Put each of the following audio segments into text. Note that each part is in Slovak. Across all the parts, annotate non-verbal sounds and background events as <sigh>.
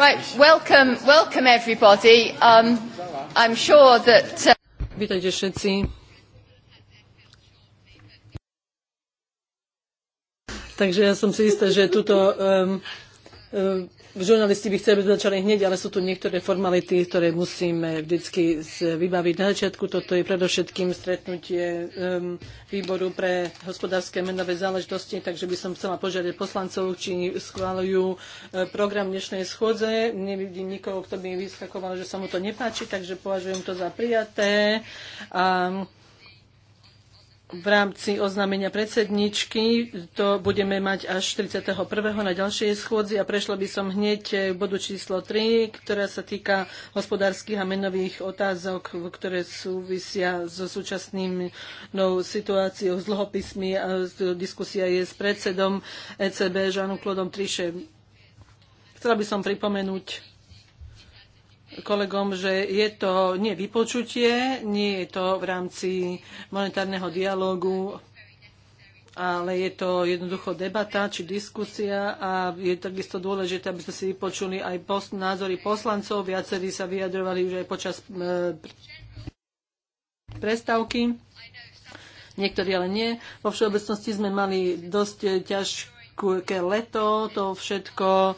Right, welcome, welcome everybody. Um, I'm sure that... Uh... Vítajte všetci. Takže ja som si istá, že tuto um, um, žurnalisti by chceli začali hneď, ale sú tu niektoré formality, ktoré musíme vždycky vybaviť na začiatku. Toto je predovšetkým stretnutie um, výboru pre hospodárske menové záležitosti, takže by som chcela požiadať poslancov, či schválujú e, program dnešnej schôdze. Nevidím nikoho, kto by vyskakoval, že sa mu to nepáči, takže považujem to za prijaté. A, v rámci oznámenia predsedničky. To budeme mať až 31. na ďalšej schôdzi a prešla by som hneď k bodu číslo 3, ktorá sa týka hospodárskych a menových otázok, ktoré súvisia so súčasným situáciou s dlhopismi a diskusia je s predsedom ECB Žanom Klodom Trišem. Chcela by som pripomenúť kolegom, že je to nie vypočutie, nie je to v rámci monetárneho dialógu, ale je to jednoducho debata či diskusia a je takisto dôležité, aby sme si vypočuli aj post, názory poslancov. Viacerí sa vyjadrovali už aj počas e, prestávky, niektorí ale nie. Vo všeobecnosti sme mali dosť ťažké ke leto, to všetko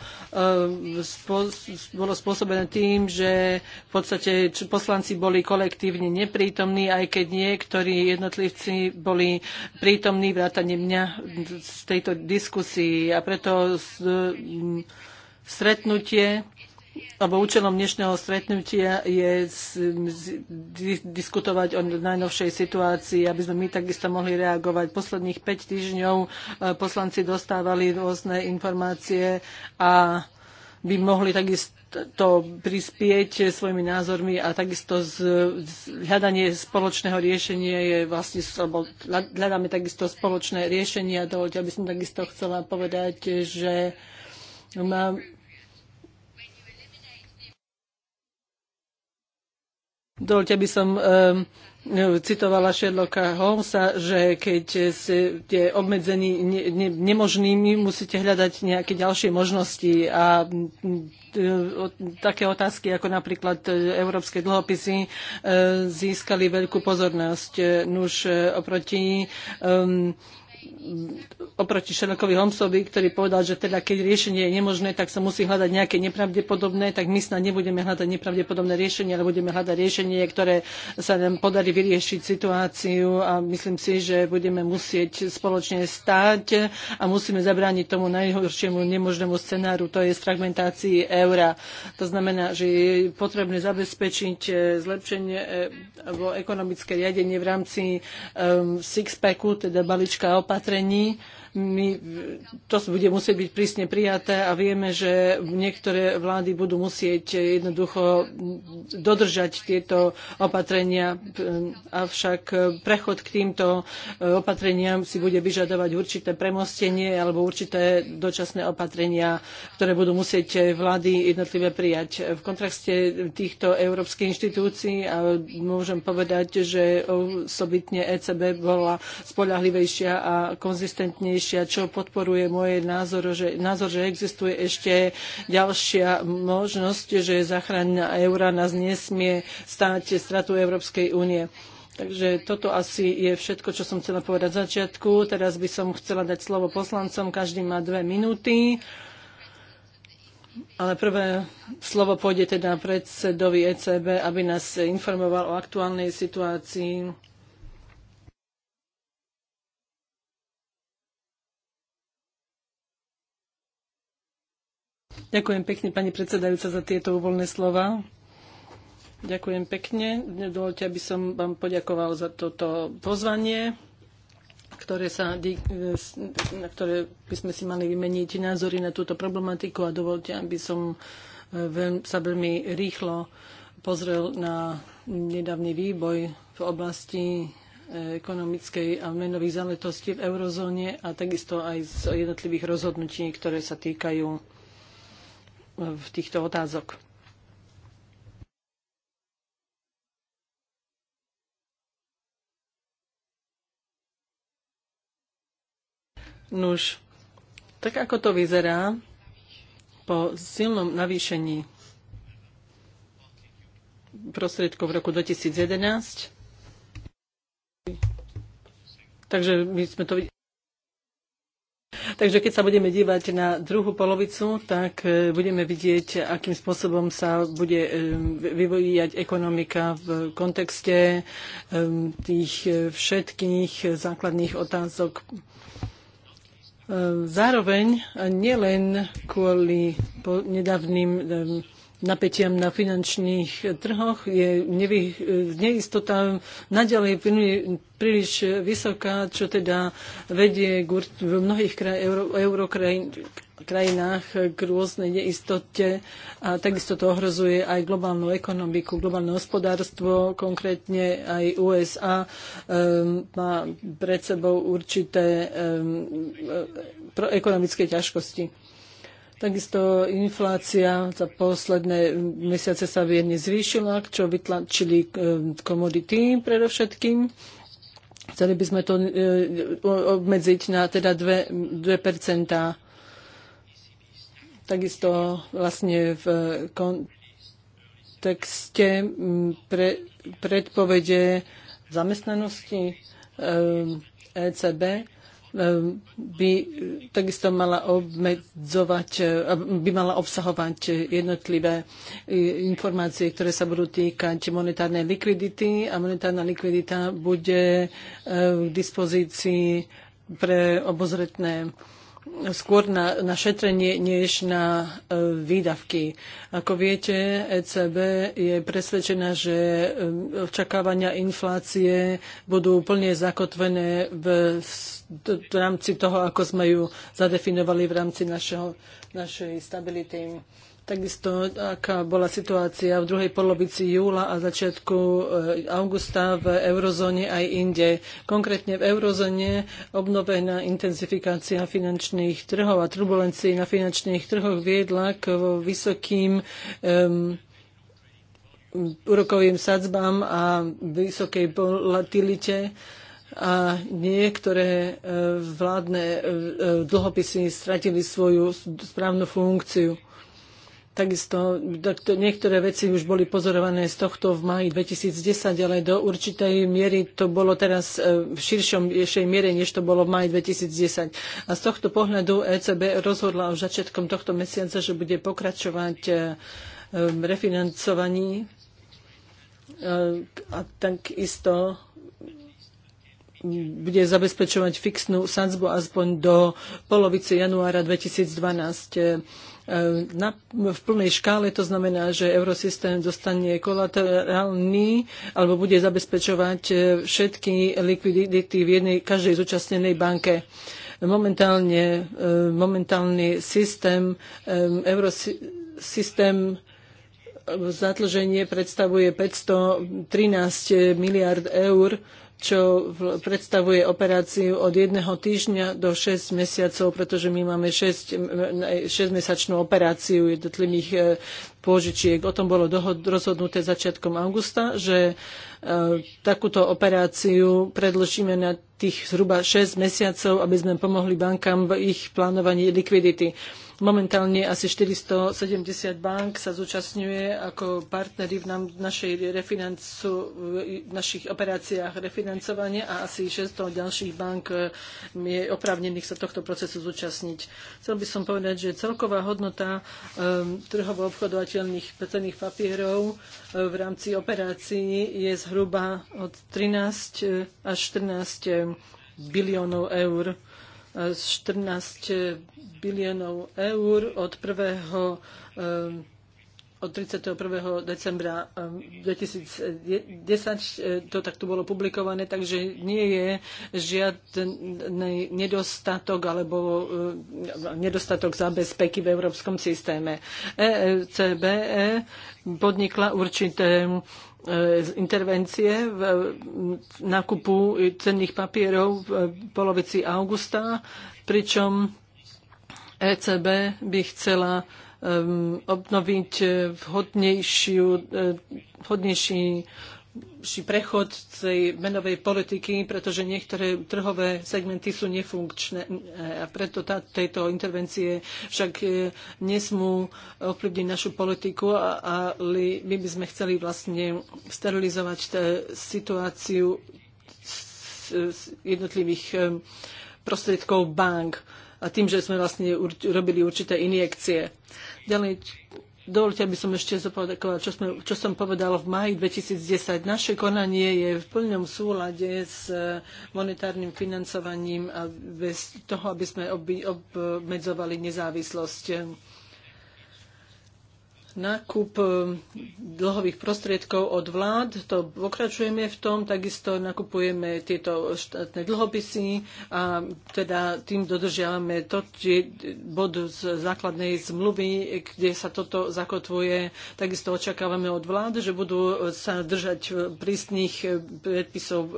eh, bolo spôsobené tým, že v podstate poslanci boli kolektívne neprítomní, aj keď niektorí jednotlivci boli prítomní, vrátane mňa z tejto diskusii. A preto stretnutie alebo účelom dnešného stretnutia je diskutovať o najnovšej situácii, aby sme my takisto mohli reagovať. Posledných 5 týždňov e, poslanci dostávali rôzne informácie a by mohli takisto prispieť svojimi názormi a takisto z, z, hľadanie spoločného riešenia je vlastne, alebo hľadáme takisto spoločné riešenie a dovolte, aby som takisto chcela povedať, že mám Dovolte by som citovala Sherlocka Holmesa, že keď ste obmedzení ne, ne, nemožnými, musíte hľadať nejaké ďalšie možnosti a také otázky ako napríklad e, európske dlhopisy e, získali veľkú pozornosť. E, nuž oproti um, oproti Šerlokovi Holmesovi, ktorý povedal, že teda keď riešenie je nemožné, tak sa musí hľadať nejaké nepravdepodobné, tak my snad nebudeme hľadať nepravdepodobné riešenie, ale budeme hľadať riešenie, ktoré sa nám podarí vyriešiť situáciu a myslím si, že budeme musieť spoločne stáť a musíme zabrániť tomu najhoršiemu nemožnému scenáru, to je fragmentácii eura. To znamená, že je potrebné zabezpečiť eh, zlepšenie eh, alebo ekonomické riadenie v rámci um, six-packu, teda balíčka opa- opatrení my, to bude musieť byť prísne prijaté a vieme, že niektoré vlády budú musieť jednoducho dodržať tieto opatrenia, avšak prechod k týmto opatreniam si bude vyžadovať určité premostenie alebo určité dočasné opatrenia, ktoré budú musieť vlády jednotlivé prijať. V kontrakte týchto európskych inštitúcií a môžem povedať, že osobitne ECB bola spolahlivejšia a konzistentnejšia najvyššia, čo podporuje môj názor, že, názor, že existuje ešte ďalšia možnosť, že záchrana eura nás nesmie stáť stratu Európskej únie. Takže toto asi je všetko, čo som chcela povedať v začiatku. Teraz by som chcela dať slovo poslancom. Každý má dve minúty. Ale prvé slovo pôjde teda predsedovi ECB, aby nás informoval o aktuálnej situácii Ďakujem pekne, pani predsedajúca, za tieto uvoľné slova. Ďakujem pekne. Dovolte, aby som vám poďakoval za toto pozvanie, ktoré sa, na ktoré by sme si mali vymeniť názory na túto problematiku a dovolte, aby som e, sa veľmi rýchlo pozrel na nedávny výboj v oblasti e, ekonomickej a menových záležitostí v eurozóne a takisto aj z jednotlivých rozhodnutí, ktoré sa týkajú v týchto otázok. Nuž, tak ako to vyzerá po silnom navýšení prostriedkov v roku 2011, takže my sme to videli. Takže keď sa budeme dívať na druhú polovicu, tak e, budeme vidieť, akým spôsobom sa bude e, vyvíjať ekonomika v kontexte e, tých všetkých základných otázok. Zároveň nielen kvôli nedávnym napätiam na finančných trhoch, je nevy, neistota naďalej príliš vysoká, čo teda vedie v mnohých kraj, euro, eurokrajín krajinách k rôznej neistote a takisto to ohrozuje aj globálnu ekonomiku, globálne hospodárstvo, konkrétne aj USA um, ehm, má pred sebou určité um, ekonomické ťažkosti. Takisto inflácia za posledné mesiace sa vierne zvýšila, čo vytlačili ehm, komodity predovšetkým. Chceli by sme to e, obmedziť na teda 2, 2%. Takisto vlastne v kontexte pre, predpovede zamestnanosti ECB ehm, e Ehm, by eh, takisto mala obmedzovať, eh, by mala obsahovať eh, jednotlivé informácie, ktoré sa budú týkať monetárnej likvidity a monetárna likvidita bude k dispozícii pre obozretné skôr na, na šetrenie než na e, výdavky. Ako viete, ECB je presvedčená, že e, očakávania inflácie budú plne zakotvené v, v, v rámci toho, ako sme ju zadefinovali v rámci našeho, našej stability. Takisto, aká bola situácia v druhej polovici júla a začiatku eh, augusta v eurozóne aj inde. Konkrétne v eurozóne obnovená intenzifikácia finančných trhov a turbulencií na finančných trhoch viedla k vysokým um, úrokovým sadzbám a vysokej volatilite a niektoré eh, vládne eh, dlhopisy stratili svoju správnu funkciu. Takisto niektoré veci už boli pozorované z tohto v maji 2010, ale do určitej miery to bolo teraz e, v širšom ešte miere, než to bolo v maji 2010. A z tohto pohľadu ECB rozhodla už začiatkom tohto mesiaca, že bude pokračovať e, v refinancovaní e, a takisto bude zabezpečovať fixnú sadzbu aspoň do polovice januára 2012 E, na, v plnej škále. To znamená, že eurosystém dostane kolaterálny alebo bude zabezpečovať e, všetky likvidity v jednej, každej zúčastnenej banke momentálne, e, momentálny systém, eurosystém zadlženie predstavuje 513 miliard eur čo predstavuje operáciu od jedného týždňa do 6 mesiacov, pretože my máme 6, 6-mesačnú e, operáciu jednotlivých e, pôžičiek. O tom bolo dohod, rozhodnuté začiatkom augusta, že e, takúto operáciu predložíme na tých zhruba 6 mesiacov, aby sme pomohli bankám v ich plánovaní likvidity. Momentálne asi 470 bank sa zúčastňuje ako partnery v našej refinancu, v našich operáciách refinancovania a asi 600 ďalších bank e, je oprávnených sa tohto procesu zúčastniť. Chcel by som povedať, že celková hodnota um, trhovo obchodovateľných cenných papierov e, v rámci operácií je zhruba od 13 až 14 biliónov eur 14 biliónov eur od 1 eh, od 31. decembra 2010 eh, eh, to takto bolo publikované, takže nie je žiadny nedostatok alebo nedostatok zabezpeky v európskom systéme. ECB e e podnikla určité E, intervencie v nákupu cenných papierov v polovici augusta, pričom ECB by chcela obnoviť vhodnejšiu, e, vhodnejší prechod tej menovej politiky, pretože niektoré trhové segmenty sú nefunkčné e, a preto tá, tejto intervencie však e, nesmú ovplyvniť našu politiku, ale my by sme chceli vlastne sterilizovať e, situáciu jednotlivých prostriedkov bank a tým, že sme vlastne robili určité injekcie. Ďalej Dovolte, aby som ešte zopakovala, čo, sme, čo som povedala v maji 2010. Naše konanie je v plnom súlade s e, monetárnym financovaním a bez toho, aby sme obmedzovali nezávislosť nákup e, dlhových prostriedkov od vlád, to pokračujeme v tom, takisto nakupujeme tieto štátne dlhopisy a teda tým dodržiavame to, či bod z základnej zmluvy, kde sa toto zakotvuje. Takisto očakávame od vlád, že budú sa držať prísnych predpisov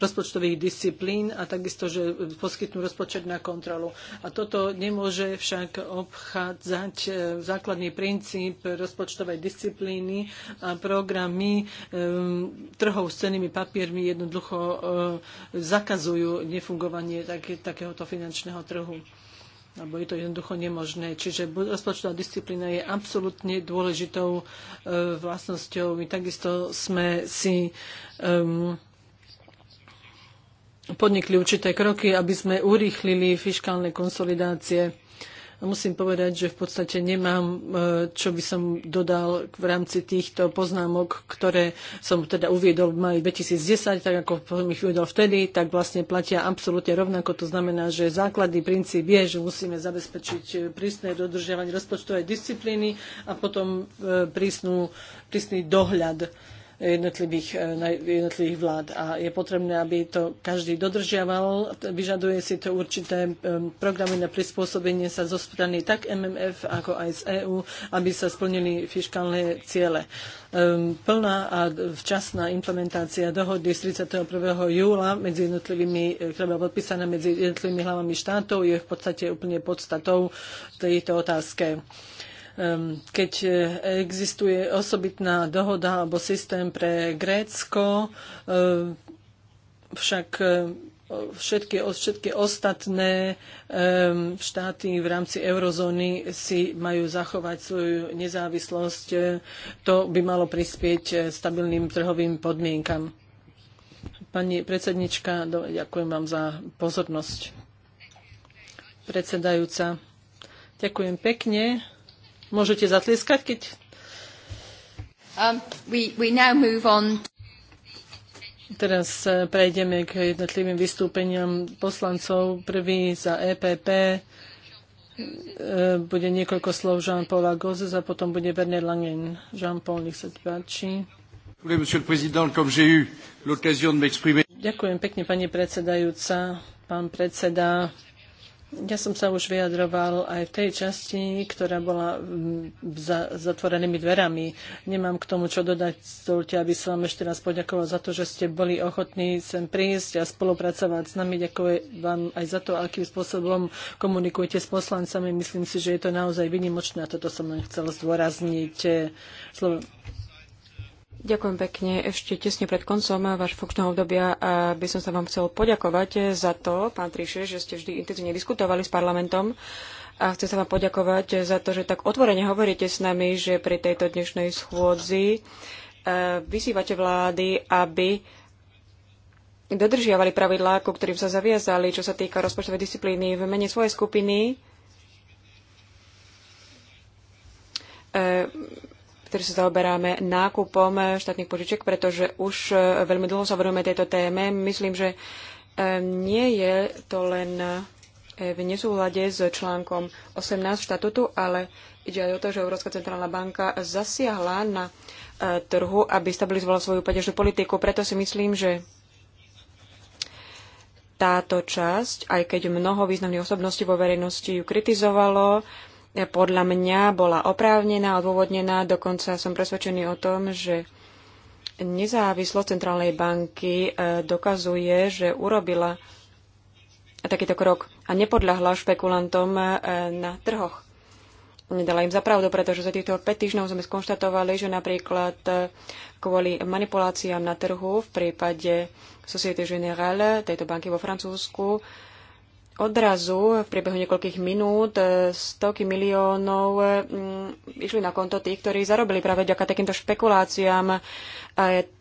rozpočtových disciplín a takisto, že poskytnú rozpočet na kontrolu. A toto nemôže však obchádzať e, základný princíp princíp rozpočtovej disciplíny a programy trhov s cenými papiermi jednoducho zakazujú nefungovanie takéhoto finančného trhu alebo je to jednoducho nemožné. Čiže rozpočtová disciplína je absolútne dôležitou vlastnosťou. My takisto sme si podnikli určité kroky, aby sme urýchlili fiskálne konsolidácie Musím povedať, že v podstate nemám, e, čo by som dodal v rámci týchto poznámok, ktoré som teda uviedol v maji 2010, tak ako som ich uviedol vtedy, tak vlastne platia absolútne rovnako. To znamená, že základný princíp je, že musíme zabezpečiť e, prísne dodržiavanie rozpočtovej disciplíny a potom e, prísnu, prísny dohľad jednotlivých, eh, jednotlivých vlád. A je potrebné, aby to každý dodržiaval. Vyžaduje si to určité eh, programy na prispôsobenie sa zo strany tak MMF, ako aj z EÚ, aby sa splnili fiskálne ciele. Ehm, plná a včasná implementácia dohody z 31. júla medzi jednotlivými, eh, ktorá bola podpísaná medzi jednotlivými hlavami štátov, je v podstate úplne podstatou tejto otázke keď e, existuje osobitná dohoda alebo systém pre Grécko, e, však e, všetky, všetky ostatné štáty v rámci eurozóny si majú zachovať svoju nezávislosť. To by malo prispieť stabilným trhovým podmienkam. Pani predsednička, ďakujem vám za pozornosť. Predsedajúca, ďakujem pekne. Môžete zatliskať, keď... Um, we, we now move on. Teraz eh, prejdeme k jednotlivým vystúpeniam poslancov. Prvý za EPP eh, bude niekoľko slov jean paul Gozes a potom bude Bernard Langen. Jean-Paul, nech sa páči. Ďakujem pekne, pani predsedajúca, pán predseda. Ja som sa už vyjadroval aj v tej časti, ktorá bola za zatvorenými dverami. Nemám k tomu čo dodať. Zdolte, aby som vám ešte raz poďakoval za to, že ste boli ochotní sem prísť a spolupracovať s nami. Ďakujem vám aj za to, akým spôsobom komunikujete s poslancami. Myslím si, že je to naozaj vynimočné a toto som len chcel zdôrazniť. Slovo. Ďakujem pekne. Ešte tesne pred koncom váš funkčného obdobia by som sa vám chcel poďakovať za to, pán Triše, že ste vždy intenzívne diskutovali s parlamentom. A chcem sa vám poďakovať za to, že tak otvorene hovoríte s nami, že pri tejto dnešnej schôdzi e, vyzývate vlády, aby dodržiavali pravidlá, ku ktorým sa zaviazali, čo sa týka rozpočtovej disciplíny v mene svojej skupiny. E, ktorý sa zaoberáme nákupom štátnych požičiek, pretože už e, veľmi dlho sa venujeme tejto téme. Myslím, že e, nie je to len e, v nesúhľade s článkom 18 štatutu, ale ide aj o to, že Európska centrálna banka zasiahla na trhu, aby stabilizovala svoju peňažnú politiku. Preto si myslím, že táto časť, aj keď mnoho významných osobností vo verejnosti ju kritizovalo, podľa mňa bola oprávnená, odôvodnená. Dokonca som presvedčený o tom, že nezávislosť Centrálnej banky e, dokazuje, že urobila takýto krok a nepodľahla špekulantom e, na trhoch. Nedala im zapravdu, pretože za týchto 5 týždňov sme skonštatovali, že napríklad e, kvôli manipuláciám na trhu v prípade Société Générale, tejto banky vo Francúzsku, odrazu v priebehu niekoľkých minút e, stovky miliónov mm, išli na konto tých, ktorí zarobili práve ďaká takýmto špekuláciám.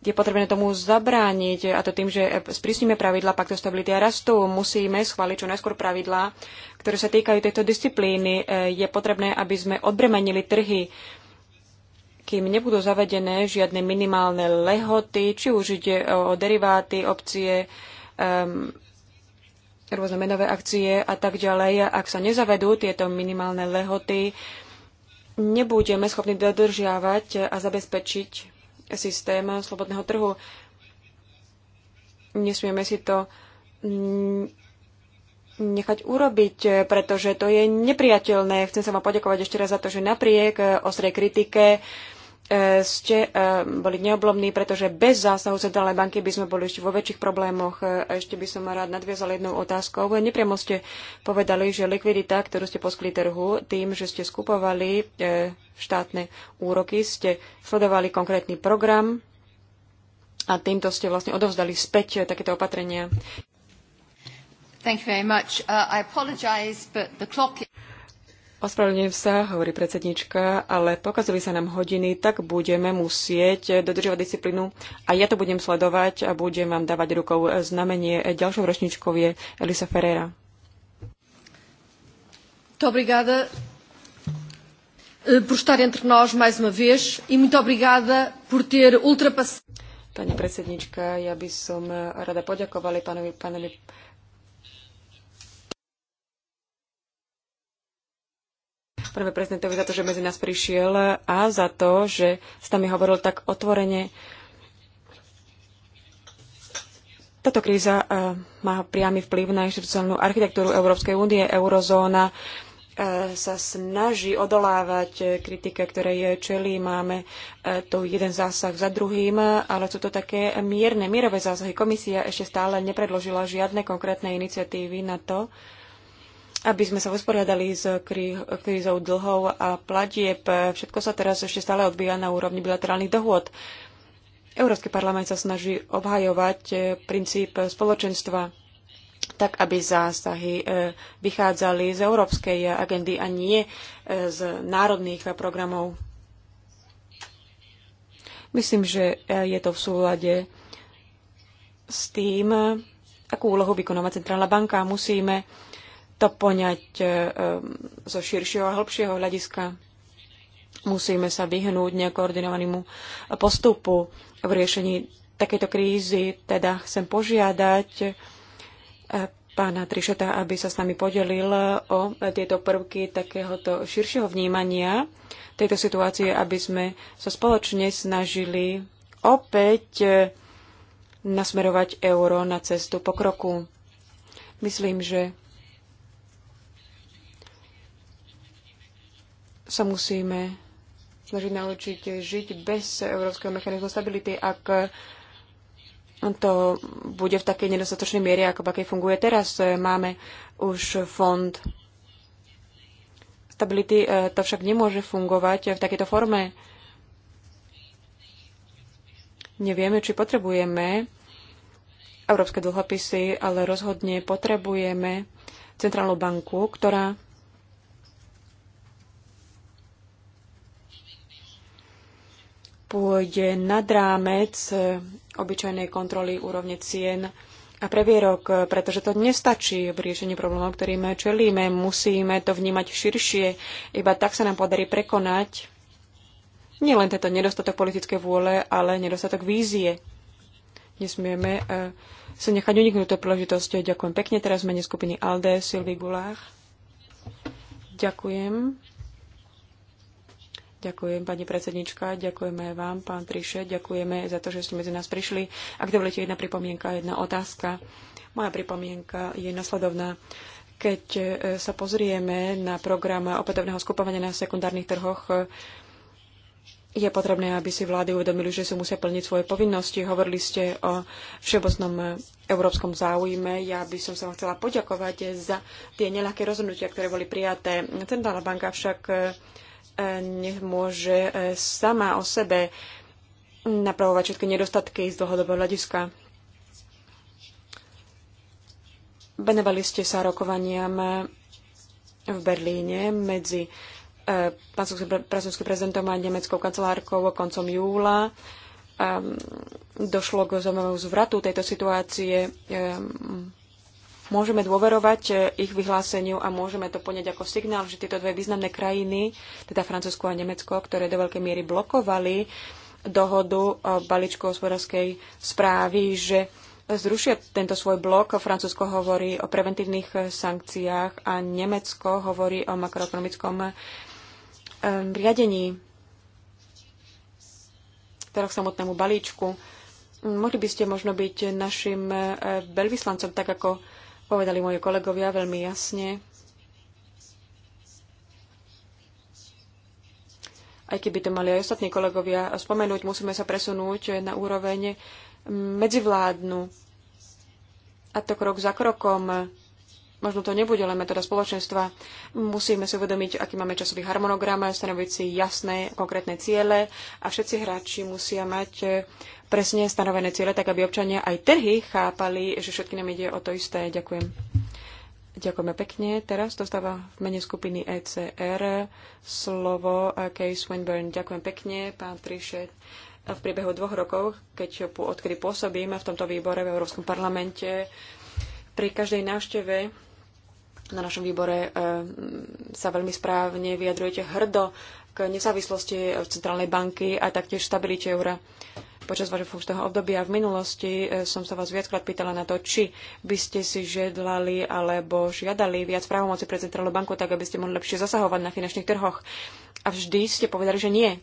Je potrebné tomu zabrániť a to tým, že sprísnime pravidla paktu stability a rastu. Musíme schváliť čo najskôr pravidla, ktoré sa týkajú tejto disciplíny. E, je potrebné, aby sme odbremenili trhy kým nebudú zavedené žiadne minimálne lehoty, či už ide o deriváty, opcie, um, rôzne menové akcie a tak ďalej. Ak sa nezavedú tieto minimálne lehoty, nebudeme schopní dodržiavať a zabezpečiť systém slobodného trhu. Nesmieme si to nechať urobiť, pretože to je nepriateľné. Chcem sa vám poďakovať ešte raz za to, že napriek ostrej kritike E, ste e, boli neoblomní, pretože bez zásahu Centrálnej banky by sme boli ešte vo väčších problémoch. E, a ešte by som rád nadviazal jednou otázkou. Nepriamo ste povedali, že likvidita, ktorú ste poskli trhu tým, že ste skupovali štátne úroky, ste sledovali konkrétny program a týmto ste vlastne odovzdali späť takéto opatrenia. Thank you very much. Uh, I apologize, but the clock... Ospravedlňujem sa, hovorí predsednička, ale pokazili sa nám hodiny, tak budeme musieť dodržovať disciplínu a ja to budem sledovať a budem vám dávať rukou znamenie. Ďalšou ročničkou je Elisa Ferreira. Obrigada eh, por estar entre nós mais uma vez e muito obrigada por ter ultrapassado. Pani predsednička, ja by som rada poďakovala pánovi, pánovi Prvé prezidentovi za to, že medzi nás prišiel a za to, že s nami hovoril tak otvorene. Táto kríza e, má priamy vplyv na inštitucionálnu architektúru Európskej únie. Eurozóna e, sa snaží odolávať kritike, ktoré je čelí. Máme e, tu jeden zásah za druhým, ale sú to také mierne, mierové zásahy. Komisia ešte stále nepredložila žiadne konkrétne iniciatívy na to, aby sme sa usporiadali s krízou dlhov a platieb. Všetko sa teraz ešte stále odbíja na úrovni bilaterálnych dohôd. Európsky parlament sa snaží obhajovať eh, princíp eh, spoločenstva tak, aby zásahy eh, vychádzali z európskej agendy a nie z národných programov. Myslím, že je to v súlade s tým, akú úlohu vykonáva Centrálna banka. Musíme to poňať e, e, zo širšieho a hĺbšieho hľadiska. Musíme sa vyhnúť nekoordinovanému postupu v riešení takejto krízy. Teda chcem požiadať e, pána Trišeta, aby sa s nami podelil o tieto prvky takéhoto širšieho vnímania tejto situácie, aby sme sa spoločne snažili opäť nasmerovať euro na cestu pokroku. Myslím, že sa musíme snažiť naučiť žiť bez Európskeho mechanizmu stability, ak to bude v takej nedostatočnej miere, ako v akej funguje teraz. Máme už fond stability, e, to však nemôže fungovať v takejto forme. Nevieme, či potrebujeme európske dlhopisy, ale rozhodne potrebujeme centrálnu banku, ktorá pôjde nad rámec e, obyčajnej kontroly úrovne cien a previerok, pretože to nestačí v riešení problémov, ktorým čelíme. Musíme to vnímať širšie. Iba tak sa nám podarí prekonať nielen tento nedostatok politické vôle, ale nedostatok vízie. Nesmieme e, sa nechať uniknúť tej príležitosti. Ďakujem pekne. Teraz mene skupiny ALDE, Sylvie Gulách. Ďakujem. Ďakujem, pani predsednička, ďakujeme aj vám, pán Triše, ďakujeme za to, že ste medzi nás prišli. Ak dovolíte, jedna pripomienka, jedna otázka. Moja pripomienka je nasledovná. Keď e, sa pozrieme na program opätovného skupovania na sekundárnych trhoch, je potrebné, aby si vlády uvedomili, že si musia plniť svoje povinnosti. Hovorili ste o všeobecnom európskom záujme. Ja by som sa vám chcela poďakovať za tie neľahké rozhodnutia, ktoré boli prijaté. Centrálna banka však e, nemôže e, sama o sebe napravovať všetky nedostatky z dlhodobého hľadiska. Venovali ste sa rokovaniam v Berlíne medzi e, francúzským prezidentom a nemeckou kancelárkou koncom júla. Ehm, došlo k zaujímavému zvratu tejto situácie. Ehm, môžeme dôverovať e, ich vyhláseniu a môžeme to poňať ako signál, že tieto dve významné krajiny, teda Francúzsko a Nemecko, ktoré do veľkej miery blokovali dohodu o balíčku hospodárskej správy, že zrušia tento svoj blok. Francúzsko hovorí o preventívnych sankciách a Nemecko hovorí o makroekonomickom e, riadení, teda k samotnému balíčku. Mohli by ste možno byť našim e, veľvyslancom, tak ako povedali moji kolegovia veľmi jasne. Aj keby to mali aj ostatní kolegovia spomenúť, musíme sa presunúť na úroveň medzivládnu. A to krok za krokom Možno to nebude len metóda spoločenstva. Musíme si uvedomiť, aký máme časový harmonogram, stanoviť si jasné, konkrétne ciele a všetci hráči musia mať e, presne stanovené ciele, tak aby občania aj trhy chápali, že všetky nám ide o to isté. Ďakujem. Ďakujeme pekne. Teraz dostáva v mene skupiny ECR slovo e, Case Winburn. Ďakujem pekne, pán Trišet e, v priebehu dvoch rokov, keď odkedy pôsobím v tomto výbore v Európskom parlamente, pri každej návšteve na našom výbore eh, sa veľmi správne vyjadrujete hrdo k nezávislosti Centrálnej banky a taktiež stabilite eura počas vášho funkčného obdobia. V minulosti eh, som sa vás viackrát pýtala na to, či by ste si žiadali alebo žiadali viac právomoci pre Centrálnu banku, tak aby ste mohli lepšie zasahovať na finančných trhoch. A vždy ste povedali, že nie.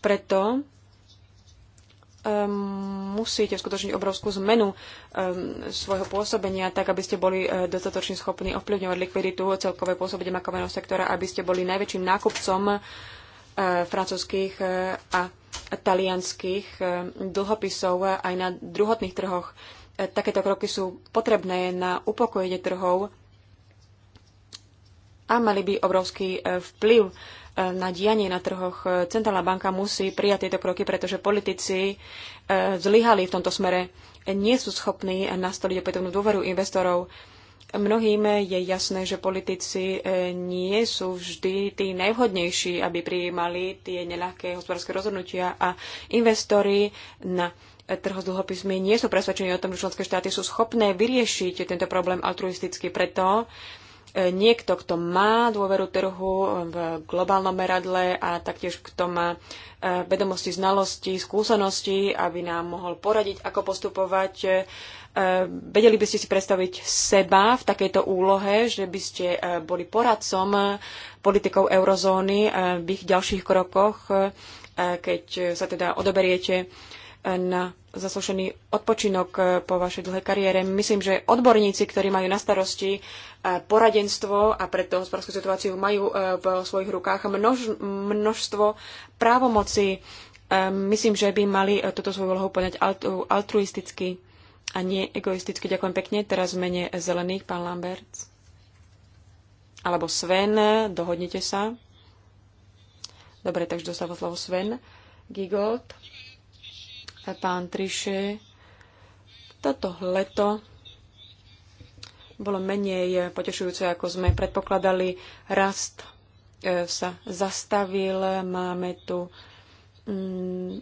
Preto musíte skutočniť obrovskú zmenu um, svojho pôsobenia, tak aby ste boli uh, dostatočne schopní ovplyvňovať likviditu celkové pôsobenie makového sektora, aby ste boli najväčším nákupcom uh, francúzských uh, a talianských dlhopisov aj na druhotných trhoch. Takéto kroky sú potrebné na upokojenie trhov a mali by obrovský vplyv na dianie na trhoch. Centrálna banka musí prijať tieto kroky, pretože politici e, zlyhali v tomto smere. Nie sú schopní nastoliť opätovnú dôveru investorov. Mnohým je jasné, že politici e, nie sú vždy tí najvhodnejší, aby prijímali tie neľahké hospodárske rozhodnutia a investori na trho s dlhopismi nie sú presvedčení o tom, že členské štáty sú schopné vyriešiť tento problém altruisticky. Preto uh, E, niekto, kto má dôveru trhu v globálnom meradle a taktiež kto má e, vedomosti, znalosti, skúsenosti, aby nám mohol poradiť, ako postupovať. E, vedeli by ste si predstaviť seba v takejto úlohe, že by ste boli poradcom politikov eurozóny v ich ďalších krokoch, keď sa teda odoberiete na zaslušený odpočinok e, po vašej dlhej kariére. Myslím, že odborníci, ktorí majú na starosti e, poradenstvo a preto hospodárskú situáciu majú e, v svojich rukách množ, množstvo právomoci. myslím, že by mali túto svoju úlohu poňať altruisticky a nie egoisticky. Ďakujem pekne. Teraz v mene zelených, pán Lambert. Alebo Sven, dohodnite sa. Dobre, takže dostáva slovo Sven. Gigold pán Triše. Toto leto bolo menej potešujúce, ako sme predpokladali. Rast e, sa zastavil, máme tu mm,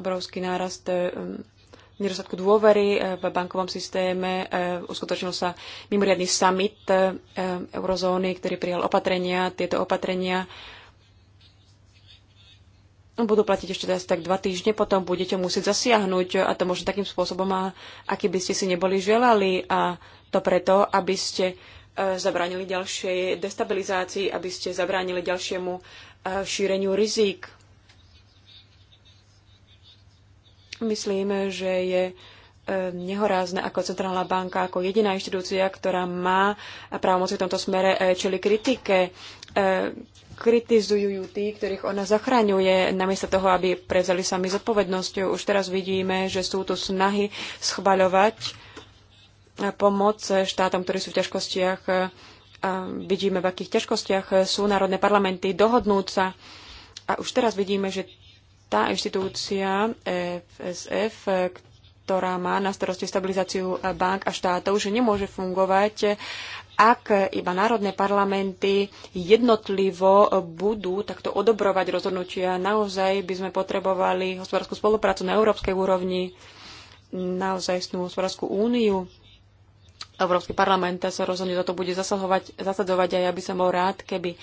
obrovský nárast e, mm, nedostatku dôvery e, v bankovom systéme. Uskutočnil sa mimoriadný summit eurozóny, ktorý prijal opatrenia. Tieto opatrenia budú platiť ešte teraz tak dva týždne, potom budete musieť zasiahnuť a to možno takým spôsobom, a, aký by ste si neboli želali a to preto, aby ste e, zabránili ďalšej destabilizácii, aby ste zabránili ďalšiemu e, šíreniu rizik. Myslím, že je e, nehorázne ako Centrálna banka, ako jediná inštitúcia, ktorá má právomoci v tomto smere, čili kritike kritizujú ju tí, ktorých ona zachraňuje, namiesto toho, aby prezali sami zodpovednosť. Už teraz vidíme, že sú tu snahy schvaľovať pomoc štátom, ktorí sú v ťažkostiach. A vidíme, v akých ťažkostiach sú národné parlamenty dohodnúť sa. A už teraz vidíme, že tá inštitúcia FSF, e ktorá má na starosti stabilizáciu bank a štátov, že nemôže fungovať ak iba národné parlamenty jednotlivo budú takto odobrovať rozhodnutia, naozaj by sme potrebovali hospodárskú spoluprácu na európskej úrovni, naozaj snú hospodárskú úniu Európsky parlament sa rozhodne za to bude zasahovať, zasadovať a ja by som bol rád, keby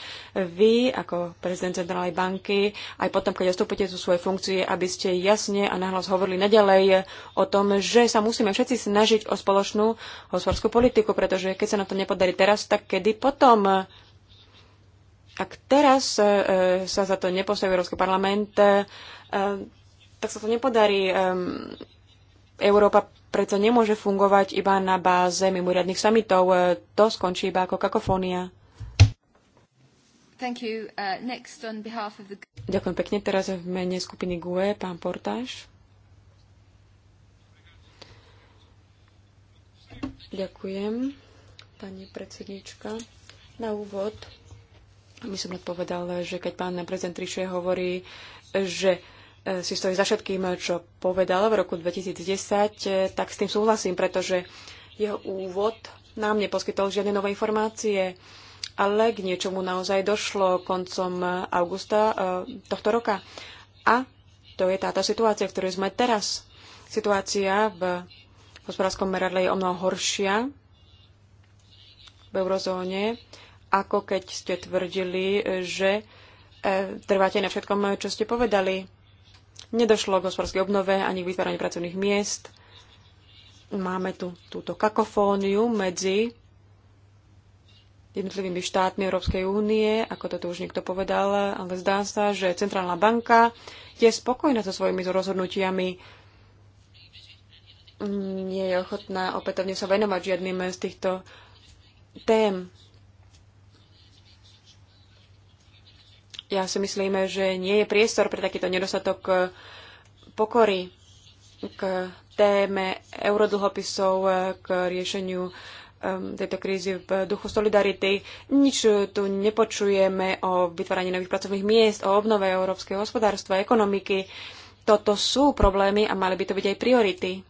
vy, ako prezident Centrálnej banky, aj potom, keď odstúpite do svojej funkcie, aby ste jasne a nahlas hovorili nadalej o tom, že sa musíme všetci snažiť o spoločnú hospodárskú politiku, pretože keď sa nám to nepodarí teraz, tak kedy potom? Ak teraz e, e sa za to nepostaví Európsky parlament, e, e tak sa to nepodarí. E, Európa preto nemôže fungovať iba na báze mimoriadných samitov. E, to skončí iba ako kakofónia. Thank you. Uh, next on behalf of the... Ďakujem pekne. Teraz v mene skupiny GUE, pán Portáš. Ďakujem, pani predsednička. Na úvod my som odpovedal, že keď pán prezident Trišie hovorí, že si stojí za všetkým, čo povedal v roku 2010, eh, tak s tým súhlasím, pretože jeho úvod nám neposkytol žiadne nové informácie, ale k niečomu naozaj došlo koncom augusta eh, tohto roka. A to je táto situácia, v ktorej sme teraz. Situácia v hospodárskom meradle je o mnoho horšia v eurozóne, ako keď ste tvrdili, eh, že trváte na všetkom, čo ste povedali. Nedošlo k hospodárskej obnove ani k vytváraniu pracovných miest. Máme tu túto kakofóniu medzi jednotlivými štátmi Európskej únie, ako to tu už niekto povedal, ale zdá sa, že Centrálna banka je spokojná so svojimi rozhodnutiami, nie je ochotná opätovne sa venovať žiadnym z týchto tém. Ja si myslím, že nie je priestor pre takýto nedostatok eh, pokory k téme eurodlhopisov, eh, k riešeniu ehm, tejto krízy v duchu solidarity. Nič tu nepočujeme o vytváraní nových pracovných miest, o obnove európskeho hospodárstva, ekonomiky. Toto sú problémy a mali by to byť aj priority.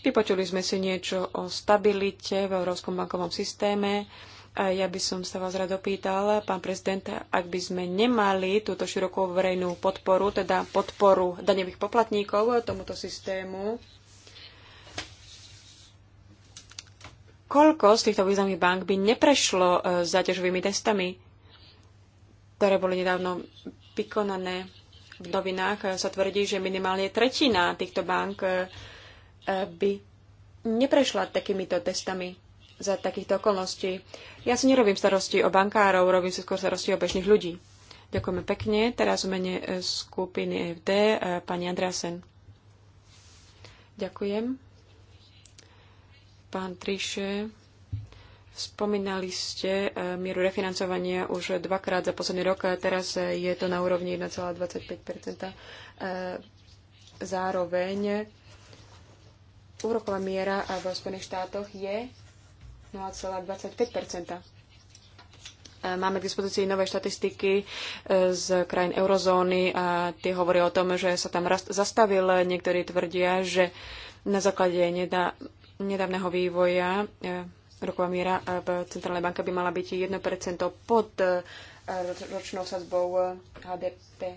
Vypočuli sme si niečo o stabilite v európskom bankovom systéme, a ja by som sa vás rád opýtal, pán prezident, ak by sme nemali túto širokú verejnú podporu, teda podporu daňových poplatníkov tomuto systému, koľko z týchto významných bank by neprešlo s e, záťažovými testami, ktoré boli nedávno vykonané v novinách, sa tvrdí, že minimálne tretina týchto bank e, e, by neprešla takýmito testami za takýchto okolností. Ja si nerobím starosti o bankárov, robím si skôr starosti o bežných ľudí. Ďakujeme pekne. Teraz v mene e, skupiny e FD e, pani Andreasen. Ďakujem. Pán Triše, spomínali ste mieru refinancovania už dvakrát za posledný rok, teraz je to na úrovni 1,25 Zároveň úroková miera v Spojených štátoch je 0,25 e, Máme k dispozícii nové štatistiky e, z krajín eurozóny a tie hovoria o tom, že sa tam rast zastavil. Niektorí tvrdia, že na základe nedávneho vývoja e, roková miera v Centrálnej banke by mala byť 1% pod ročnou sadzbou HDP.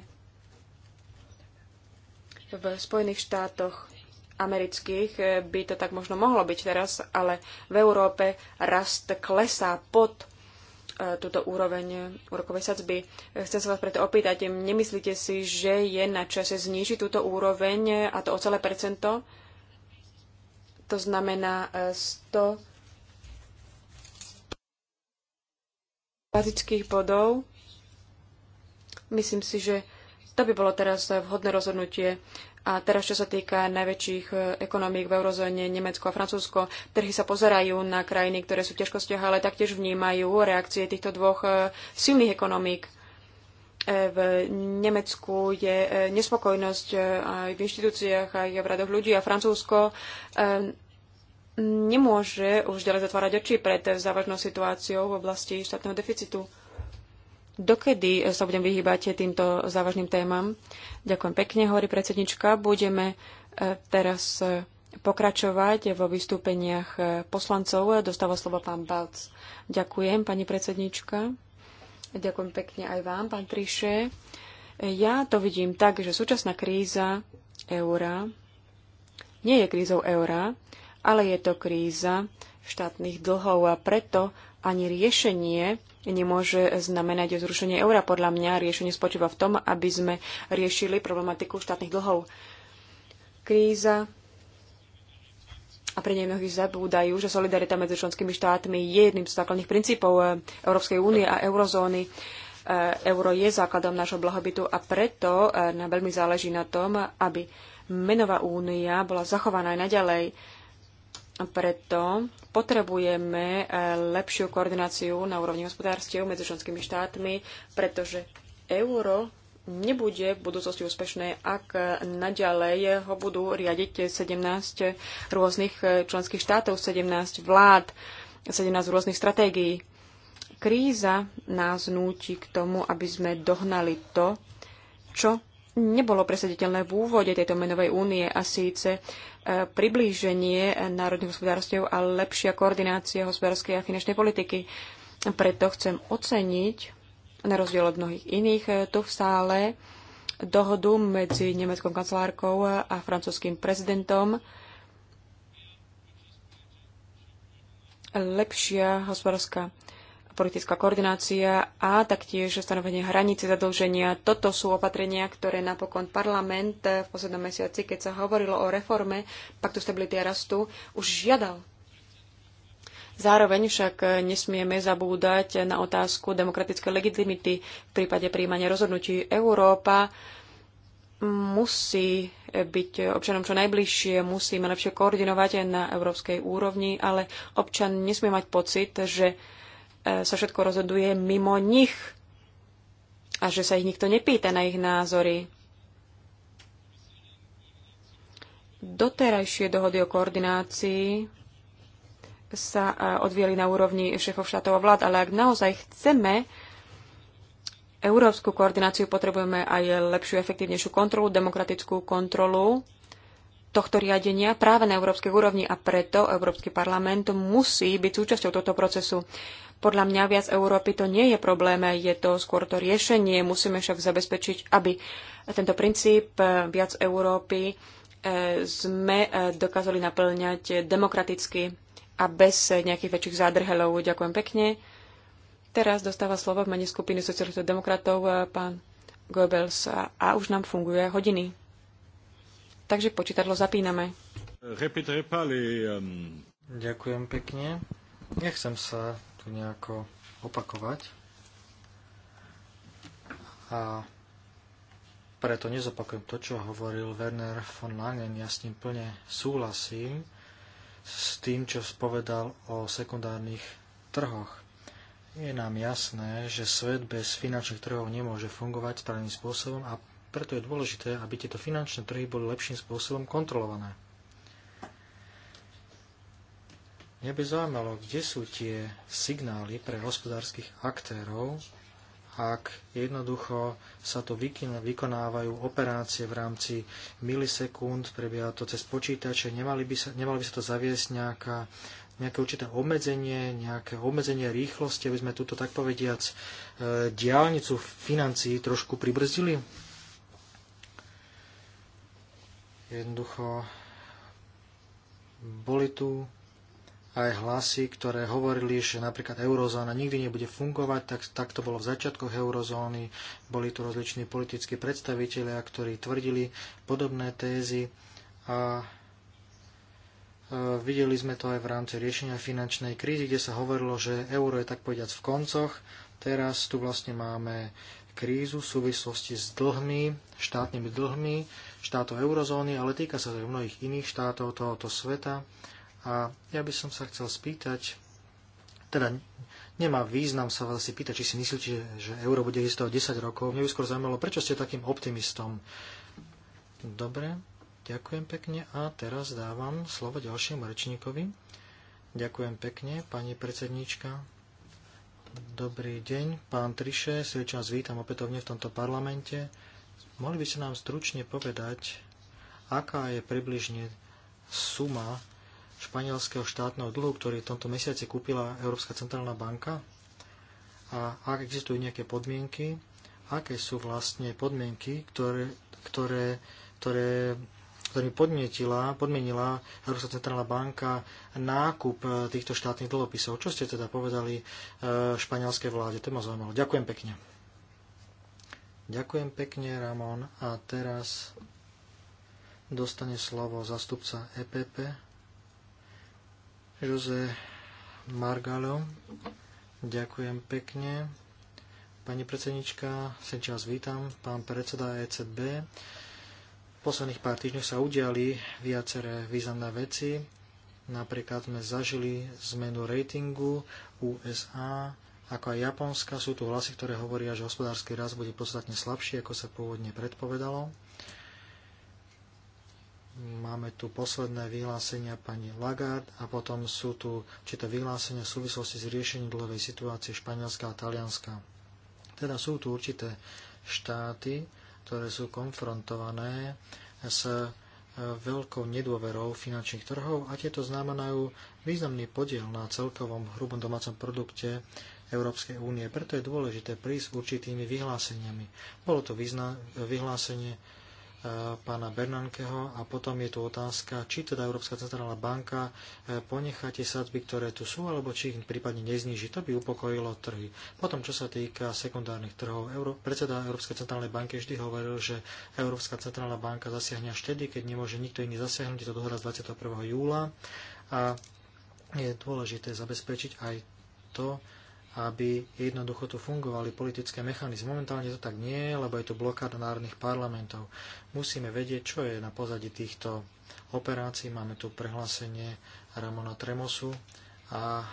V Spojených štátoch amerických eh, by to tak možno mohlo byť teraz, ale v Európe rast klesá pod eh, túto úroveň eh, úrokovej sadzby. Chcem sa vás preto opýtať, nemyslíte si, že je na čase znížiť túto úroveň a to o celé percento? To znamená 100 bazických bodov. Myslím si, že to by bolo teraz vhodné rozhodnutie. A teraz, čo sa týka najväčších e, ekonomík v eurozóne, Nemecko a Francúzsko, trhy sa pozerajú na krajiny, ktoré sú v ťažkostiach, ale taktiež vnímajú reakcie týchto dvoch e, silných ekonomík. E, v Nemecku je nespokojnosť aj v inštitúciách, aj v radoch ľudí a Francúzsko nemôže už ďalej zatvárať oči pred závažnou situáciou v oblasti štátneho deficitu dokedy sa budem vyhýbať týmto závažným témam. Ďakujem pekne, hovorí predsednička. Budeme e, teraz e, pokračovať vo vystúpeniach e, poslancov. Dostáva slovo pán Balc. Ďakujem, pani predsednička. Ďakujem pekne aj vám, pán Triše. Ja to vidím tak, že súčasná kríza eura nie je krízou eura, ale je to kríza štátnych dlhov a preto ani riešenie nemôže znamenať zrušenie eura. Podľa mňa riešenie spočíva v tom, aby sme riešili problematiku štátnych dlhov. Kríza a pre nej mnohí zabúdajú, že solidarita medzi členskými štátmi je jedným z základných princípov eh, Európskej únie a eurozóny. Eh, euro je základom nášho blahobytu a preto eh, nám veľmi záleží na tom, aby menová únia bola zachovaná aj naďalej preto potrebujeme e, lepšiu koordináciu na úrovni hospodárstiev medzi členskými štátmi, pretože euro nebude v budúcnosti úspešné, ak e, naďalej ho budú riadiť 17 rôznych e, členských štátov, 17 vlád, 17 rôznych stratégií. Kríza nás núti k tomu, aby sme dohnali to, čo nebolo presaditeľné v úvode tejto menovej únie a síce priblíženie národných hospodárstiev a lepšia koordinácia hospodárskej a finančnej politiky. Preto chcem oceniť, na rozdiel od mnohých iných, eh, tu v sále dohodu medzi nemeckou kancelárkou a francúzským prezidentom. Lepšia hospodárska politická koordinácia a taktiež stanovenie hranice zadlženia. Toto sú opatrenia, ktoré napokon parlament v poslednom mesiaci, keď sa hovorilo o reforme Paktu stability a rastu, už žiadal. Zároveň však nesmieme zabúdať na otázku demokratické legitimity v prípade príjmania rozhodnutí. Európa musí byť občanom čo najbližšie, musíme lepšie koordinovať aj na európskej úrovni, ale občan nesmie mať pocit, že E, sa všetko rozhoduje mimo nich a že sa ich nikto nepýta na ich názory. Doterajšie dohody o koordinácii sa e, odvieli na úrovni šéfov štátov a vlád, ale ak naozaj chceme európsku koordináciu, potrebujeme aj lepšiu, efektívnejšiu kontrolu, demokratickú kontrolu tohto riadenia práve na európskej úrovni a preto Európsky parlament musí byť súčasťou tohto procesu. Podľa mňa viac Európy to nie je problém, je to skôr to riešenie. Musíme však zabezpečiť, aby tento princíp eh, viac Európy eh, sme eh, dokázali naplňať demokraticky a bez nejakých väčších zádrhelov. Ďakujem pekne. Teraz dostáva slovo v mene skupiny socialistov demokratov pán Goebbels a už nám funguje hodiny. Takže počítadlo zapíname. Ďakujem pekne. Nechcem sa tu nejako opakovať. A preto nezopakujem to, čo hovoril Werner von Langen. Ja s ním plne súhlasím s tým, čo povedal o sekundárnych trhoch. Je nám jasné, že svet bez finančných trhov nemôže fungovať správnym spôsobom a preto je dôležité, aby tieto finančné trhy boli lepším spôsobom kontrolované. Mňa by zaujímalo, kde sú tie signály pre hospodárskych aktérov, ak jednoducho sa tu vykonávajú operácie v rámci milisekúnd, prebieha to cez počítače, nemali by sa, nemalo by sa to zaviesť nejaká, nejaké určité obmedzenie, nejaké obmedzenie rýchlosti, aby sme túto, tak povediac, e, diálnicu financií trošku pribrzdili? Jednoducho boli tu aj hlasy, ktoré hovorili, že napríklad eurozóna nikdy nebude fungovať, tak, tak to bolo v začiatkoch eurozóny, boli tu rozliční politickí predstavitelia, ktorí tvrdili podobné tézy a e, videli sme to aj v rámci riešenia finančnej krízy, kde sa hovorilo, že euro je tak povediac v koncoch, teraz tu vlastne máme krízu v súvislosti s dlhmi, štátnymi dlhmi štátov eurozóny, ale týka sa to aj mnohých iných štátov tohoto sveta. A ja by som sa chcel spýtať, teda nemá význam sa vás asi pýtať, či si myslíte, že, euro bude existovať 10 rokov. Mne by skôr zaujímalo, prečo ste takým optimistom. Dobre, ďakujem pekne a teraz dávam slovo ďalšiemu rečníkovi. Ďakujem pekne, pani predsedníčka. Dobrý deň, pán Triše, srdečne vás vítam opätovne v tomto parlamente. Mohli by ste nám stručne povedať, aká je približne suma španielského štátneho dlhu, ktorý v tomto mesiaci kúpila Európska centrálna banka? A ak existujú nejaké podmienky, aké sú vlastne podmienky, ktoré, ktoré, ktoré ktorým podmienila Európska centrálna banka nákup e, týchto štátnych dlhopisov. Čo ste teda povedali e, španielskej vláde? To ma zaujímalo. Ďakujem pekne. Ďakujem pekne, Ramon. A teraz dostane slovo zastupca EPP, Jose Margalo. Ďakujem pekne. Pani predsednička, sem vás vítam, pán predseda ECB posledných pár týždňoch sa udiali viaceré významné veci. Napríklad sme zažili zmenu ratingu USA, ako aj Japonska. Sú tu hlasy, ktoré hovoria, že hospodársky rast bude podstatne slabší, ako sa pôvodne predpovedalo. Máme tu posledné vyhlásenia pani Lagarde a potom sú tu určité vyhlásenia v súvislosti s riešením dlhovej situácie Španielska a Talianska. Teda sú tu určité štáty, ktoré sú konfrontované s e, veľkou nedôverou finančných trhov a tieto znamenajú významný podiel na celkovom hrubom domácom produkte Európskej únie. Preto je dôležité prísť určitými vyhláseniami. Bolo to vyhlásenie E, pána Bernankeho a potom je tu otázka, či teda Európska centrálna banka e, ponechá tie sadzby, ktoré tu sú, alebo či ich prípadne nezníži. To by upokojilo trhy. Potom, čo sa týka sekundárnych trhov, Euró... predseda Európskej centrálnej banky vždy hovoril, že Európska centrálna banka zasiahne až vtedy, keď nemôže nikto iný zasiahnuť. Je to dohoda z 21. júla a je dôležité zabezpečiť aj to, aby jednoducho tu fungovali politické mechanizmy. Momentálne to tak nie, lebo je tu blokáda národných parlamentov. Musíme vedieť, čo je na pozadí týchto operácií. Máme tu prehlásenie Ramona Tremosu a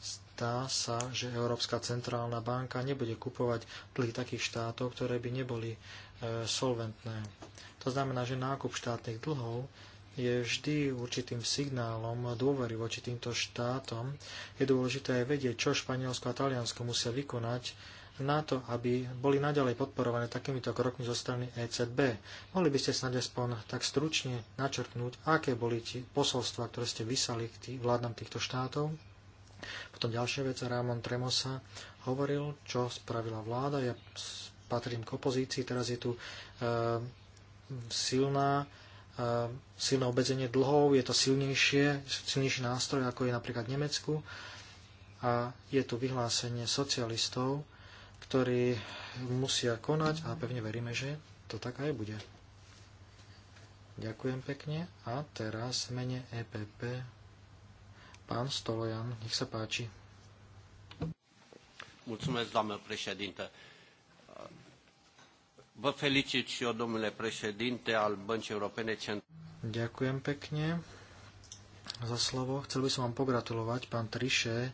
zdá sa, že Európska centrálna banka nebude kupovať dlhy takých štátov, ktoré by neboli e, solventné. To znamená, že nákup štátnych dlhov je vždy určitým signálom dôvery voči týmto štátom. Je dôležité aj vedieť, čo Španielsko a Taliansko musia vykonať na to, aby boli naďalej podporované takýmito krokmi zo strany ECB. Mohli by ste snad aspoň tak stručne načrtnúť, aké boli tie posolstva, ktoré ste vysali k tý, vládam týchto štátov? Potom ďalšia vec, Ramon Tremosa hovoril, čo spravila vláda. Ja patrím k opozícii, teraz je tu e, silná Ehm, silné obmedzenie dlhov, je to silnejšie, silnejší nástroj, ako je napríklad v Nemecku. A je tu vyhlásenie socialistov, ktorí musia konať a pevne veríme, že to tak aj bude. Ďakujem pekne. A teraz v mene EPP pán Stolojan, nech sa páči. Mulțumesc, doamnă președintă. Vă felicit și eu, domnule președinte, al Băncii Europene Centrale. Ďakujem pekne za slovo. Chcel by som vám pogratulovať, pán Triše, eh,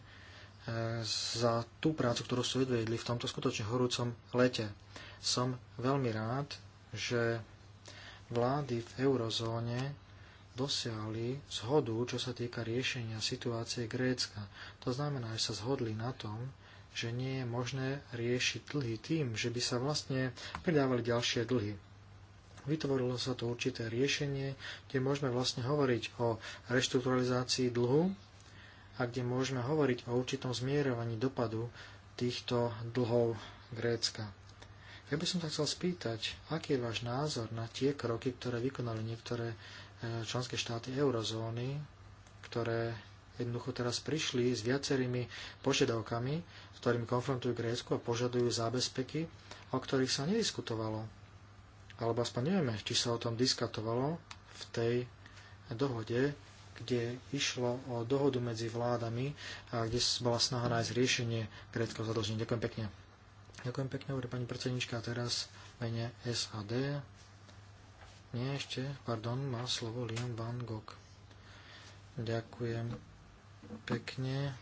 za tú prácu, ktorú ste odvedli v tomto skutočne horúcom lete. Som veľmi rád, že vlády v eurozóne dosiahli zhodu, čo sa týka riešenia situácie Grécka. To znamená, že sa zhodli na tom, že nie je možné riešiť dlhy tým, že by sa vlastne pridávali ďalšie dlhy. Vytvorilo sa to určité riešenie, kde môžeme vlastne hovoriť o reštrukturalizácii dlhu a kde môžeme hovoriť o určitom zmierovaní dopadu týchto dlhov Grécka. Ja by som sa chcel spýtať, aký je váš názor na tie kroky, ktoré vykonali niektoré e, členské štáty eurozóny, ktoré jednoducho teraz prišli s viacerými požiadavkami, s ktorými konfrontujú Grécku a požadujú zábezpeky, o ktorých sa nediskutovalo. Alebo aspoň nevieme, či sa o tom diskutovalo v tej dohode, kde išlo o dohodu medzi vládami a kde bola snaha nájsť riešenie gréckého zadlženia. Ďakujem pekne. Ďakujem pekne, hovorí pani predsednička. A teraz mene SAD. Nie, ešte, pardon, má slovo Liam Van Gogh. Ďakujem pekne,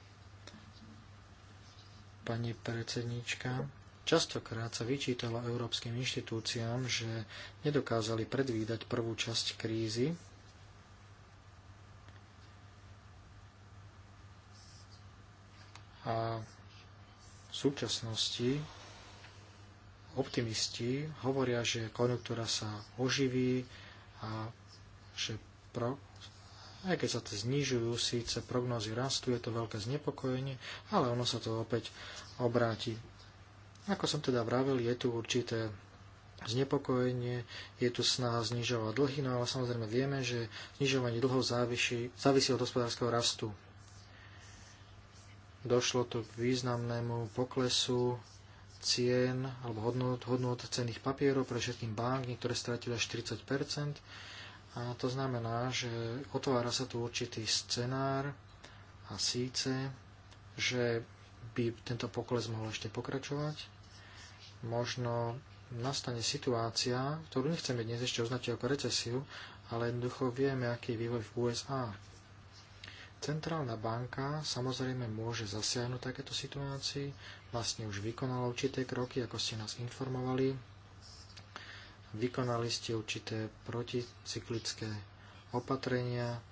pani predsednička, Častokrát sa vyčítalo európskym inštitúciám, že nedokázali predvídať prvú časť krízy. A v súčasnosti optimisti hovoria, že konjunktúra sa oživí a že pro aj keď sa to znižujú síce prognózy rastu, je to veľké znepokojenie, ale ono sa to opäť obráti. Ako som teda vravel, je tu určité znepokojenie, je tu snaha znižovať dlhy, no ale samozrejme vieme, že znižovanie dlhov závisí, závisí od hospodárskeho rastu. Došlo tu k významnému poklesu cien alebo hodnot, hodnot cenných papierov pre všetkým bank, niektoré stratili až 40 a to znamená, že otvára sa tu určitý scenár a síce, že by tento pokles mohol ešte pokračovať. Možno nastane situácia, ktorú nechceme dnes ešte označiť ako recesiu, ale jednoducho vieme, aký je vývoj v USA. Centrálna banka samozrejme môže zasiahnuť takéto situácii, vlastne už vykonala určité kroky, ako ste nás informovali, Vykonali ste určité proticyklické opatrenia.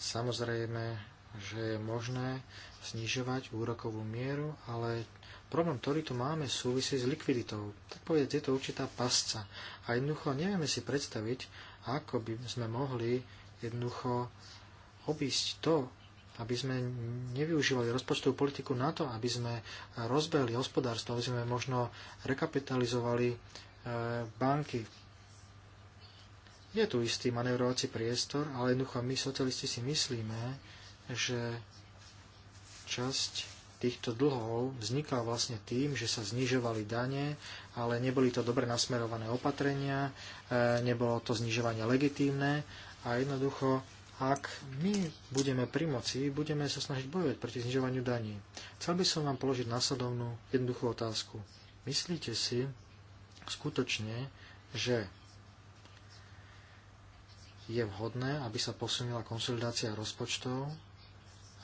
Samozrejme, že je možné znižovať úrokovú mieru, ale problém, ktorý tu máme, súvisí s likviditou. Tak povedať, je to určitá pasca. A jednoducho nevieme si predstaviť, ako by sme mohli jednoducho obísť to, aby sme nevyužívali rozpočtovú politiku na to, aby sme rozbehli hospodárstvo, aby sme možno rekapitalizovali E, banky. Je tu istý manevrovací priestor, ale jednoducho my socialisti si myslíme, že časť týchto dlhov vznikla vlastne tým, že sa znižovali dane, ale neboli to dobre nasmerované opatrenia, e, nebolo to znižovanie legitímne a jednoducho, ak my budeme pri moci, budeme sa snažiť bojovať proti znižovaniu daní. Chcel by som vám položiť následovnú jednoduchú otázku. Myslíte si, skutočne, že je vhodné, aby sa posunila konsolidácia rozpočtov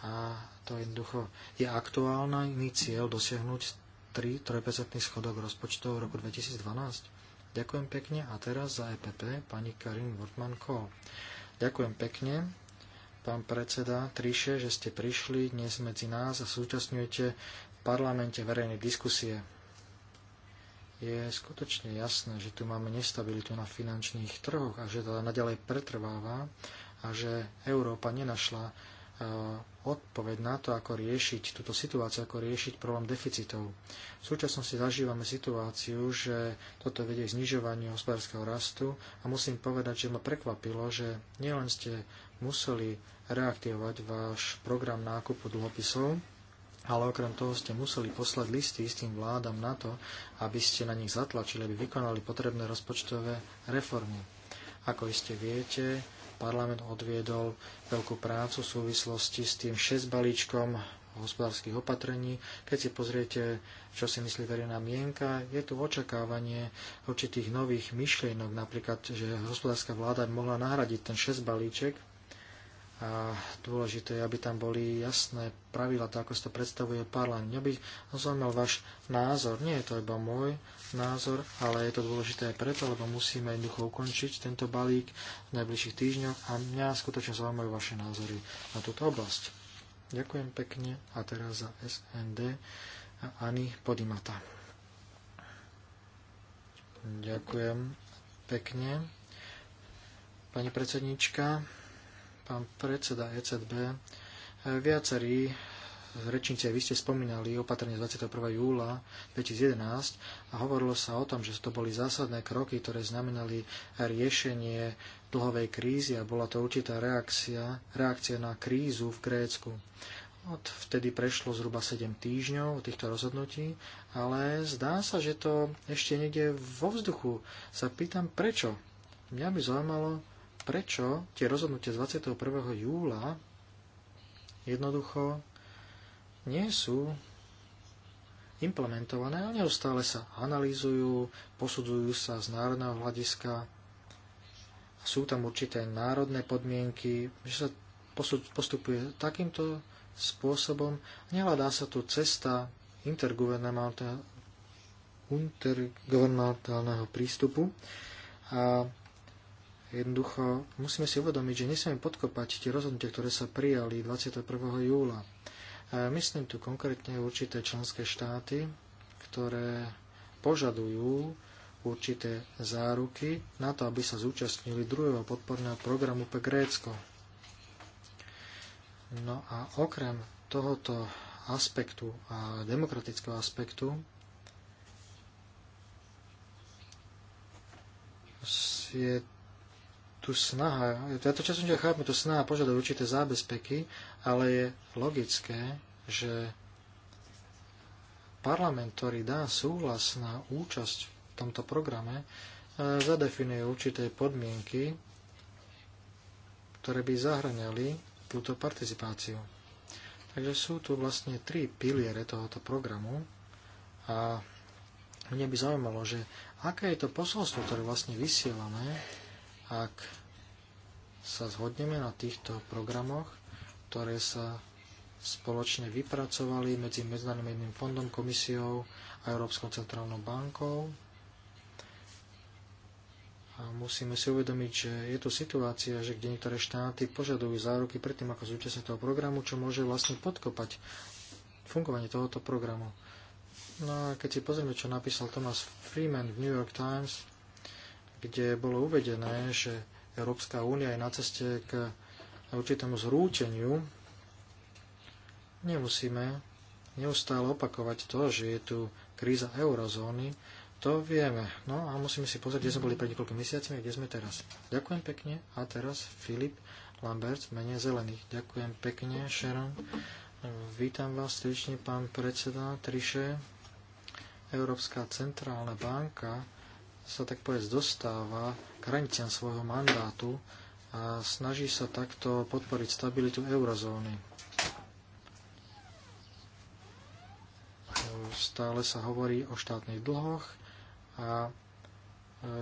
a to jednoducho je aktuálny cieľ dosiahnuť 3 3% schodok rozpočtov v roku 2012. Ďakujem pekne a teraz za EPP pani Karin Wortmanko. Ďakujem pekne, pán predseda Triše, že ste prišli dnes medzi nás a súčasňujete v parlamente verejnej diskusie je skutočne jasné, že tu máme nestabilitu na finančných trhoch a že to teda naďalej pretrváva a že Európa nenašla e, odpoveď na to, ako riešiť túto situáciu, ako riešiť problém deficitov. V súčasnosti zažívame situáciu, že toto vedie k znižovaniu hospodárskeho rastu a musím povedať, že ma prekvapilo, že nielen ste museli reaktivovať váš program nákupu dlhopisov, ale okrem toho ste museli poslať listy istým vládam na to, aby ste na nich zatlačili, aby vykonali potrebné rozpočtové reformy. Ako iste viete, parlament odviedol veľkú prácu v súvislosti s tým 6 balíčkom hospodárskych opatrení. Keď si pozriete, čo si myslí verejná mienka, je tu očakávanie určitých nových myšlienok, napríklad, že hospodárska vláda by mohla nahradiť ten 6 balíček a dôležité je, aby tam boli jasné pravidla, tak ako si to predstavuje parlament. Mňa by zaujímal váš názor. Nie je to iba môj názor, ale je to dôležité aj preto, lebo musíme jednoducho ukončiť tento balík v najbližších týždňoch a mňa skutočne zaujímajú vaše názory na túto oblasť. Ďakujem pekne a teraz za SND a Ani Podimata. Ďakujem pekne. Pani predsednička, pán predseda ECB, eh, viacerí rečníci, vy ste spomínali opatrenie 21. júla 2011 a hovorilo sa o tom, že to boli zásadné kroky, ktoré znamenali riešenie dlhovej krízy a bola to určitá reakcia, reakcia na krízu v Grécku. Od vtedy prešlo zhruba 7 týždňov týchto rozhodnutí, ale zdá sa, že to ešte niekde vo vzduchu. Sa pýtam, prečo? Mňa by zaujímalo, prečo tie rozhodnutia z 21. júla jednoducho nie sú implementované a neustále sa analýzujú, posudzujú sa z národného hľadiska. Sú tam určité národné podmienky, že sa postupuje takýmto spôsobom. Nehľadá sa tu cesta intergovernmentálneho prístupu a Jednoducho musíme si uvedomiť, že nesmieme podkopať tie rozhodnutia, ktoré sa prijali 21. júla. Myslím tu konkrétne určité členské štáty, ktoré požadujú určité záruky na to, aby sa zúčastnili druhého podporného programu pre Grécko. No a okrem tohoto aspektu a demokratického aspektu je tu snaha, ja to časom chápem, tu snaha požiadať určité zábezpeky, ale je logické, že parlament, ktorý dá súhlas na účasť v tomto programe, e, zadefinuje určité podmienky, ktoré by zahraniali túto participáciu. Takže sú tu vlastne tri piliere tohoto programu a mne by zaujímalo, že aké je to posolstvo, ktoré vlastne vysielame ak sa zhodneme na týchto programoch, ktoré sa spoločne vypracovali medzi Medzinárodným fondom, komisiou a Európskou centrálnou bankou. A musíme si uvedomiť, že je tu situácia, že kde niektoré štáty požadujú záruky predtým, ako zúčastnia toho programu, čo môže vlastne podkopať fungovanie tohoto programu. No a keď si pozrieme, čo napísal Thomas Freeman v New York Times, kde bolo uvedené, že Európska únia je na ceste k určitému zrúteniu. Nemusíme neustále opakovať to, že je tu kríza eurozóny. To vieme. No a musíme si pozrieť, kde sme boli pred niekoľkými mesiacmi a kde sme teraz. Ďakujem pekne. A teraz Filip Lambert menej zelených. Ďakujem pekne, Sharon. Vítam vás srdečne, pán predseda Triše. Európska centrálna banka sa tak povedz dostáva k hraniciam svojho mandátu a snaží sa takto podporiť stabilitu eurozóny. Stále sa hovorí o štátnych dlhoch a e,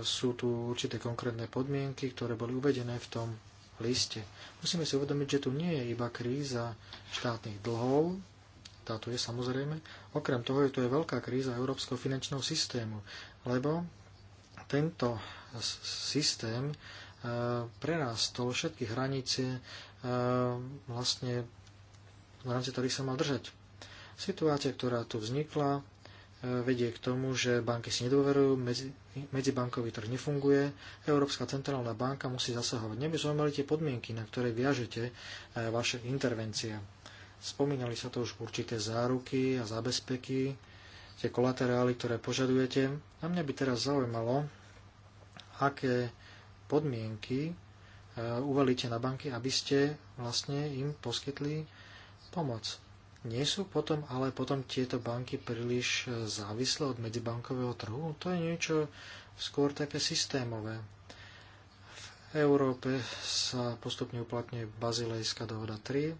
sú tu určité konkrétne podmienky, ktoré boli uvedené v tom liste. Musíme si uvedomiť, že tu nie je iba kríza štátnych dlhov, táto je samozrejme, okrem toho je tu je veľká kríza európskeho finančného systému, lebo tento systém e, prerástol všetky hranice, e, vlastne v rámci ktorých sa mal držať. Situácia, ktorá tu vznikla, e, vedie k tomu, že banky si nedôverujú, medzi, medzibankový trh nefunguje, Európska centrálna banka musí zasahovať. Neby zaujímali tie podmienky, na ktoré viažete vaše intervencie. Spomínali sa to už určité záruky a zábezpeky, tie kolaterály, ktoré požadujete. A mňa by teraz zaujímalo, aké podmienky e, uvalíte na banky, aby ste vlastne im poskytli pomoc. Nie sú potom, ale potom tieto banky príliš e, závislé od medzibankového trhu? To je niečo skôr také systémové. V Európe sa postupne uplatňuje Bazilejská dohoda 3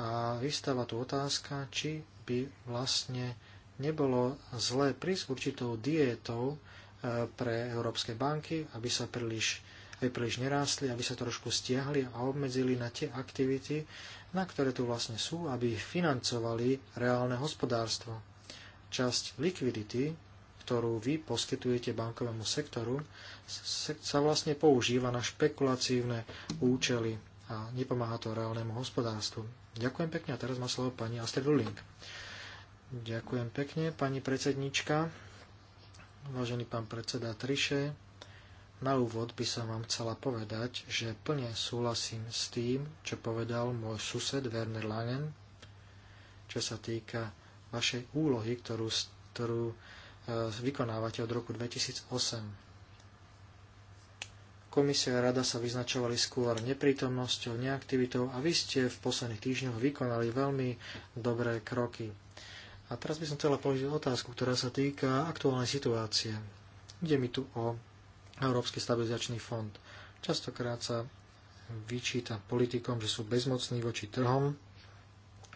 a vystáva tu otázka, či by vlastne nebolo zlé prísť určitou dietou pre európske banky, aby sa príliš, aby príliš nerástli, aby sa trošku stiahli a obmedzili na tie aktivity, na ktoré tu vlastne sú, aby financovali reálne hospodárstvo. Časť likvidity, ktorú vy poskytujete bankovému sektoru, sa vlastne používa na špekulatívne účely a nepomáha to reálnemu hospodárstvu. Ďakujem pekne a teraz má slovo pani Astrid Luling. Ďakujem pekne, pani predsednička vážený pán predseda Triše. Na úvod by som vám chcela povedať, že plne súhlasím s tým, čo povedal môj sused Werner Langen, čo sa týka vašej úlohy, ktorú, ktorú e, vykonávate od roku 2008. Komisia a rada sa vyznačovali skôr neprítomnosťou, neaktivitou a vy ste v posledných týždňoch vykonali veľmi dobré kroky. A teraz by som chcela položiť otázku, ktorá sa týka aktuálnej situácie. Ide mi tu o Európsky stabilizačný fond. Častokrát sa vyčíta politikom, že sú bezmocní voči trhom.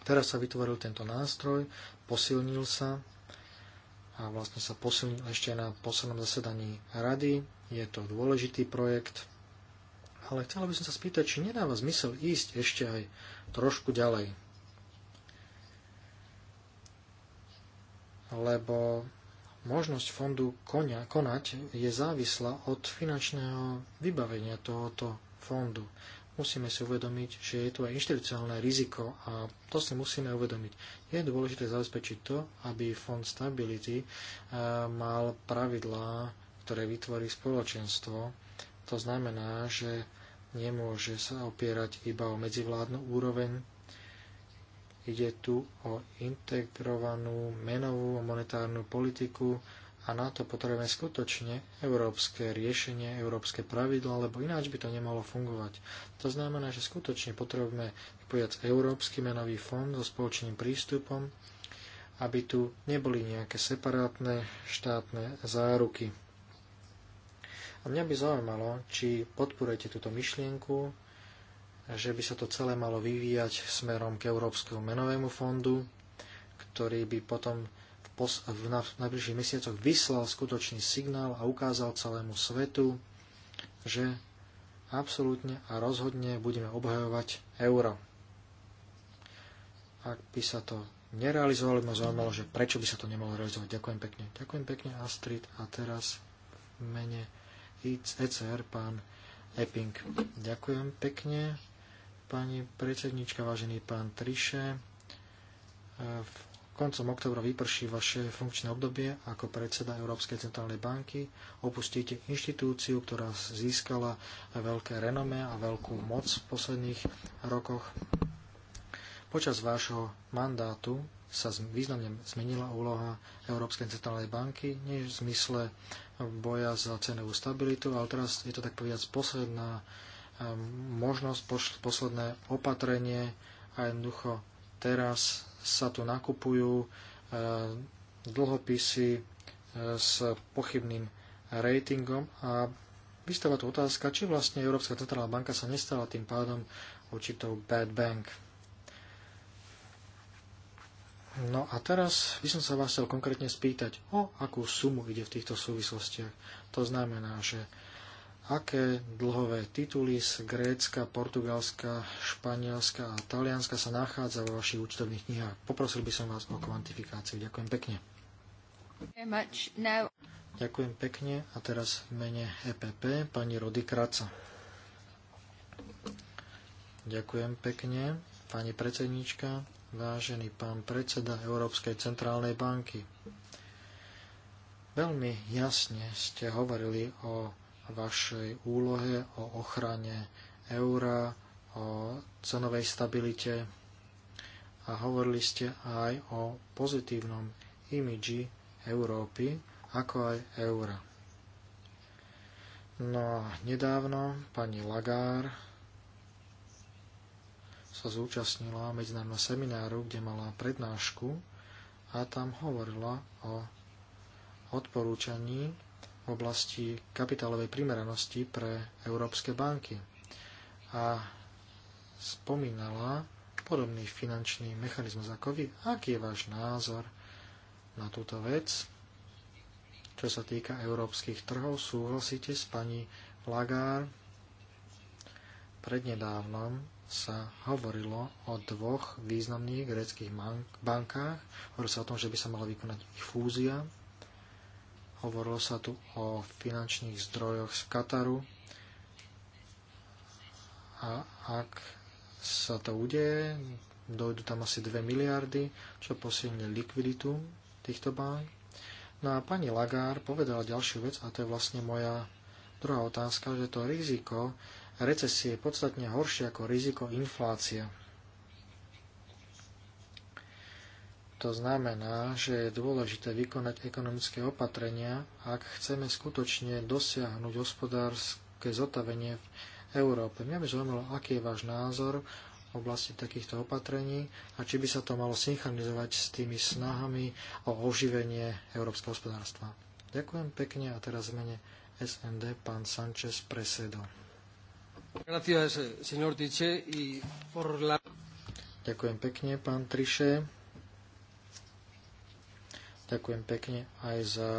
Teraz sa vytvoril tento nástroj, posilnil sa a vlastne sa posilnil ešte na poslednom zasedaní rady. Je to dôležitý projekt, ale chcela by som sa spýtať, či nedáva zmysel ísť ešte aj trošku ďalej. lebo možnosť fondu konia, konať je závislá od finančného vybavenia tohoto fondu. Musíme si uvedomiť, že je tu aj inštitucionálne riziko a to si musíme uvedomiť. Je dôležité zabezpečiť to, aby fond stability eh, mal pravidlá, ktoré vytvorí spoločenstvo. To znamená, že nemôže sa opierať iba o medzivládnu úroveň, Ide tu o integrovanú menovú a monetárnu politiku a na to potrebujeme skutočne európske riešenie, európske pravidla, lebo ináč by to nemalo fungovať. To znamená, že skutočne potrebujeme povedať Európsky menový fond so spoločným prístupom, aby tu neboli nejaké separátne štátne záruky. A mňa by zaujímalo, či podporujete túto myšlienku, že by sa to celé malo vyvíjať smerom k Európskemu menovému fondu, ktorý by potom v, pos- v najbližších mesiacoch vyslal skutočný signál a ukázal celému svetu, že absolútne a rozhodne budeme obhajovať euro. Ak by sa to nerealizovalo, by ma zaujímalo, že prečo by sa to nemalo realizovať. Ďakujem pekne. Ďakujem pekne, Astrid. A teraz mene ECR pán Epping. Ďakujem pekne pani predsednička, vážený pán Triše. E, v koncom oktobra vyprší vaše funkčné obdobie ako predseda Európskej centrálnej banky. Opustíte inštitúciu, ktorá získala veľké renome a veľkú moc v posledných rokoch. Počas vášho mandátu sa významne zmenila úloha Európskej centrálnej banky, nie v zmysle boja za cenovú stabilitu, ale teraz je to tak povedať posledná možnosť, posledné opatrenie a jednoducho teraz sa tu nakupujú e, dlhopisy e, s pochybným ratingom a vystáva tu otázka, či vlastne Európska centrálna banka sa nestala tým pádom určitou bad bank. No a teraz by som sa vás chcel konkrétne spýtať, o akú sumu ide v týchto súvislostiach. To znamená, že aké dlhové tituly z Grécka, Portugalska, Španielska a Talianska sa nachádza vo vašich účtovných knihách. Poprosil by som vás o kvantifikáciu. Ďakujem pekne. Ďakujem pekne a teraz v mene EPP pani Rody Kraca. Ďakujem pekne, pani predsednička, vážený pán predseda Európskej centrálnej banky. Veľmi jasne ste hovorili o vašej úlohe, o ochrane eura, o cenovej stabilite a hovorili ste aj o pozitívnom imidži Európy, ako aj eura. No a nedávno pani Lagár sa zúčastnila medzinárodného semináru, kde mala prednášku a tam hovorila o odporúčaní v oblasti kapitálovej primeranosti pre európske banky a spomínala podobný finančný mechanizmus ako vy. Aký je váš názor na túto vec? Čo sa týka európskych trhov, súhlasíte s pani Lagarde? Prednedávnom sa hovorilo o dvoch významných greckých bankách. Hovorilo sa o tom, že by sa mala vykonať ich fúzia Hovorilo sa tu o finančných zdrojoch z Kataru. A ak sa to udeje, dojdu tam asi 2 miliardy, čo posilní likviditu týchto bank. No a pani Lagár povedala ďalšiu vec, a to je vlastne moja druhá otázka, že to riziko recesie je podstatne horšie ako riziko inflácie. To znamená, že je dôležité vykonať ekonomické opatrenia, ak chceme skutočne dosiahnuť hospodárske zotavenie v Európe. Mňa by zaujímalo, aký je váš názor v oblasti takýchto opatrení a či by sa to malo synchronizovať s tými snahami o oživenie európskeho hospodárstva. Ďakujem pekne a teraz mene SND pán Sanchez Presedo. Ďakujem pekne, pán Triše Ďakujem pekne aj za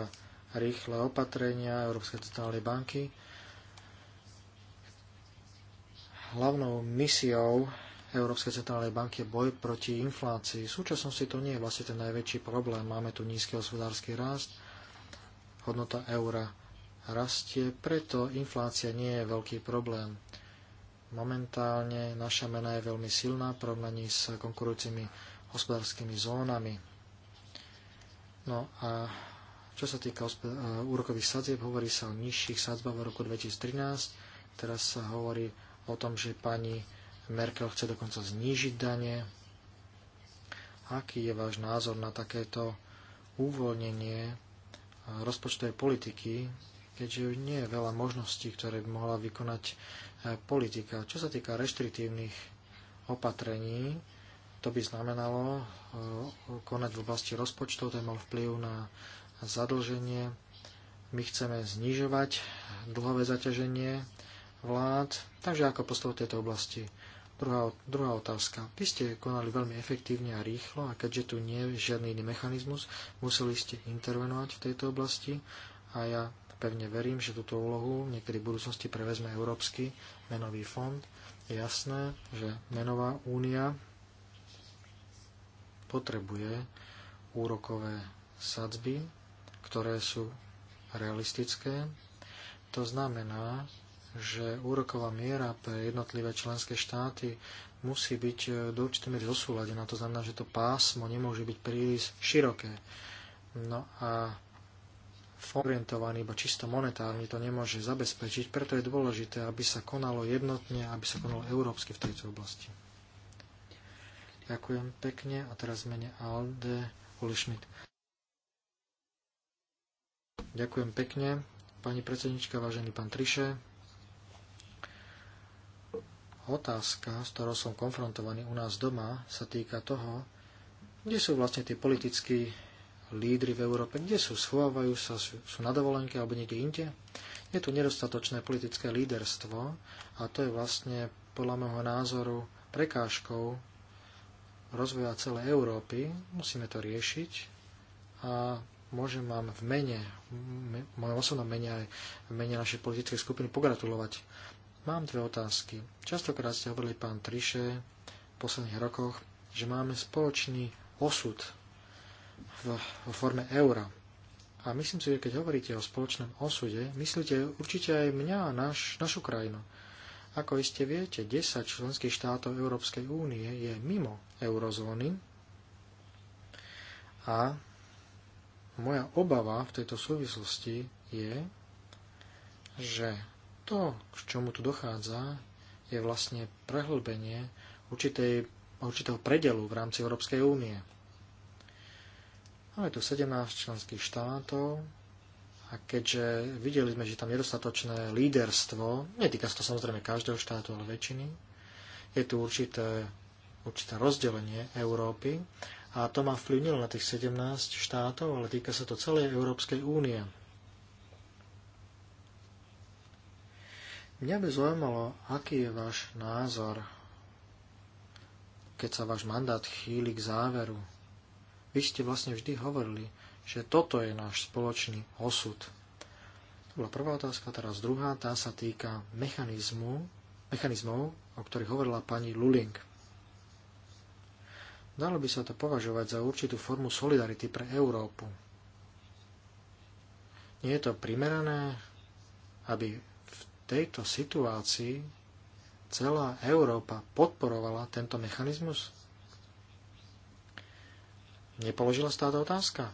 rýchle opatrenia Európskej centrálnej banky. Hlavnou misiou Európskej centrálnej banky je boj proti inflácii. V súčasnosti to nie je vlastne ten najväčší problém. Máme tu nízky hospodársky rast, hodnota eura rastie, preto inflácia nie je veľký problém. Momentálne naša mena je veľmi silná v porovnaní s konkurujúcimi hospodárskymi zónami No a čo sa týka e, úrokových sadzieb, hovorí sa o nižších sadzbách v roku 2013. Teraz sa hovorí o tom, že pani Merkel chce dokonca znížiť dane. Aký je váš názor na takéto uvoľnenie e, rozpočtovej politiky, keďže nie je veľa možností, ktoré by mohla vykonať e, politika. Čo sa týka reštriktívnych opatrení, to by znamenalo e, konať v oblasti rozpočtov, to mal vplyv na zadlženie. My chceme znižovať dlhové zaťaženie vlád, takže ako postav v tejto oblasti? Druhá, druhá otázka. Vy ste konali veľmi efektívne a rýchlo a keďže tu nie je žiadny iný mechanizmus, museli ste intervenovať v tejto oblasti a ja pevne verím, že túto úlohu niekedy v budúcnosti prevezme Európsky menový fond. Je jasné, že menová únia potrebuje úrokové sadzby, ktoré sú realistické. To znamená, že úroková miera pre jednotlivé členské štáty musí byť e, do určitej miery zosúladená. To znamená, že to pásmo nemôže byť príliš široké. No a orientovaný, iba čisto monetárne to nemôže zabezpečiť, preto je dôležité, aby sa konalo jednotne, aby sa konalo európsky v tejto oblasti. Ďakujem pekne a teraz mene Alde Oli Ďakujem pekne, pani predsednička, vážený pán Triše. Otázka, s ktorou som konfrontovaný u nás doma, sa týka toho, kde sú vlastne tí politickí lídry v Európe, kde sú, schovávajú sa, sú, sú na dovolenke alebo niekde inde. Je tu nedostatočné politické líderstvo a to je vlastne podľa môjho názoru prekážkou rozvoja celej Európy. Musíme to riešiť a môžem vám v mene, v mojom osobnom mene aj v mene našej politickej skupiny pogratulovať. Mám dve otázky. Častokrát ste hovorili pán Triše v posledných rokoch, že máme spoločný osud v, v forme eura. A myslím si, že keď hovoríte o spoločnom osude, myslíte určite aj mňa a naš, našu krajinu. Ako iste viete, 10 členských štátov Európskej únie je mimo eurozóny a moja obava v tejto súvislosti je, že to, k čomu tu dochádza, je vlastne prehlbenie určitej, určitého predelu v rámci Európskej únie. Máme tu 17 členských štátov, a keďže videli sme, že tam nedostatočné líderstvo, netýka sa to samozrejme každého štátu, ale väčšiny, je tu určité, určité rozdelenie Európy a to má vplyv nielen na tých 17 štátov, ale týka sa to celej Európskej únie. Mňa by zaujímalo, aký je váš názor, keď sa váš mandát chýli k záveru. Vy ste vlastne vždy hovorili, že toto je náš spoločný osud. To bola prvá otázka, teraz druhá, tá sa týka mechanizmu, mechanizmov, o ktorých hovorila pani Luling. Dalo by sa to považovať za určitú formu solidarity pre Európu. Nie je to primerané, aby v tejto situácii celá Európa podporovala tento mechanizmus? Nepoložila sa táto otázka?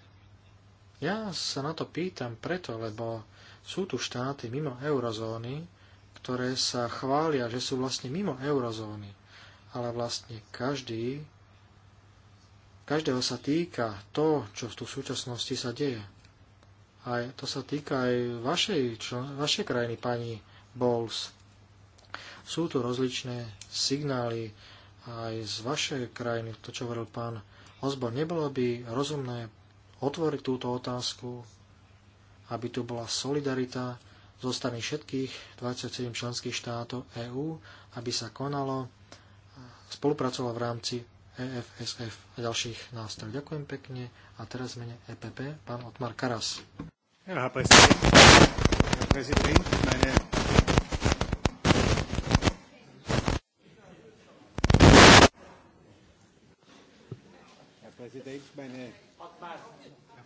Ja sa na to pýtam preto, lebo sú tu štáty mimo eurozóny, ktoré sa chvália, že sú vlastne mimo eurozóny, ale vlastne každý, každého sa týka to, čo v tu súčasnosti sa deje. A to sa týka aj vašej, čo, vašej krajiny, pani Bowles. Sú tu rozličné signály aj z vašej krajiny, to čo hovoril pán Osbor. Nebolo by rozumné otvoriť túto otázku, aby tu bola solidarita zo strany všetkých 27 členských štátov EÚ, aby sa konalo, spolupracovalo v rámci EFSF a ďalších nástrojov. Ďakujem pekne a teraz mene EPP, pán Otmar Karas. Ja, prezident, prezident,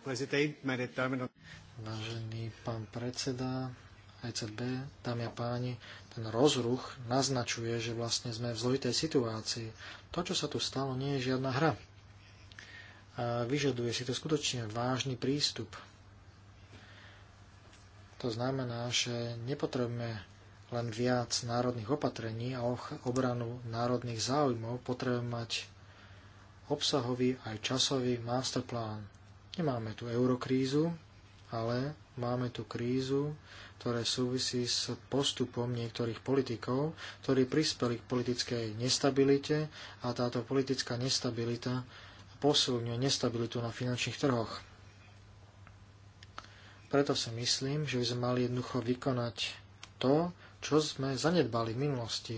Vážený pán predseda ECB, dámy a páni, ten rozruch naznačuje, že vlastne sme v zložitej situácii. To, čo sa tu stalo, nie je žiadna hra. A vyžaduje si to skutočne vážny prístup. To znamená, že nepotrebujeme len viac národných opatrení a obranu národných záujmov, potrebujeme mať obsahový aj časový masterplán. Nemáme tu eurokrízu, ale máme tu krízu, ktoré súvisí s postupom niektorých politikov, ktorí prispeli k politickej nestabilite a táto politická nestabilita posilňuje nestabilitu na finančných trhoch. Preto si myslím, že by sme mali jednoducho vykonať to, čo sme zanedbali v minulosti.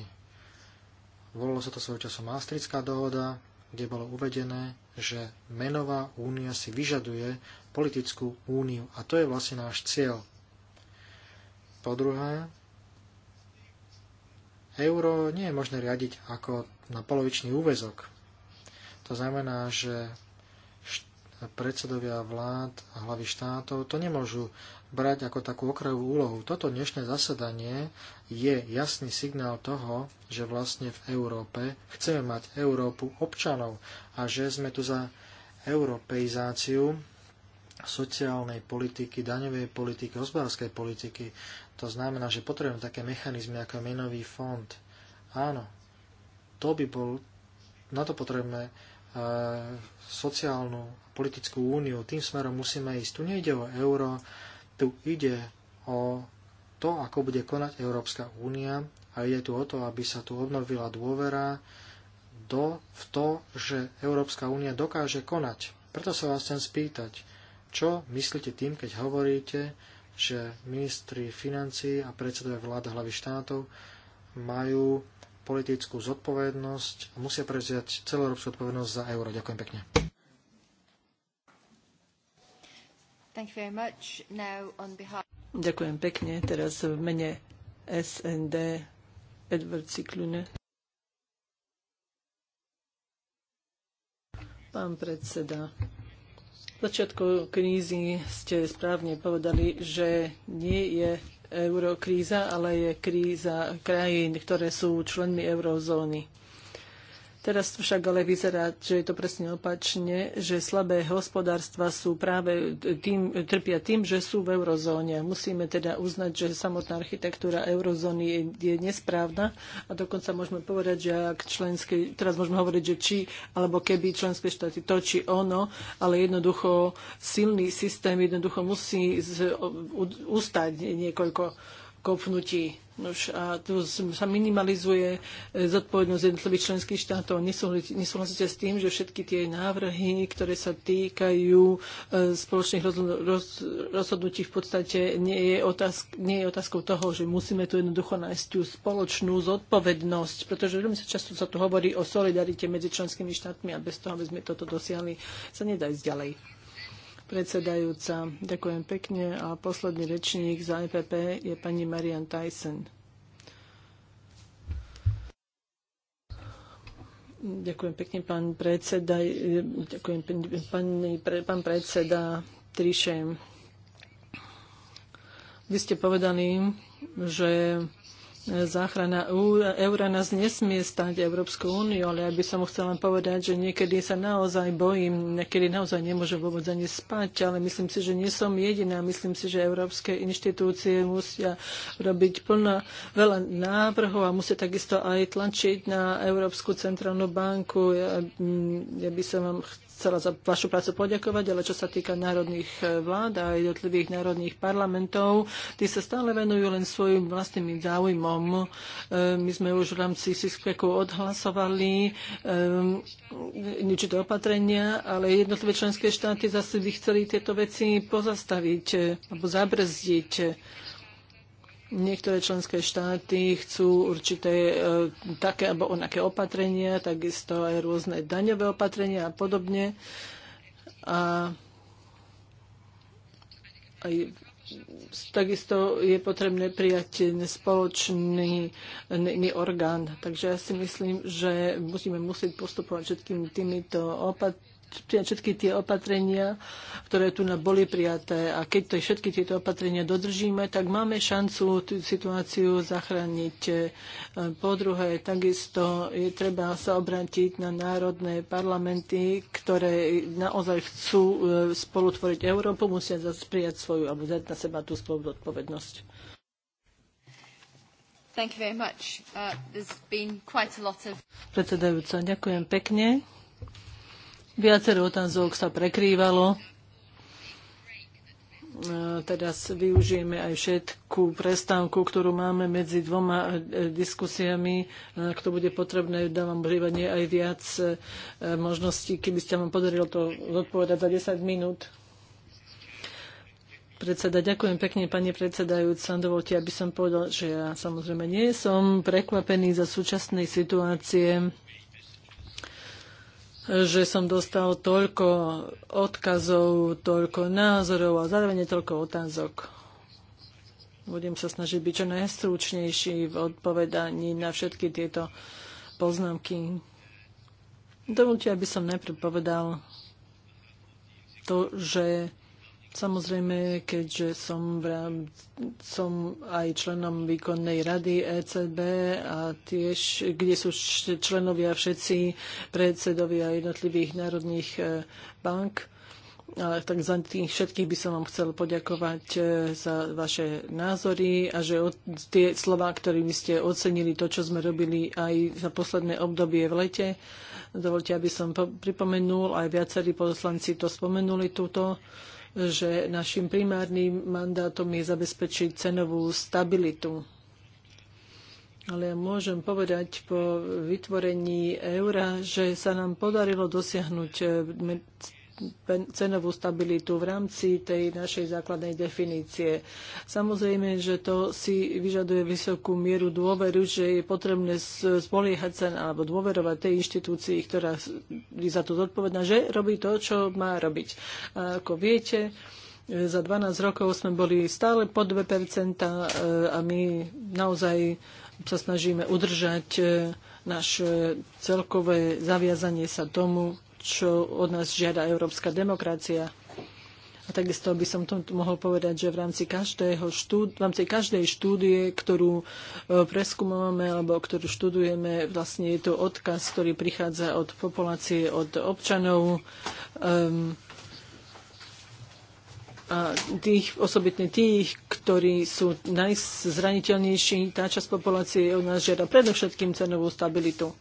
Volalo sa to svojho času Maastrichtská dohoda, kde bolo uvedené, že menová únia si vyžaduje politickú úniu. A to je vlastne náš cieľ. Po druhé, euro nie je možné riadiť ako na polovičný úvezok. To znamená, že predsedovia vlád a hlavy štátov to nemôžu brať ako takú okrajovú úlohu. Toto dnešné zasadanie je jasný signál toho, že vlastne v Európe chceme mať Európu občanov a že sme tu za europeizáciu sociálnej politiky, daňovej politiky, hospodárskej politiky. To znamená, že potrebujeme také mechanizmy ako menový fond. Áno, to by bol, na to potrebujeme e, sociálnu politickú úniu. Tým smerom musíme ísť. Tu nejde o euro, tu ide o to, ako bude konať Európska únia a ide tu o to, aby sa tu obnovila dôvera do, v to, že Európska únia dokáže konať. Preto sa vás chcem spýtať, čo myslíte tým, keď hovoríte, že ministri financí a predsedovia vlád hlavy štátov majú politickú zodpovednosť a musia prevziať európsku zodpovednosť za euro. Ďakujem pekne. Ďakujem pekne. Teraz v mene SND Edward Ciklune. Pán predseda, v začiatku krízy ste správne povedali, že nie je eurokríza, ale je kríza krajín, ktoré sú členmi eurozóny. Teraz však ale vyzerá, že je to presne opačne, že slabé hospodárstva sú práve tým, trpia tým, že sú v eurozóne. Musíme teda uznať, že samotná architektúra eurozóny je, je nesprávna a dokonca môžeme povedať, že ak členské, teraz môžeme hovoriť, že či alebo keby členské štáty to či ono, ale jednoducho silný systém jednoducho musí z, u, ustať niekoľko kopnutí Nož a tu sa minimalizuje e, zodpovednosť jednotlivých členských štátov. Nesúhlasíte s tým, že všetky tie návrhy, ktoré sa týkajú e, spoločných rozhodnutí v podstate nie je, otázk, nie je otázkou toho, že musíme tu jednoducho nájsť tú spoločnú zodpovednosť, pretože veľmi sa často sa tu hovorí o solidarite medzi členskými štátmi a bez toho, aby sme toto dosiahli, sa nedá ísť ďalej predsedajúca. Ďakujem pekne a posledný rečník za EPP je pani Marian Tyson. Ďakujem pekne, pán predseda. Ďakujem, pani, pán predseda Trišem. Vy ste povedali, že záchrana eura nás nesmie stať Európsku úniu, ale ja by som chcela povedať, že niekedy sa naozaj bojím, niekedy naozaj nemôžem vôbec ani spať, ale myslím si, že nie som jediná. Myslím si, že európske inštitúcie musia robiť plno veľa návrhov a musia takisto aj tlačiť na Európsku centrálnu banku. Ja, mm, ja by som vám chcela chcela za vašu prácu poďakovať, ale čo sa týka národných eh, vlád a jednotlivých národných parlamentov, tí sa stále venujú len svojim vlastným záujmom. Eh, my sme už v rámci SISPEKu odhlasovali eh, určité opatrenia, ale jednotlivé členské štáty zase by chceli tieto veci pozastaviť alebo zabrzdiť Niektoré členské štáty chcú určité e, také alebo onaké opatrenia, takisto aj rôzne daňové opatrenia a podobne. A aj takisto je potrebné prijať spoločný orgán. Takže ja si myslím, že musíme musieť postupovať všetkými týmito opatreniami všetky tie opatrenia, ktoré tu boli prijaté. A keď to, všetky tieto opatrenia dodržíme, tak máme šancu tú situáciu zachrániť. E, po druhé, takisto je treba sa obrátiť na národné parlamenty, ktoré naozaj chcú e, spolutvoriť Európu, musia zase prijať svoju alebo dať na seba tú spoluodpovednosť. Thank you very much. Uh, there's been quite a lot of... Predsedajúca, ďakujem pekne. Viacero otázok sa prekrývalo. E, teraz využijeme aj všetkú prestávku, ktorú máme medzi dvoma e, diskusiami. E, ak to bude potrebné, dávam prípadne aj viac možností, keby ste vám podarilo to odpovedať za 10 minút. Predseda, ďakujem pekne, pani predsedajúca. Dovolte, aby som povedal, že ja samozrejme nie som prekvapený za súčasnej situácie že som dostal toľko odkazov, toľko názorov a zároveň toľko otázok. Budem sa snažiť byť čo najstručnejší v odpovedaní na všetky tieto poznámky. Dovolte, aby som najprv povedal to, že Samozrejme, keďže som, v, som aj členom výkonnej rady ECB a tiež, kde sú členovia všetci predsedovia jednotlivých národných e, bank, a tak za tých všetkých by som vám chcel poďakovať e, za vaše názory a že tie slova, ktorými ste ocenili to, čo sme robili aj za posledné obdobie v lete, dovolte, aby som pripomenul, aj viacerí poslanci to spomenuli túto že našim primárnym mandátom je zabezpečiť cenovú stabilitu. Ale môžem povedať po vytvorení eura, že sa nám podarilo dosiahnuť cenovú stabilitu v rámci tej našej základnej definície. Samozrejme, že to si vyžaduje vysokú mieru dôveru, že je potrebné spoliehať sa alebo dôverovať tej inštitúcii, ktorá je za to zodpovedná, že robí to, čo má robiť. A ako viete, e, za 12 rokov sme boli stále pod 2% e, a my naozaj sa snažíme udržať e, naše celkové zaviazanie sa tomu, čo od nás žiada európska demokracia. A takisto by som to mohol povedať, že v rámci, každého štúd- v rámci každej štúdie, ktorú e, preskúmame alebo ktorú študujeme, vlastne je to odkaz, ktorý prichádza od populácie, od občanov. Um, a tých, osobitne tých, ktorí sú najzraniteľnejší, tá časť populácie od nás žiada predovšetkým cenovú stabilitu.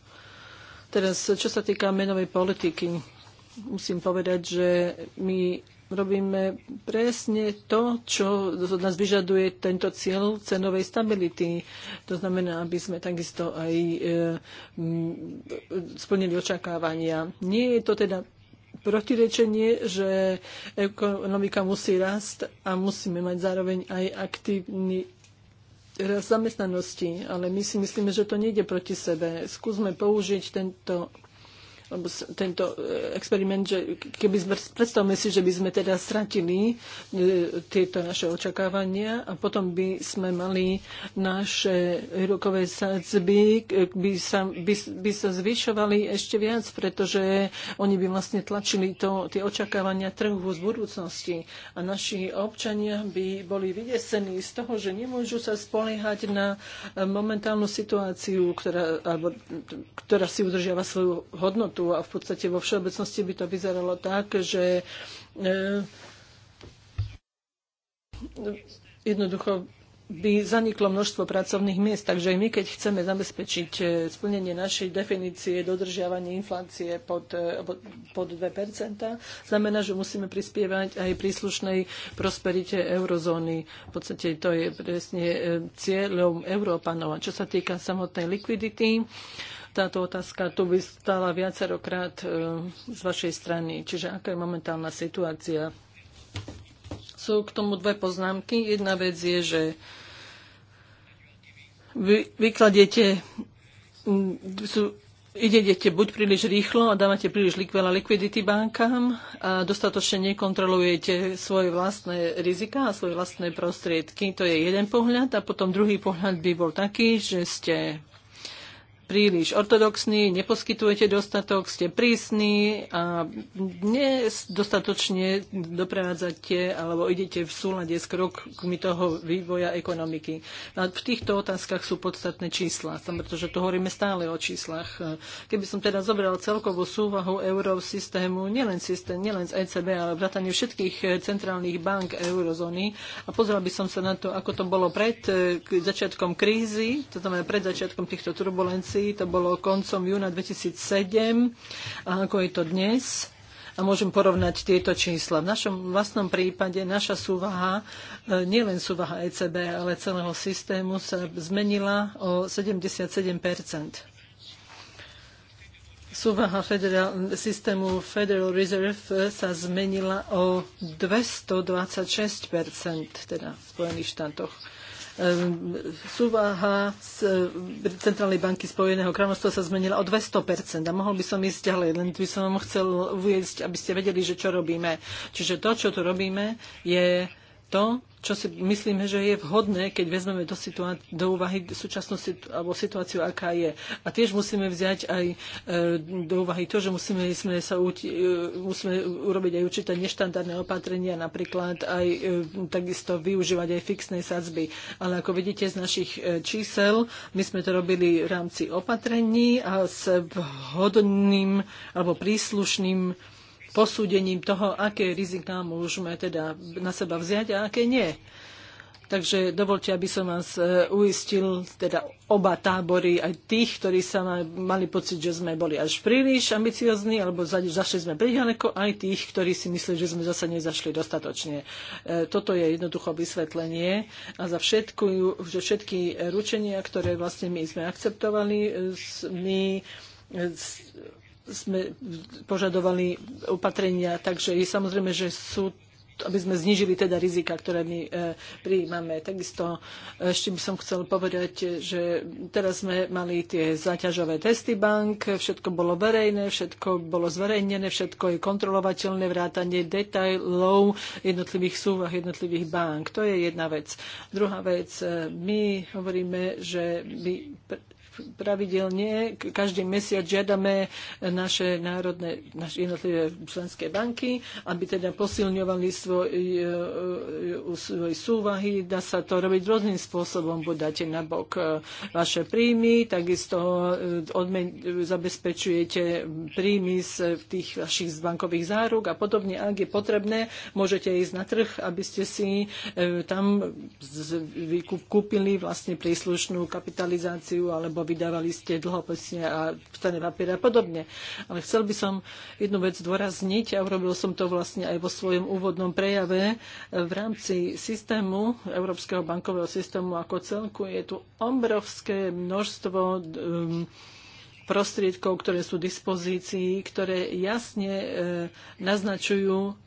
Teraz, čo sa týka menovej politiky, musím povedať, že my robíme presne to, čo od nás vyžaduje tento cieľ cenovej stability. To znamená, aby sme takisto aj e, m, splnili očakávania. Nie je to teda protirečenie, že ekonomika musí rast a musíme mať zároveň aj aktívny rast zamestnanosti, ale my si myslíme, že to nejde proti sebe. Skúsme použiť tento lebo tento e, experiment, že keby sme, predstavme si, že by sme teda stratili e, tieto naše očakávania a potom by sme mali naše rokové sadzby, e, by sa, by, by sa zvyšovali ešte viac, pretože oni by vlastne tlačili to, tie očakávania trhu z budúcnosti a naši občania by boli vydesení z toho, že nemôžu sa spoliehať na momentálnu situáciu, ktorá, alebo, ktorá si udržiava svoju hodnotu lehotu a v podstate vo všeobecnosti by to vyzeralo tak, že eh, jednoducho by zaniklo množstvo pracovných miest. Takže my, keď chceme zabezpečiť eh, splnenie našej definície dodržiavanie inflácie pod, eh, pod 2 znamená, že musíme prispievať aj príslušnej prosperite eurozóny. V podstate to je presne cieľom Európanov. A čo sa týka samotnej likvidity, táto otázka tu vystala viacerokrát e, z vašej strany. Čiže aká je momentálna situácia? Sú k tomu dve poznámky. Jedna vec je, že vy, vykladiete, sú, idete buď príliš rýchlo a dávate príliš veľa likvidity bankám a dostatočne nekontrolujete svoje vlastné rizika a svoje vlastné prostriedky. To je jeden pohľad. A potom druhý pohľad by bol taký, že ste príliš ortodoxní, neposkytujete dostatok, ste prísni a nedostatočne doprevádzate alebo idete v súlade s krokmi toho vývoja ekonomiky. A v týchto otázkach sú podstatné čísla, pretože tu hovoríme stále o číslach. Keby som teda zobral celkovú súvahu systému, nielen, systém, nielen z ECB, ale vrátanie všetkých centrálnych bank eurozóny a pozrel by som sa na to, ako to bolo pred eh, začiatkom krízy, to znamená pred začiatkom týchto turbulencií, situácii. To bolo koncom júna 2007, ako je to dnes a môžem porovnať tieto čísla. V našom vlastnom prípade naša súvaha, e, nielen súvaha ECB, ale celého systému sa zmenila o 77 Súvaha federal, systému Federal Reserve e, sa zmenila o 226 teda v Spojených štátoch. Ehm, súvaha z e, Centrálnej banky Spojeného kráľovstva sa zmenila o 200%. A mohol by som ísť ďalej, len by som chcel uviezť, aby ste vedeli, že čo robíme. Čiže to, čo tu robíme, je to, čo si myslíme, že je vhodné, keď vezmeme do, situá- do úvahy súčasnú situ- alebo situáciu, aká je. A tiež musíme vziať aj e, do úvahy to, že musíme, sme sa uti- e, musíme urobiť aj určité neštandardné opatrenia, napríklad aj e, takisto využívať aj fixné sadzby. Ale ako vidíte z našich e, čísel, my sme to robili v rámci opatrení a s vhodným alebo príslušným posúdením toho, aké riziká môžeme teda na seba vziať a aké nie. Takže dovolte, aby som vás e, uistil, teda oba tábory, aj tých, ktorí sa mali pocit, že sme boli až príliš ambiciozní, alebo zašli sme priďaleko, aj tých, ktorí si mysleli, že sme zase nezašli dostatočne. E, toto je jednoducho vysvetlenie a za všetku, že všetky ručenia, ktoré vlastne my sme akceptovali, e, my sme požadovali opatrenia, takže je samozrejme, že sú aby sme znižili teda rizika, ktoré my e, prijímame. Takisto e, ešte by som chcel povedať, že teraz sme mali tie záťažové testy bank, všetko bolo verejné, všetko bolo zverejnené, všetko je kontrolovateľné, vrátanie detailov jednotlivých súvah jednotlivých bank. To je jedna vec. Druhá vec, e, my hovoríme, že my pravidelne každý mesiac žiadame naše národné, naše jednotlivé členské banky, aby teda posilňovali svoj, e, e, svoje súvahy. Dá sa to robiť rôznym spôsobom, bo dáte na bok e, vaše príjmy, takisto odmen- zabezpečujete príjmy z tých vašich bankových záruk a podobne. Ak je potrebné, môžete ísť na trh, aby ste si tam vykúpili vlastne príslušnú kapitalizáciu alebo vydávali ste dlhopisne a cenné papiere a podobne. Ale chcel by som jednu vec dôrazniť a urobil som to vlastne aj vo svojom úvodnom prejave. V rámci systému, Európskeho bankového systému ako celku je tu obrovské množstvo um, prostriedkov, ktoré sú v dispozícii, ktoré jasne e, naznačujú,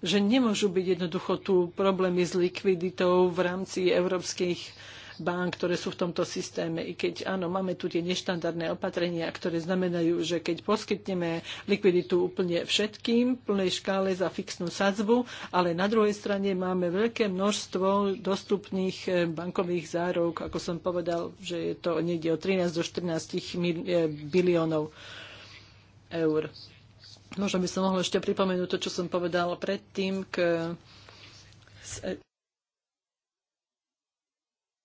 že nemôžu byť jednoducho tu problémy s likviditou v rámci európskych bank, ktoré sú v tomto systéme. I keď áno, máme tu tie neštandardné opatrenia, ktoré znamenajú, že keď poskytneme likviditu úplne všetkým, plnej škále za fixnú sadzbu, ale na druhej strane máme veľké množstvo dostupných eh, bankových záruk, ako som povedal, že je to niekde od 13 do 14 eh, biliónov eur. Možno by som mohla ešte pripomenúť to, čo som povedala predtým k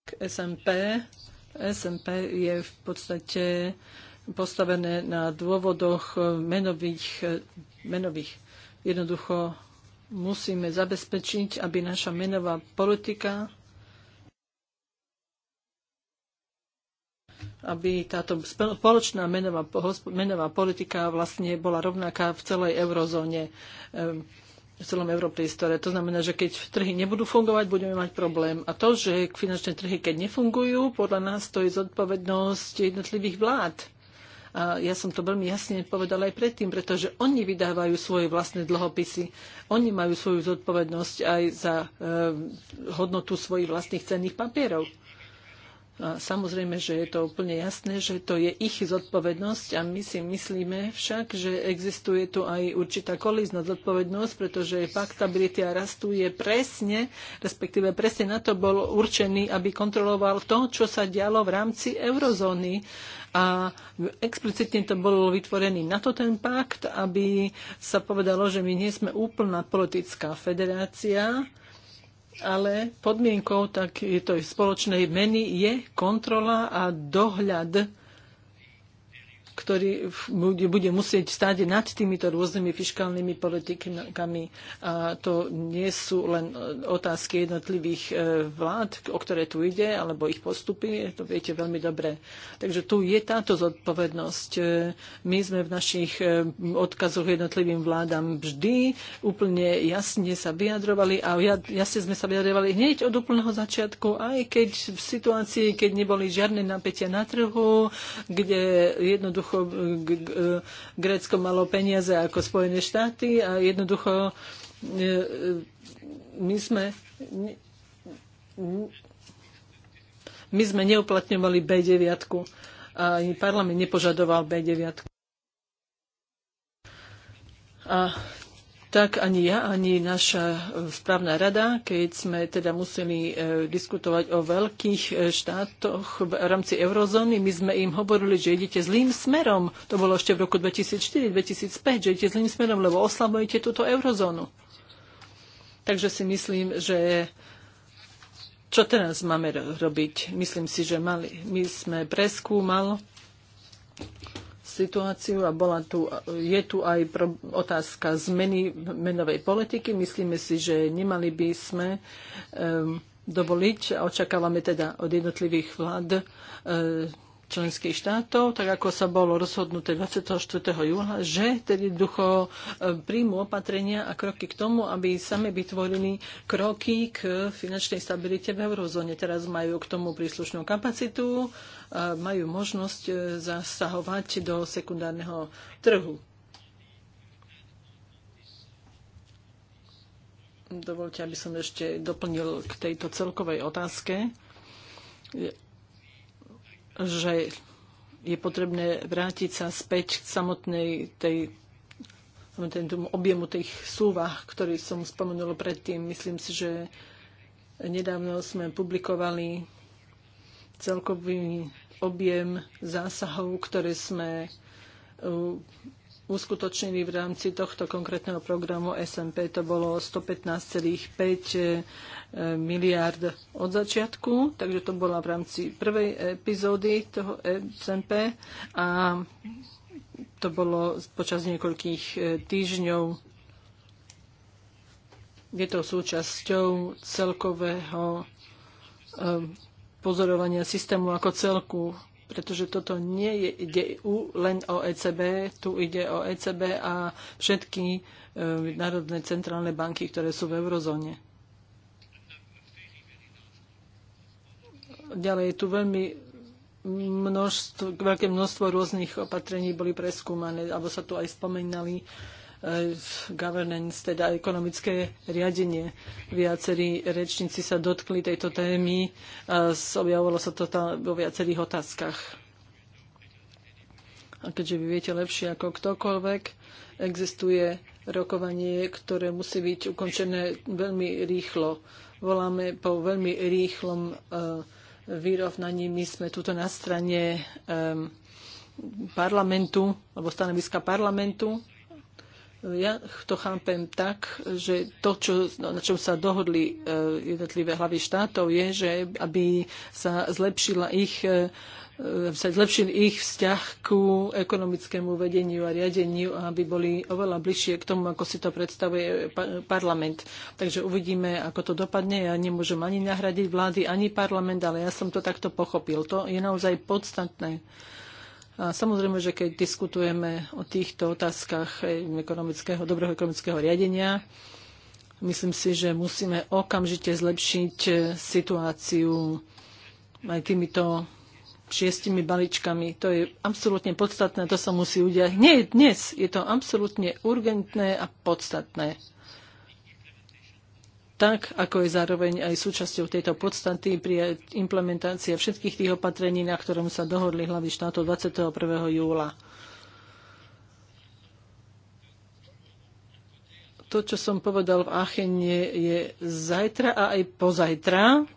k SMP. SMP je v podstate postavené na dôvodoch menových, menových. Jednoducho musíme zabezpečiť, aby naša menová politika aby táto spoločná menová, menová politika vlastne bola rovnaká v celej eurozóne. Ehm, v celom Európriestore. To znamená, že keď trhy nebudú fungovať, budeme mať problém. A to, že finančné trhy, keď nefungujú, podľa nás to je zodpovednosť jednotlivých vlád. A ja som to veľmi jasne povedala aj predtým, pretože oni vydávajú svoje vlastné dlhopisy. Oni majú svoju zodpovednosť aj za e, hodnotu svojich vlastných cenných papierov samozrejme, že je to úplne jasné, že to je ich zodpovednosť a my si myslíme však, že existuje tu aj určitá kolízna zodpovednosť, pretože pakt stability a rastu je presne, respektíve presne na to bol určený, aby kontroloval to, čo sa dialo v rámci eurozóny. A explicitne to bol vytvorený na to ten pakt, aby sa povedalo, že my nie sme úplná politická federácia, ale podmienkou tak je to spoločnej meny je kontrola a dohľad ktorý bude musieť stáť nad týmito rôznymi fiskálnymi politikami. A to nie sú len e, otázky jednotlivých e, vlád, o ktoré tu ide, alebo ich postupy, to viete veľmi dobre. Takže tu je táto zodpovednosť. E, my sme v našich odkazoch jednotlivým vládam vždy úplne jasne sa vyjadrovali a jasne sme sa vyjadrovali hneď od úplného začiatku, aj keď v situácii, keď neboli žiadne napätia na trhu, kde jednoducho jednoducho e, e, Grécko malo peniaze ako Spojené štáty a jednoducho e, my sme my sme neuplatňovali B9 a parlament nepožadoval B9. A tak ani ja, ani naša eh, správna rada, keď sme teda museli eh, diskutovať o veľkých eh, štátoch v rámci eurozóny, my sme im hovorili, že idete zlým smerom. To bolo ešte v roku 2004-2005, že idete zlým smerom, lebo oslabujete túto eurozónu. Takže si myslím, že čo teraz máme robiť? Myslím si, že mali, my sme preskúmal situáciu a bola tu, je tu aj otázka zmeny menovej politiky. Myslíme si, že nemali by sme um, dovoliť a očakávame teda od jednotlivých vlád um, členských štátov, tak ako sa bolo rozhodnuté 24. júla, že tedy ducho e, príjmu opatrenia a kroky k tomu, aby same vytvorili kroky k finančnej stabilite v eurozóne. Teraz majú k tomu príslušnú kapacitu, majú možnosť e, zasahovať do sekundárneho trhu. Dovolte, aby som ešte doplnil k tejto celkovej otázke že je potrebné vrátiť sa späť k samotnej tej tomu objemu tých súvah, ktorý som spomenula predtým. Myslím si, že nedávno sme publikovali celkový objem zásahov, ktoré sme uh, uskutočnili v rámci tohto konkrétneho programu SMP. To bolo 115,5 eh, miliard od začiatku, takže to bola v rámci prvej epizódy toho SMP a to bolo počas niekoľkých eh, týždňov. Je to súčasťou celkového eh, pozorovania systému ako celku pretože toto nie je, ide len o ECB, tu ide o ECB a všetky e, národné centrálne banky, ktoré sú v eurozóne. Ďalej je tu veľmi množstvo, veľké množstvo rôznych opatrení boli preskúmané, alebo sa tu aj spomínali governance, teda ekonomické riadenie. Viacerí rečníci sa dotkli tejto témy, objavovalo sa to tam vo viacerých otázkach. A keďže vy viete lepšie ako ktokoľvek, existuje rokovanie, ktoré musí byť ukončené veľmi rýchlo. Voláme po veľmi rýchlom e, vyrovnaní. My sme tuto na strane parlamentu, alebo stanoviska parlamentu ja to chápem tak, že to, čo, no, na čom sa dohodli e, jednotlivé hlavy štátov, je, že aby sa zlepšila ich e, sa zlepšil ich vzťah ku ekonomickému vedeniu a riadeniu a aby boli oveľa bližšie k tomu, ako si to predstavuje parlament. Takže uvidíme, ako to dopadne. Ja nemôžem ani nahradiť vlády, ani parlament, ale ja som to takto pochopil. To je naozaj podstatné. A samozrejme, že keď diskutujeme o týchto otázkach eh, ekonomického, dobrého ekonomického riadenia, myslím si, že musíme okamžite zlepšiť eh, situáciu aj týmito šiestimi balíčkami. To je absolútne podstatné, to sa musí udiať. Nie dnes, je to absolútne urgentné a podstatné tak ako je zároveň aj súčasťou tejto podstaty pri implementácia všetkých tých opatrení, na ktorom sa dohodli hlavy štátov 21. júla. To, čo som povedal v Achene, je zajtra a aj pozajtra,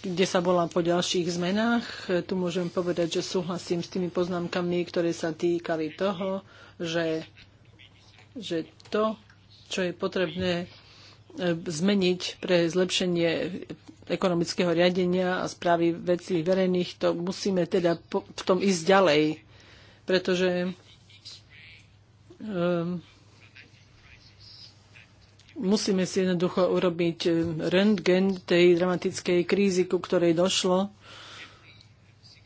kde sa volá po ďalších zmenách. Tu môžem povedať, že súhlasím s tými poznámkami, ktoré sa týkali toho, že, že to, čo je potrebné E, zmeniť pre zlepšenie ekonomického riadenia a správy vecí verejných, to musíme teda po, v tom ísť ďalej, pretože um, musíme si jednoducho urobiť e, rentgen tej dramatickej krízy, ku ktorej došlo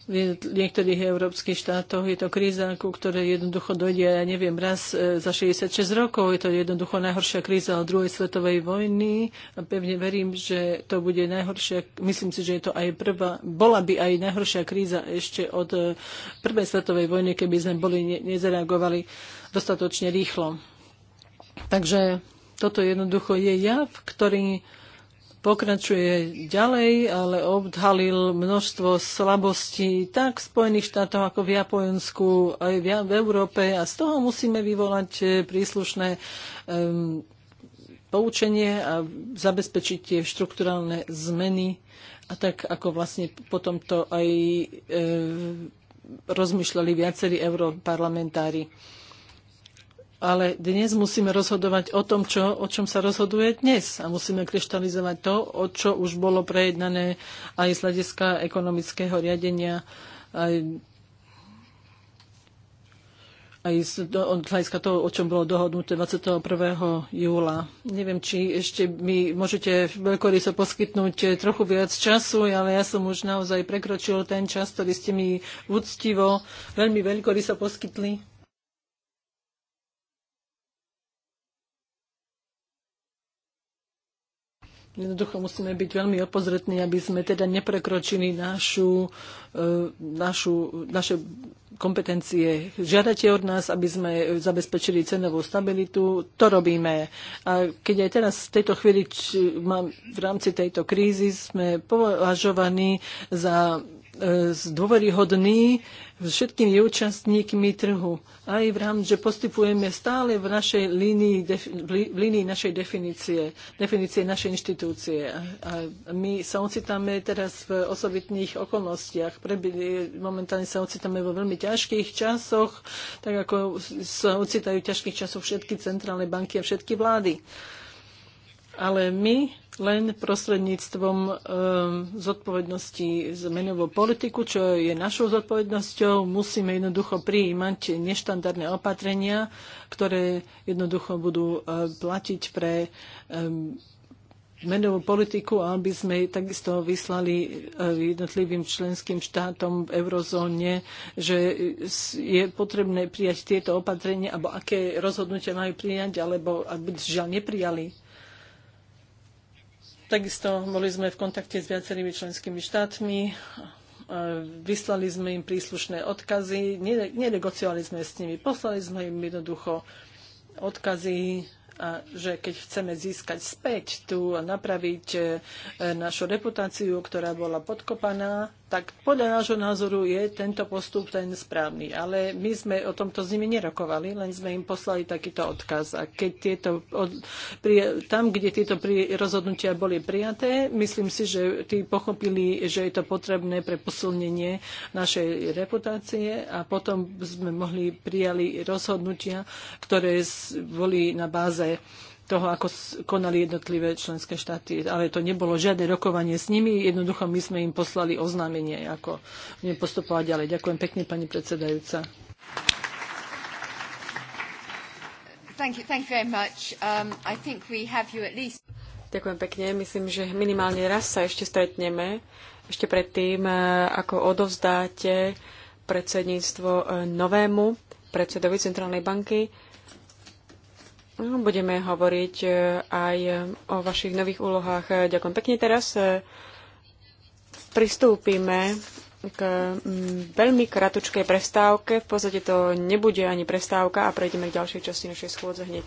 v niektorých európskych štátoch je to kríza, ku ktorej jednoducho dojde, ja neviem, raz e, za 66 rokov. Je to jednoducho najhoršia kríza od druhej svetovej vojny a pevne verím, že to bude najhoršia, myslím si, že je to aj prvá, bola by aj najhoršia kríza ešte od e, prvej svetovej vojny, keby sme boli nezareagovali dostatočne rýchlo. Takže toto jednoducho je jav, ktorý pokračuje ďalej, ale obdhalil množstvo slabostí tak v Spojených štátoch ako v Japonsku, aj v Európe a z toho musíme vyvolať eh, príslušné um, poučenie a zabezpečiť tie štrukturálne zmeny a tak ako vlastne potom to aj e, rozmýšľali viacerí europarlamentári ale dnes musíme rozhodovať o tom, čo, o čom sa rozhoduje dnes. A musíme kryštalizovať to, o čo už bolo prejednané aj z hľadiska ekonomického riadenia, aj, aj z, do, z hľadiska toho, o čom bolo dohodnuté 21. júla. Neviem, či ešte mi môžete veľkoryso poskytnúť trochu viac času, ale ja som už naozaj prekročil ten čas, ktorý ste mi úctivo veľmi veľkoryso poskytli. Jednoducho musíme byť veľmi opozretní, aby sme teda neprekročili našu, e, našu, naše kompetencie. Žiadate od nás, aby sme zabezpečili cenovú stabilitu. To robíme. A keď aj teraz v tejto chvíli mám v rámci tejto krízy sme považovaní za dôveryhodný všetkými účastníkmi trhu. Aj v rámci, že postupujeme stále v našej línii, v línii našej definície, definície našej inštitúcie. A my sa ocitáme teraz v osobitných okolnostiach. Momentálne sa ocitáme vo veľmi ťažkých časoch, tak ako sa ocitajú ťažkých časoch všetky centrálne banky a všetky vlády. Ale my len prostredníctvom um, zodpovednosti z menovú politiku, čo je našou zodpovednosťou. Musíme jednoducho prijímať neštandardné opatrenia, ktoré jednoducho budú uh, platiť pre um, menovú politiku, aby sme takisto vyslali e, jednotlivým členským štátom v eurozóne, že je potrebné prijať tieto opatrenia, alebo aké rozhodnutia majú prijať, alebo aby žiaľ neprijali Takisto boli sme v kontakte s viacerými členskými štátmi, vyslali sme im príslušné odkazy, nenegociovali sme s nimi, poslali sme im jednoducho odkazy, a že keď chceme získať späť tu a napraviť e, našu reputáciu, ktorá bola podkopaná, tak podľa nášho názoru je tento postup ten správny. Ale my sme o tomto s nimi nerokovali, len sme im poslali takýto odkaz. A keď tieto, od, pri, tam, kde tieto pri, rozhodnutia boli prijaté, myslím si, že tí pochopili, že je to potrebné pre posilnenie našej reputácie a potom sme mohli prijali rozhodnutia, ktoré boli na báze toho, ako konali jednotlivé členské štáty. Ale to nebolo žiadne rokovanie s nimi, jednoducho my sme im poslali oznámenie, ako postupovať ďalej. Ďakujem pekne, pani predsedajúca. Um, Ďakujem pekne. Myslím, že minimálne raz sa ešte stretneme, ešte predtým, uh, ako odovzdáte predsedníctvo uh, novému predsedovi Centrálnej banky. No, budeme hovoriť e, aj o vašich nových úlohách. Ďakujem pekne. Teraz e, pristúpime k mm, veľmi kratučkej prestávke. V podstate to nebude ani prestávka a prejdeme k ďalšej časti našej schôdze hneď.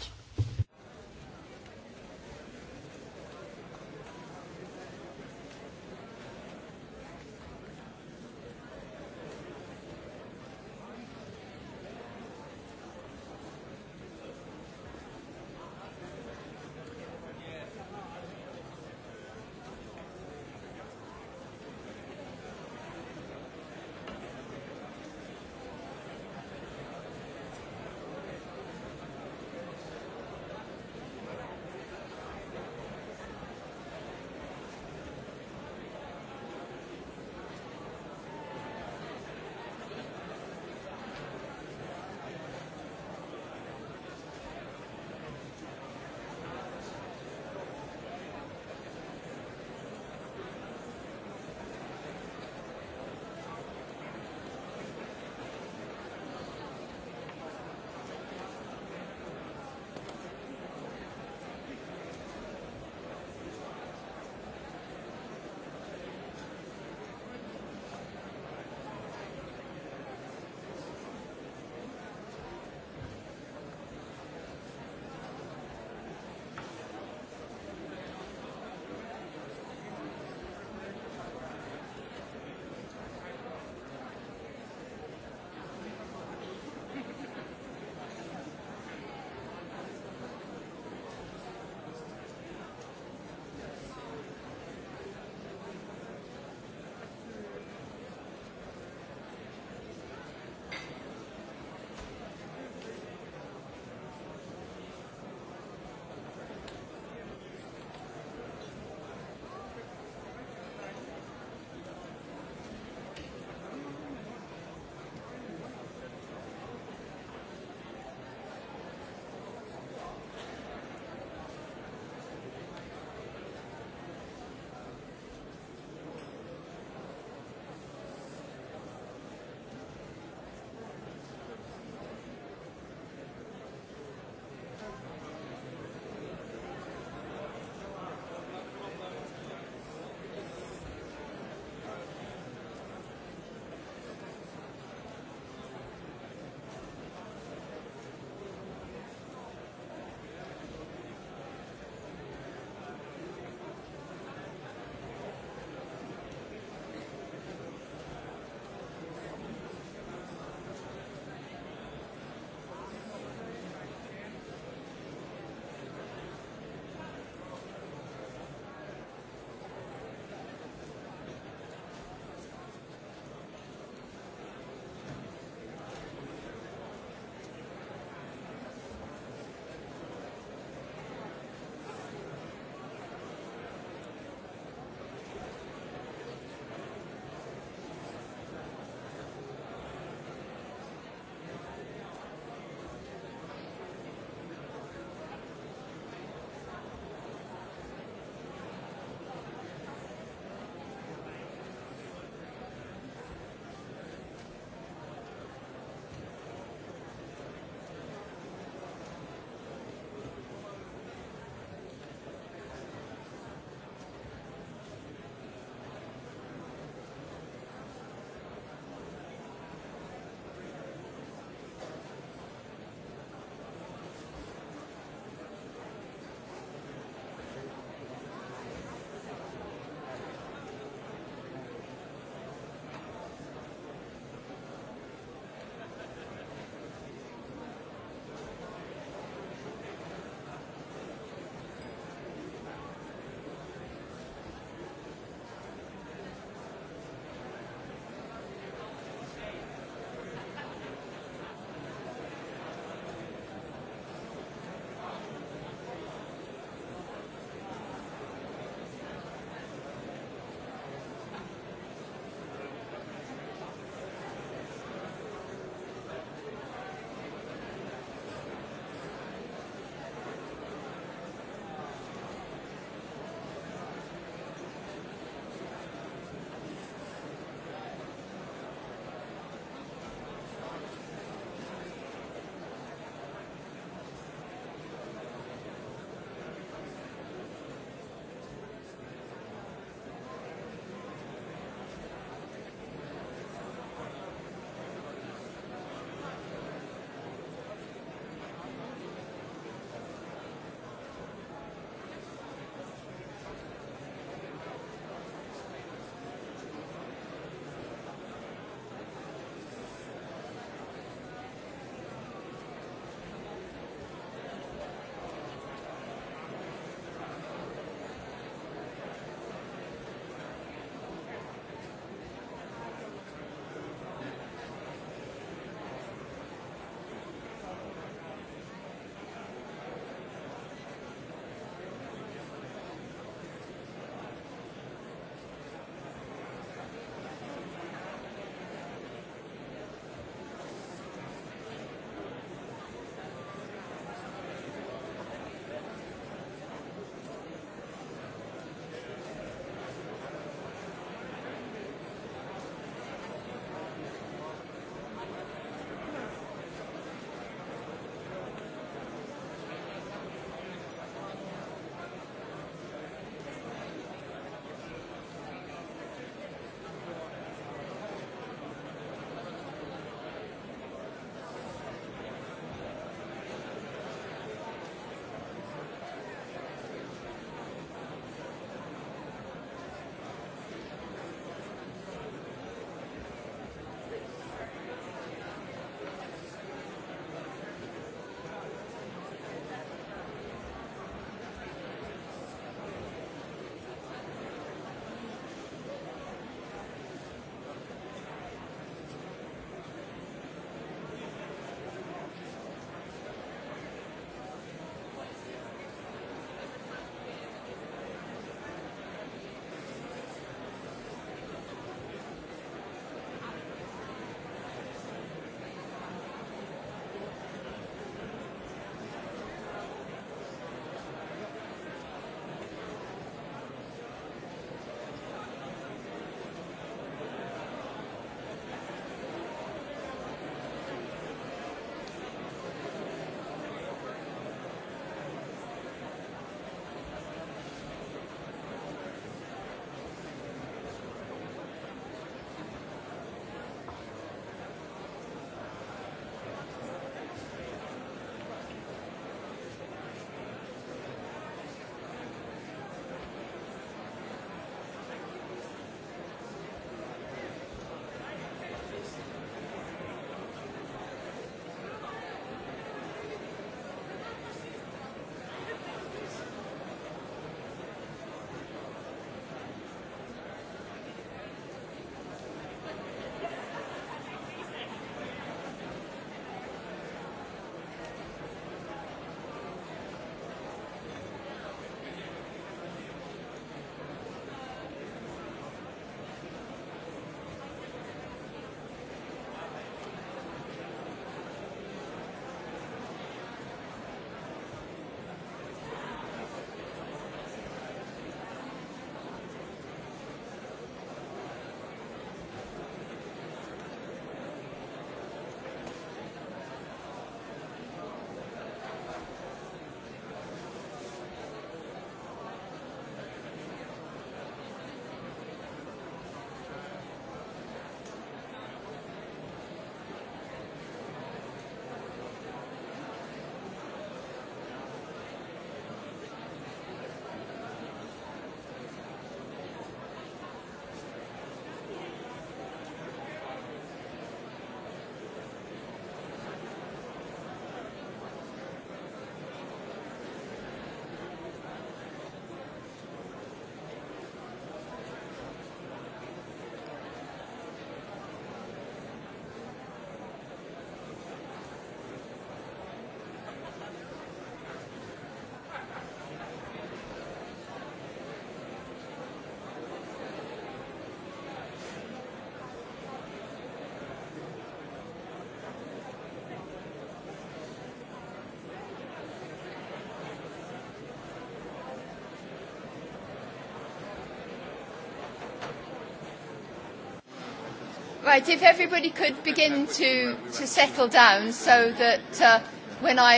Right, if everybody could begin to, to settle down so that uh, when I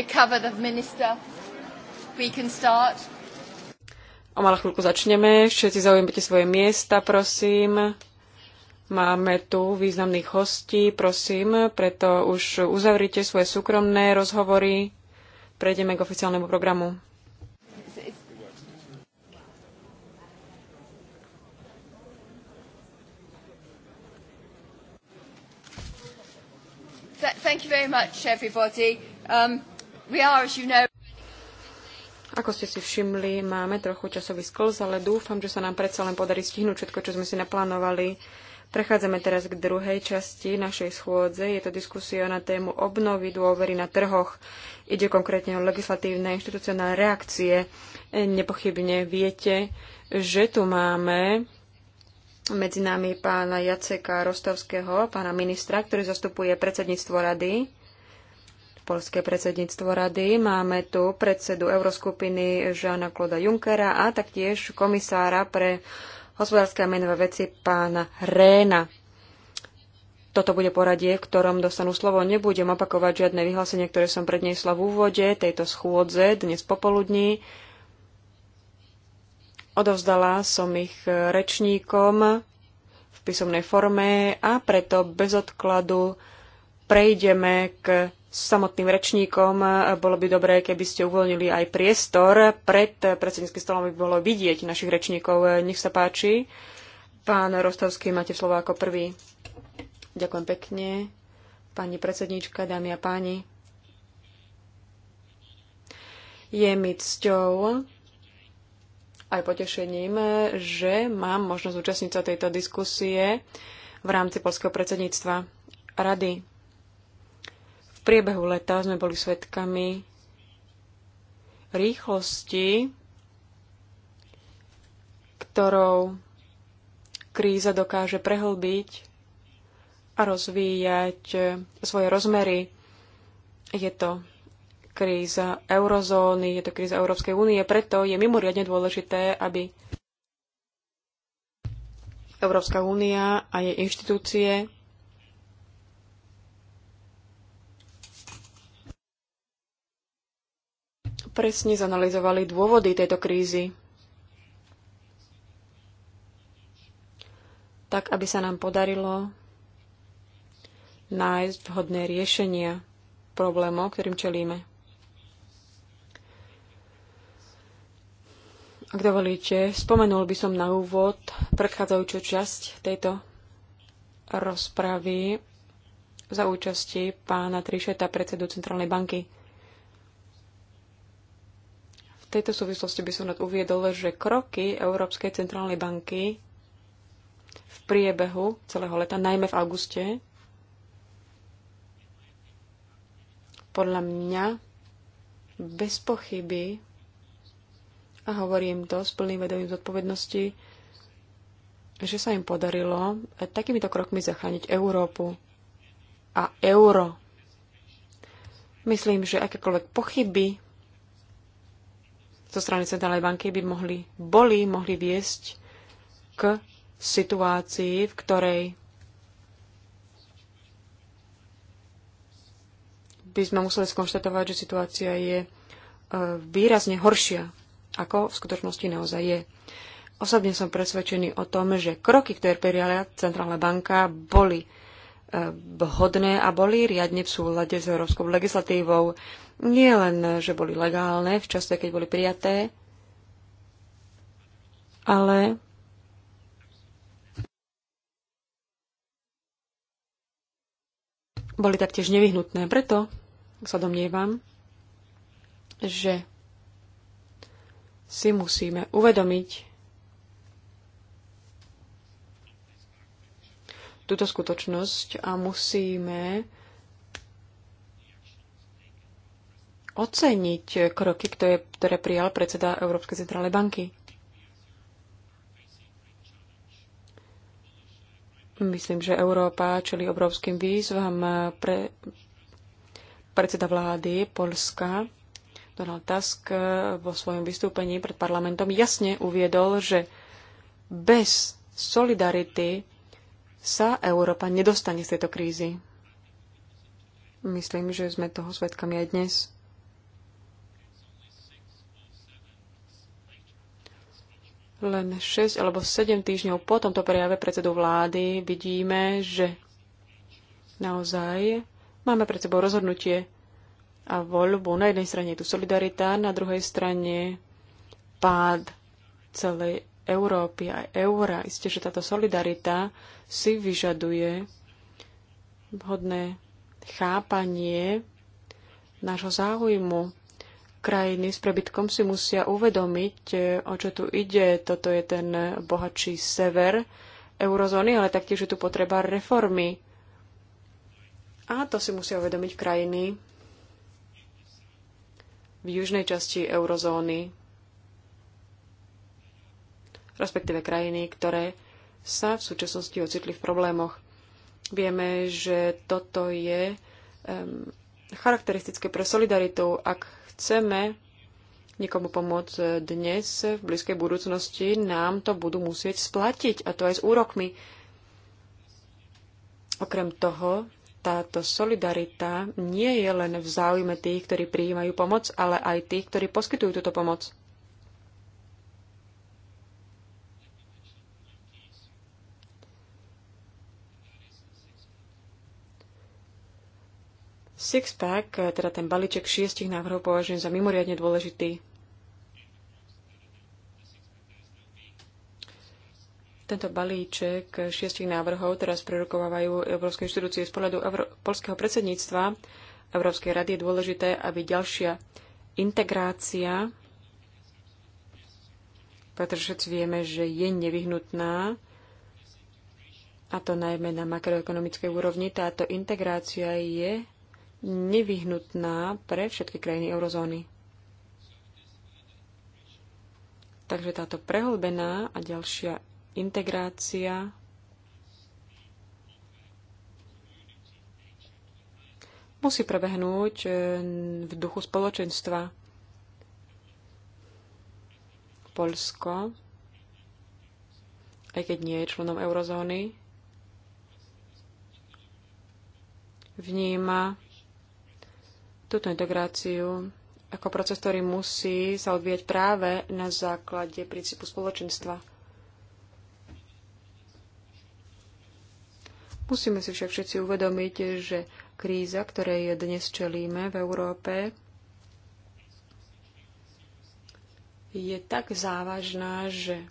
recover the minister, we can start. O malú chvíľku začneme. Všetci zaujímate svoje miesta, prosím. Máme tu významných hostí, prosím, preto už uzavrite svoje súkromné rozhovory. Prejdeme k oficiálnemu programu. everybody. Um, we are, as you know... Ako ste si všimli, máme trochu časový sklz, ale dúfam, že sa nám predsa len podarí stihnúť všetko, čo sme si naplánovali. Prechádzame teraz k druhej časti našej schôdze. Je to diskusia na tému obnovy dôvery na trhoch. Ide konkrétne o legislatívne inštitucionálne reakcie. Nepochybne viete, že tu máme medzi nami pána Jaceka Rostovského, pána ministra, ktorý zastupuje predsedníctvo rady polské predsedníctvo rady. Máme tu predsedu Euroskupiny Žána Kloda Junckera a taktiež komisára pre hospodárske a menové veci pána Réna. Toto bude poradie, v ktorom dostanú slovo. Nebudem opakovať žiadne vyhlásenie, ktoré som predniesla v úvode tejto schôdze dnes popoludní. Odovzdala som ich rečníkom v písomnej forme a preto bez odkladu prejdeme k samotným rečníkom. E, bolo by dobré, keby ste uvoľnili aj priestor. Pred e, predsedníckým stolom by bolo vidieť našich rečníkov. E, nech sa páči. Pán Rostovský, máte slovo ako prvý. Ďakujem pekne. Pani predsedníčka, dámy a páni. Je mi cťou aj potešením, že mám možnosť účastniť sa tejto diskusie v rámci polského predsedníctva rady priebehu leta sme boli svedkami rýchlosti, ktorou kríza dokáže prehlbiť a rozvíjať svoje rozmery. Je to kríza eurozóny, je to kríza Európskej únie, preto je mimoriadne dôležité, aby Európska únia a jej inštitúcie presne zanalizovali dôvody tejto krízy, tak aby sa nám podarilo nájsť vhodné riešenia problémov, ktorým čelíme. Ak dovolíte, spomenul by som na úvod predchádzajúcu časť tejto rozpravy za účasti pána Trišeta, predsedu Centrálnej banky tejto súvislosti by som rád uviedol, že kroky Európskej centrálnej banky v priebehu celého leta, najmä v auguste, podľa mňa bez pochyby, a hovorím to s plným vedomím zodpovednosti, že sa im podarilo takýmito krokmi zachrániť Európu a euro. Myslím, že akékoľvek pochyby zo strany Centrálnej banky by mohli, boli, mohli viesť k situácii, v ktorej by sme museli skonštatovať, že situácia je e, výrazne horšia, ako v skutočnosti naozaj je. Osobne som presvedčený o tom, že kroky, ktoré prijala Centrálna banka, boli vhodné a boli riadne v súlade s európskou legislatívou. Nie len, že boli legálne v čase, keď boli prijaté, ale boli taktiež nevyhnutné. Preto sa domnievam, že si musíme uvedomiť, túto skutočnosť a musíme oceniť kroky, ktoré, ktoré prijal predseda Európskej centrálnej banky. Myslím, že Európa čeli obrovským výzvam pre predseda vlády Polska Donald Tusk vo svojom vystúpení pred parlamentom jasne uviedol, že bez solidarity sa Európa nedostane z tejto krízy. Myslím, že sme toho svedkami aj dnes. Len 6 alebo 7 týždňov po tomto prejave predsedu vlády vidíme, že naozaj máme pred sebou rozhodnutie a voľbu. Na jednej strane je tu solidarita, na druhej strane pád celej Európy a eura. Isté, že táto solidarita si vyžaduje vhodné chápanie nášho záujmu. Krajiny s prebytkom si musia uvedomiť, e, o čo tu ide. Toto je ten bohatší sever eurozóny, ale taktiež je tu potreba reformy. A to si musia uvedomiť krajiny v južnej časti eurozóny respektíve krajiny, ktoré sa v súčasnosti ocitli v problémoch. Vieme, že toto je um, charakteristické pre solidaritu. Ak chceme niekomu pomôcť dnes, v blízkej budúcnosti, nám to budú musieť splatiť, a to aj s úrokmi. Okrem toho, táto solidarita nie je len v záujme tých, ktorí prijímajú pomoc, ale aj tých, ktorí poskytujú túto pomoc. six-pack, eh, teda ten balíček šiestich návrhov, považujem za mimoriadne dôležitý. Tento balíček šiestich návrhov teraz prerokovávajú Európske inštitúcie z pohľadu polského predsedníctva Európskej rady. Je dôležité, aby ďalšia integrácia, pretože všetci vieme, že je nevyhnutná, a to najmä na makroekonomickej úrovni. Táto integrácia je nevyhnutná pre všetky krajiny eurozóny. Takže táto prehlbená a ďalšia integrácia musí prebehnúť e, v duchu spoločenstva. Polsko, aj keď nie je členom eurozóny, vníma túto integráciu ako proces, ktorý musí sa odvieť práve na základe princípu spoločenstva. Musíme si však všetci uvedomiť, že kríza, ktorej dnes čelíme v Európe, je tak závažná, že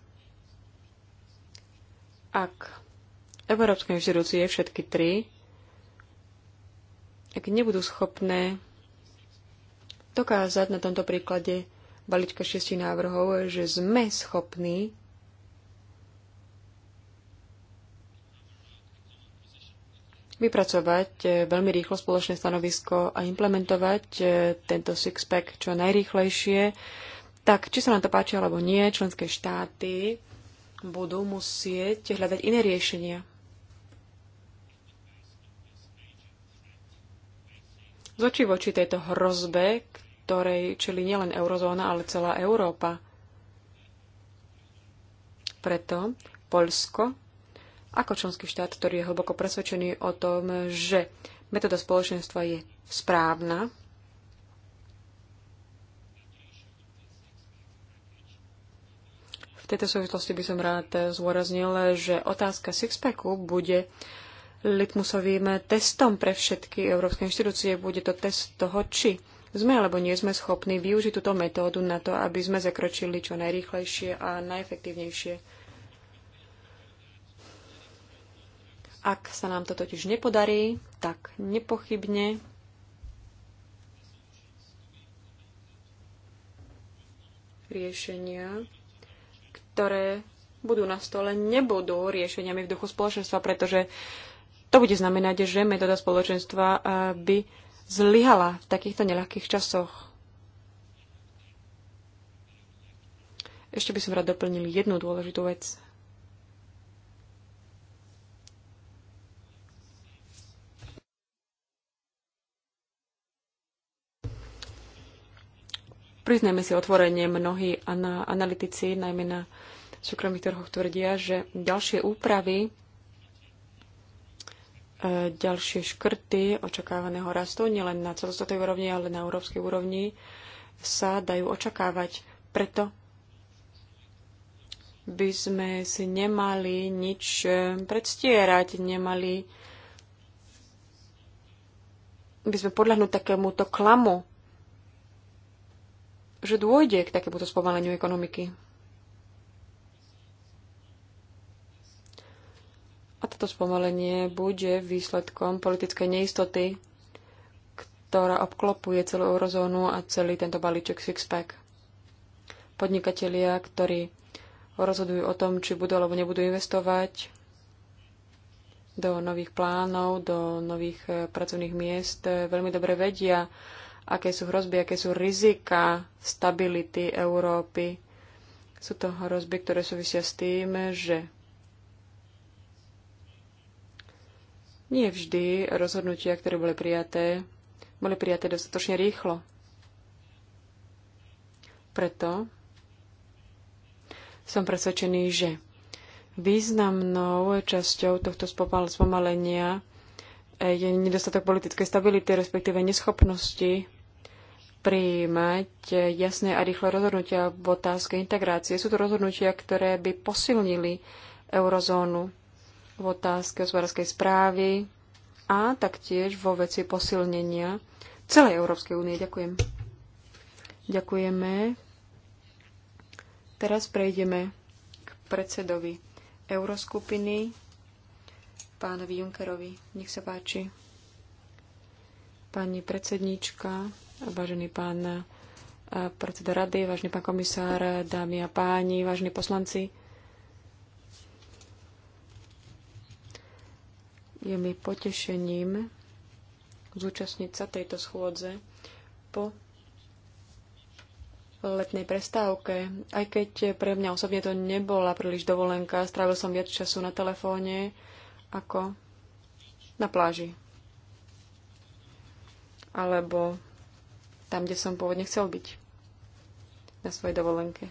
ak európske inštitúcie, všetky tri, ak nebudú schopné dokázať na tomto príklade balíčka šiestich návrhov, že sme schopní vypracovať eh, veľmi rýchlo spoločné stanovisko a implementovať eh, tento six-pack čo najrýchlejšie. Tak, či sa nám to páči alebo nie, členské štáty budú musieť hľadať iné riešenia. Z voči tejto hrozbe, ktorej čili nielen eurozóna, ale celá Európa. Preto Polsko, ako členský štát, ktorý je hlboko presvedčený o tom, že metóda spoločenstva je správna, V tejto súvislosti by som rád zôraznil, že otázka Sixpacku bude litmusovým testom pre všetky európske inštitúcie. Bude to test toho, či sme alebo nie sme schopní využiť túto metódu na to, aby sme zakročili čo najrýchlejšie a najefektívnejšie. Ak sa nám to totiž nepodarí, tak nepochybne riešenia, ktoré budú na stole, nebudú riešeniami v duchu spoločenstva, pretože to bude znamenať, že metóda spoločenstva eh, by zlyhala v takýchto neľahkých časoch. Ešte by som rád doplnil jednu dôležitú vec. Priznajme si otvorenie, mnohí analytici, najmä na súkromných trhoch, tvrdia, že ďalšie úpravy E, ďalšie škrty očakávaného rastu, nielen na celostatej úrovni, ale na európskej úrovni, sa dajú očakávať. Preto by sme si nemali nič e, predstierať, nemali by sme podľahnúť takémuto klamu, že dôjde k takémuto spomaleniu ekonomiky. toto spomalenie bude výsledkom politickej neistoty, ktorá obklopuje celú eurozónu a celý tento balíček Sixpack. Podnikatelia, ktorí rozhodujú o tom, či budú alebo nebudú investovať do nových plánov, do nových eh, pracovných miest, eh, veľmi dobre vedia, aké sú hrozby, aké sú rizika stability Európy. Sú to hrozby, ktoré súvisia s tým, že Nie vždy rozhodnutia, ktoré boli prijaté, boli prijaté dostatočne rýchlo. Preto som presvedčený, že významnou časťou tohto spomalenia je nedostatok politickej stability, respektíve neschopnosti prijímať jasné a rýchle rozhodnutia v otázke integrácie. Sú to rozhodnutia, ktoré by posilnili eurozónu v otázke hospodárskej správy a taktiež vo veci posilnenia celej Európskej únie. Ďakujem. Ďakujeme. Teraz prejdeme k predsedovi Euroskupiny, pánovi Junkerovi. Nech sa páči. Pani predsedníčka, vážený pán eh, predseda rady, vážený pán komisár, dámy a páni, vážení poslanci. Je mi potešením zúčastniť sa tejto schôdze po letnej prestávke. Aj keď pre mňa osobne to nebola príliš dovolenka, strávil som viac času na telefóne ako na pláži. Alebo tam, kde som pôvodne chcel byť. Na svojej dovolenke.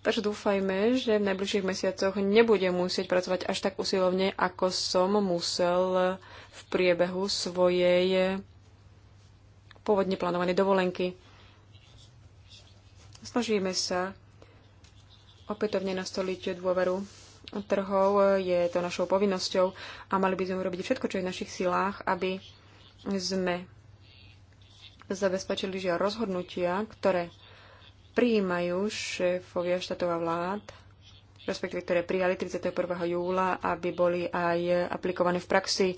Takže dúfajme, že v najbližších mesiacoch nebudem musieť pracovať až tak usilovne, ako som musel v priebehu svojej pôvodne plánovanej dovolenky. Snažíme sa opätovne nastoliť dôveru trhov. Je to našou povinnosťou a mali by sme urobiť všetko, čo je v našich silách, aby sme zabezpečili, že rozhodnutia, ktoré prijímajú šéfovia štátov a vlád, respektíve ktoré prijali 31. júla, aby boli aj aplikované v praxi. E,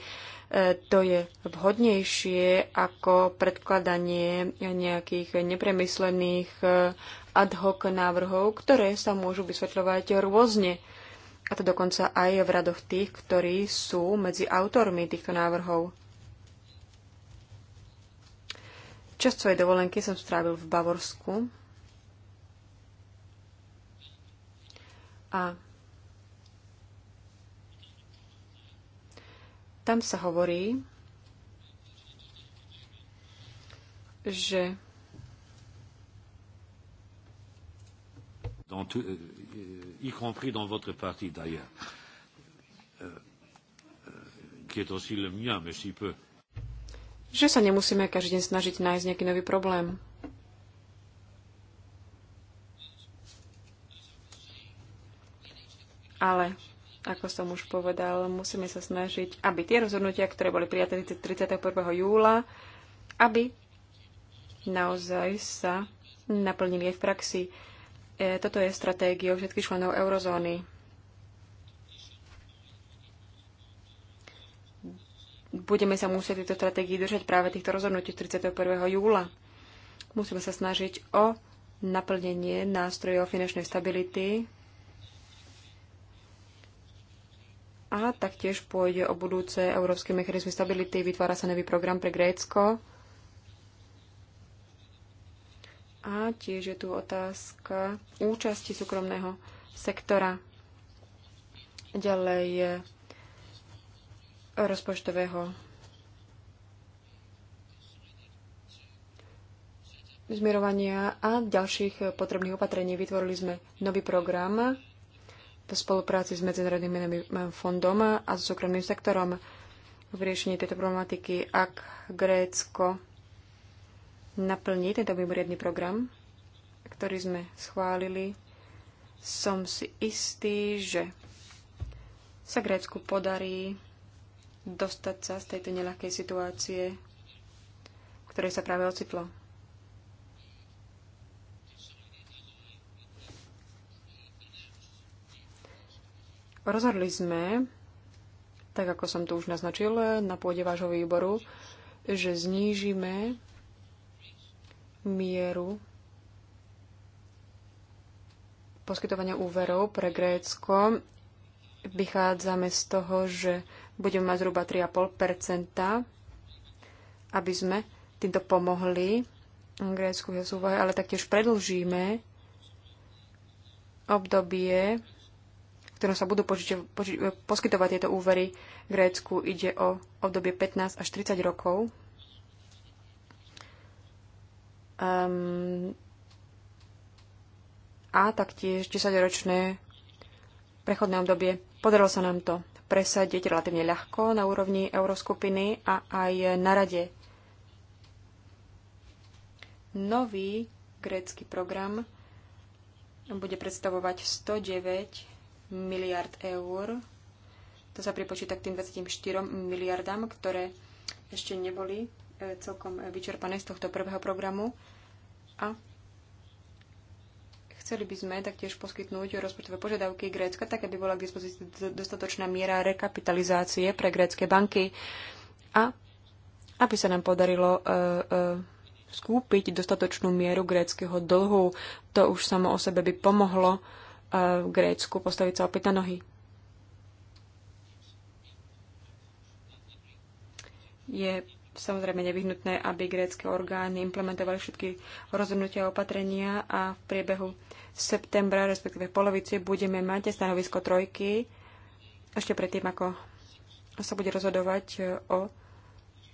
to je vhodnejšie ako predkladanie nejakých nepremyslených e, ad hoc návrhov, ktoré sa môžu vysvetľovať rôzne. A to dokonca aj v radoch tých, ktorí sú medzi autormi týchto návrhov. Časť svojej dovolenky som strávil v Bavorsku, A tam sa hovorí, že dans tout, euh, euh, y compris dans votre parti d'ailleurs, euh, qui est aussi le mien, mais si peu. Že sa nemusíme každý deň snažiť nájsť nejaký nový problém. Ale, ako som už povedal, musíme sa snažiť, aby tie rozhodnutia, ktoré boli prijaté 31. júla, aby naozaj sa naplnili aj v praxi. E, toto je stratégiou všetkých členov eurozóny. Budeme sa musieť tieto stratégii držať práve týchto rozhodnutí 31. júla. Musíme sa snažiť o naplnenie nástrojov finančnej stability A taktiež pôjde o budúce európske mechanizmy stability. Vytvára sa nový program pre Grécko. A tiež je tu otázka účasti súkromného sektora. Ďalej rozpočtového zmierovania a ďalších potrebných opatrení. Vytvorili sme nový program v spolupráci s Medzinárodným menovým fondom a s súkromným sektorom v riešení tejto problematiky, ak Grécko naplní tento mimoriadný program, ktorý sme schválili, som si istý, že sa Grécku podarí dostať sa z tejto neľahkej situácie, ktoré ktorej sa práve ocitlo. Rozhodli sme, tak ako som to už naznačil na pôde vášho výboru, že znížime mieru poskytovania úverov pre Grécko. Vychádzame z toho, že budeme mať zhruba 3,5 aby sme týmto pomohli Grécku v ale taktiež predlžíme obdobie ktorom sa budú požiť, požiť, e, poskytovať tieto úvery Grécku, ide o obdobie 15 až 30 rokov. Um, a taktiež 10-ročné prechodné obdobie. Podarilo sa nám to presadiť relatívne ľahko na úrovni euroskupiny a aj na rade. Nový grécky program bude predstavovať 109 miliard eur. To sa pripočíta k tým 24 miliardám, ktoré ešte neboli e, celkom vyčerpané z tohto prvého programu. A chceli by sme taktiež poskytnúť rozpočtové požiadavky Grécka, tak aby bola k dispozícii dostatočná miera rekapitalizácie pre grécké banky a aby sa nám podarilo uh, uh, skúpiť dostatočnú mieru gréckého dlhu. To už samo o sebe by pomohlo v Grécku postaviť sa opäť na nohy. Je samozrejme nevyhnutné, aby grécké orgány implementovali všetky rozhodnutia a opatrenia a v priebehu septembra, respektíve v polovici, budeme mať stanovisko trojky ešte predtým, ako sa bude rozhodovať o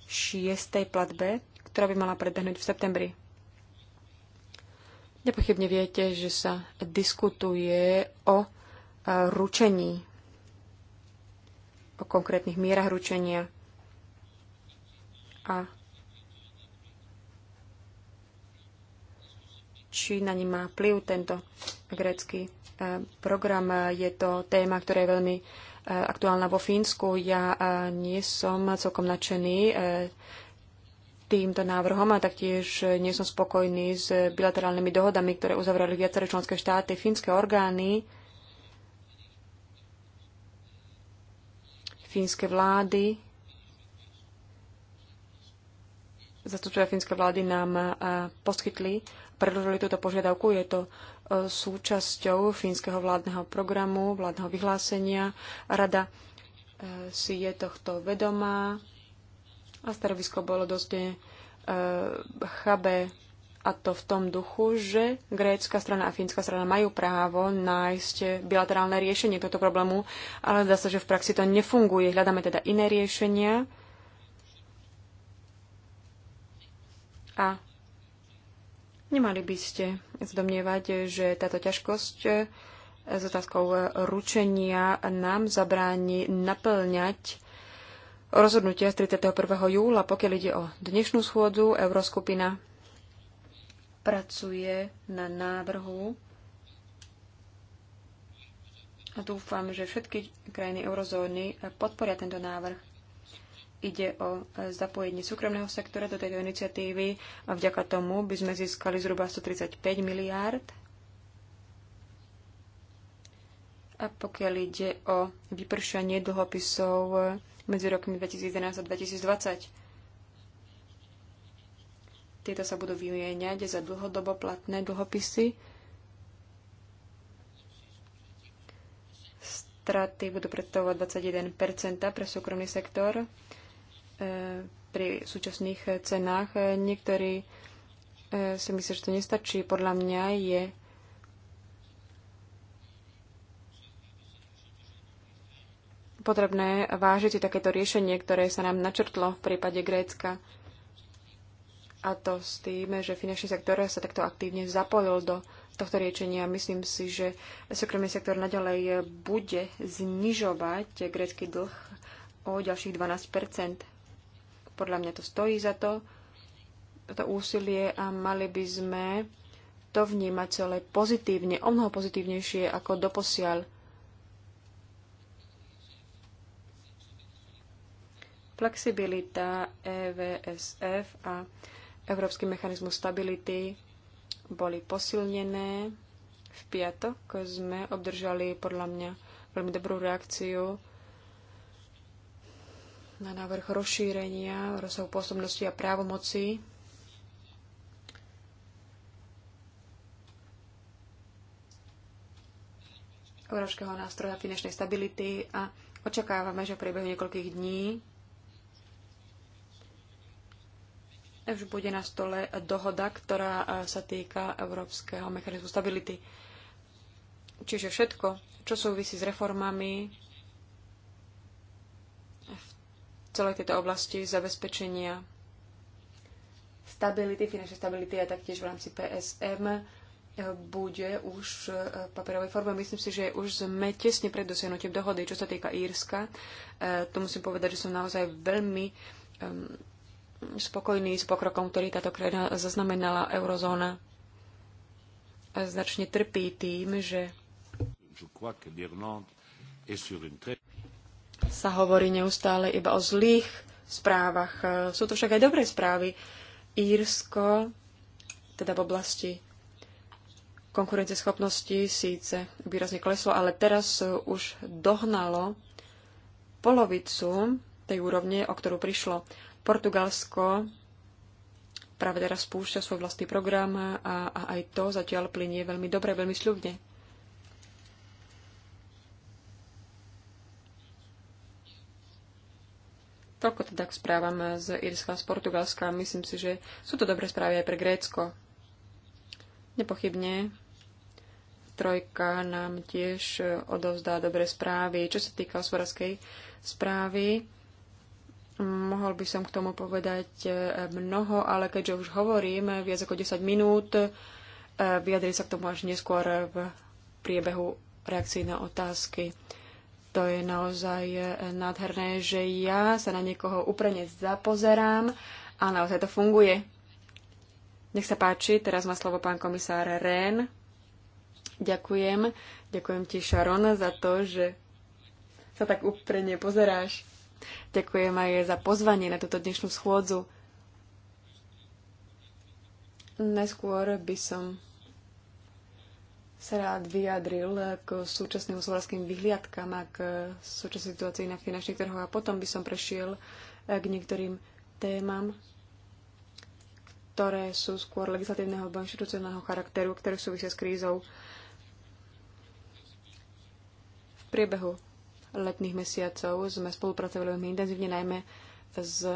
šiestej platbe, ktorá by mala predbehnúť v septembri. Nepochybne viete, že sa diskutuje o ručení, o konkrétnych mierach ručenia a či na ní má vplyv tento grécky program. Je to téma, ktorá je veľmi aktuálna vo Fínsku. Ja nie som celkom nadšený týmto návrhom a taktiež nie som spokojný s bilaterálnymi dohodami, ktoré uzavreli viaceré členské štáty, fínske orgány, fínske vlády, zastupcovia fínske vlády nám poskytli, predložili túto požiadavku. Je to e, súčasťou fínskeho vládneho programu, vládneho vyhlásenia. Rada e, si je tohto vedomá a stanovisko bolo dosť e, chabé a to v tom duchu, že grécka strana a fínska strana majú právo nájsť bilaterálne riešenie tohto problému, ale zdá sa, že v praxi to nefunguje. Hľadáme teda iné riešenia a nemali by ste zdomnievať, že táto ťažkosť e, s otázkou ručenia nám zabráni naplňať rozhodnutia z 31. júla, pokiaľ ide o dnešnú schôdzu, Euroskupina pracuje na návrhu a dúfam, že všetky krajiny eurozóny podporia tento návrh. Ide o zapojenie súkromného sektora do tejto iniciatívy a vďaka tomu by sme získali zhruba 135 miliárd A pokiaľ ide o vypršanie dlhopisov medzi rokmi 2011 a 2020, tieto sa budú vymieňať za dlhodobo platné dlhopisy. Straty budú predstavovať 21 pre súkromný sektor e, pri súčasných cenách. E, niektorí e, si myslí, že to nestačí. Podľa mňa je potrebné vážiť takéto riešenie, ktoré sa nám načrtlo v prípade Grécka. A to s tým, že finančný sektor sa takto aktívne zapojil do tohto riečenia. Myslím si, že súkromný sektor naďalej bude znižovať grécky dlh o ďalších 12 Podľa mňa to stojí za to, to úsilie a mali by sme to vnímať celé pozitívne, o mnoho pozitívnejšie ako doposiaľ Flexibilita EVSF a Európsky mechanizmus stability boli posilnené. V piatok sme obdržali podľa mňa veľmi dobrú reakciu na návrh rozšírenia rozsahu pôsobnosti a právomoci Európskeho nástroja finančnej stability a očakávame, že v priebehu niekoľkých dní už bude na stole dohoda, ktorá e, sa týka Európskeho mechanizmu stability. Čiže všetko, čo súvisí s reformami v celej tejto oblasti zabezpečenia stability, finančnej stability a taktiež v rámci PSM e, bude už e, v papierovej forme. Myslím si, že už sme tesne pred dosiahnutím dohody, čo sa týka Írska. To musím povedať, že som naozaj veľmi spokojní s pokrokom, ktorý táto krajina zaznamenala. Eurozóna a značne trpí tým, že sa hovorí neustále iba o zlých správach. Sú to však aj dobré správy. Írsko, teda v oblasti konkurenceschopnosti síce výrazne kleslo, ale teraz už dohnalo polovicu tej úrovne, o ktorú prišlo. Portugalsko práve teraz spúšťa svoj vlastný program a, a aj to zatiaľ plinie veľmi dobre, veľmi sľubne. Toľko teda k správam z Irska, z Portugalska. Myslím si, že sú to dobré správy aj pre Grécko. Nepochybne trojka nám tiež odovzdá dobré správy. Čo sa týka hospodárskej správy, Mohol by som k tomu povedať e, mnoho, ale keďže už hovorím e, viac ako 10 minút, e, vyjadri sa k tomu až neskôr v priebehu reakcií na otázky. To je naozaj nádherné, že ja sa na niekoho úplne zapozerám a naozaj to funguje. Nech sa páči, teraz má slovo pán komisár Rén. Ďakujem. Ďakujem ti, Sharon, za to, že sa tak úprimne pozeráš Ďakujem aj za pozvanie na túto dnešnú schôdzu. Najskôr by som sa rád vyjadril k súčasným hospodárským vyhliadkám a k súčasnej situácii na finančných trhoch a potom by som prešiel eh, k niektorým témam, ktoré sú skôr legislatívneho alebo inštitucionálneho charakteru, ktoré súvisia s krízou. V priebehu letných mesiacov sme spolupracovali veľmi intenzívne, najmä s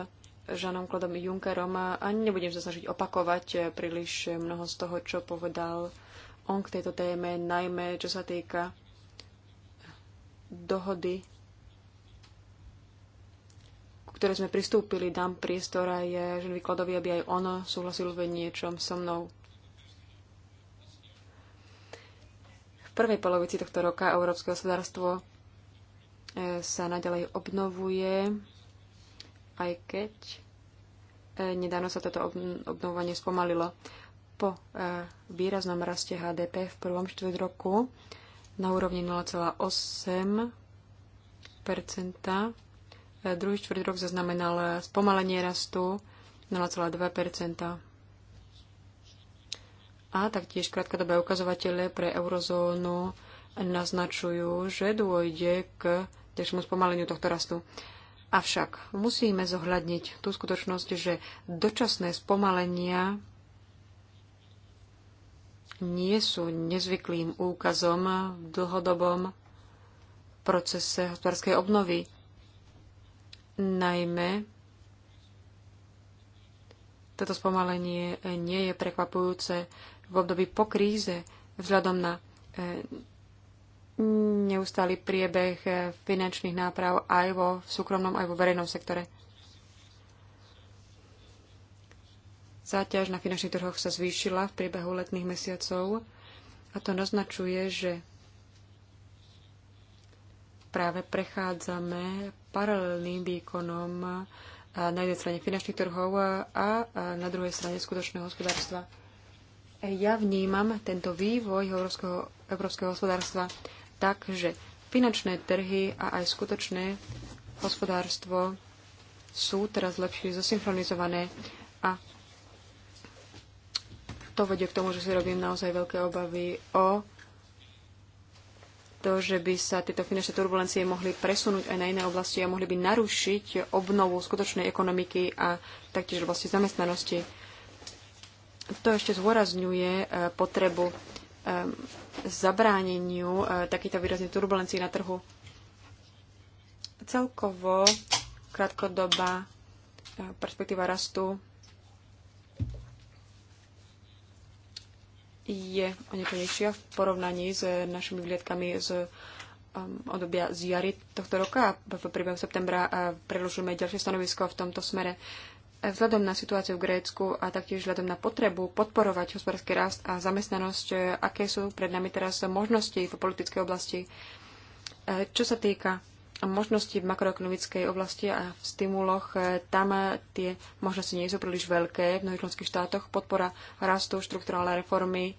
Žanom Klodom Junkerom a nebudem sa snažiť opakovať príliš mnoho z toho, čo povedal on k tejto téme, najmä čo sa týka dohody, ktoré sme pristúpili, dám priestor aj Ženovi Klodovi, aby aj on súhlasil v niečom so mnou. V prvej polovici tohto roka európske hospodárstvo E, sa naďalej obnovuje, aj keď e, nedávno sa toto obnovovanie spomalilo. Po e, výraznom raste HDP v prvom štvrt roku na úrovni 0,8 druhý čtvrt rok zaznamenal spomalenie rastu 0,2 a taktiež krátkodobé ukazovatele pre eurozónu naznačujú, že dôjde k ďalšiemu spomaleniu tohto rastu. Avšak musíme zohľadniť tú skutočnosť, že dočasné spomalenia nie sú nezvyklým úkazom v dlhodobom procese hospodárskej obnovy. Najmä toto spomalenie nie je prekvapujúce v období po kríze vzhľadom na eh, neustály priebeh finančných náprav aj vo súkromnom, aj vo verejnom sektore. Záťaž na finančných trhoch sa zvýšila v priebehu letných mesiacov a to naznačuje, že práve prechádzame paralelným výkonom na jednej strane finančných trhov a na druhej strane skutočného hospodárstva. Ja vnímam tento vývoj európskeho, európskeho hospodárstva tak, že finančné trhy a aj skutočné hospodárstvo sú teraz lepšie zosynchronizované a to vedie k tomu, že si robím naozaj veľké obavy o to, že by sa tieto finančné turbulencie mohli presunúť aj na iné oblasti a mohli by narušiť obnovu skutočnej ekonomiky a taktiež vlastne zamestnanosti. To ešte zvorazňuje eh, potrebu Ehm, zabráneniu e, takýchto výrazných turbulencií na trhu. Celkovo krátkodobá e, perspektíva rastu je o niečo nižšia v porovnaní s našimi výhľadkami z ehm, obdobia z jary tohto roka. a V priebehu septembra e, predložíme ďalšie stanovisko v tomto smere vzhľadom na situáciu v Grécku a taktiež vzhľadom na potrebu podporovať hospodársky rast a zamestnanosť, e, aké sú pred nami teraz možnosti v politickej oblasti. E, čo sa týka možností v makroekonomickej oblasti a v stimuloch, e, tam tie možnosti nie sú príliš veľké v mnohých členských štátoch. Podpora rastu, štrukturálne reformy,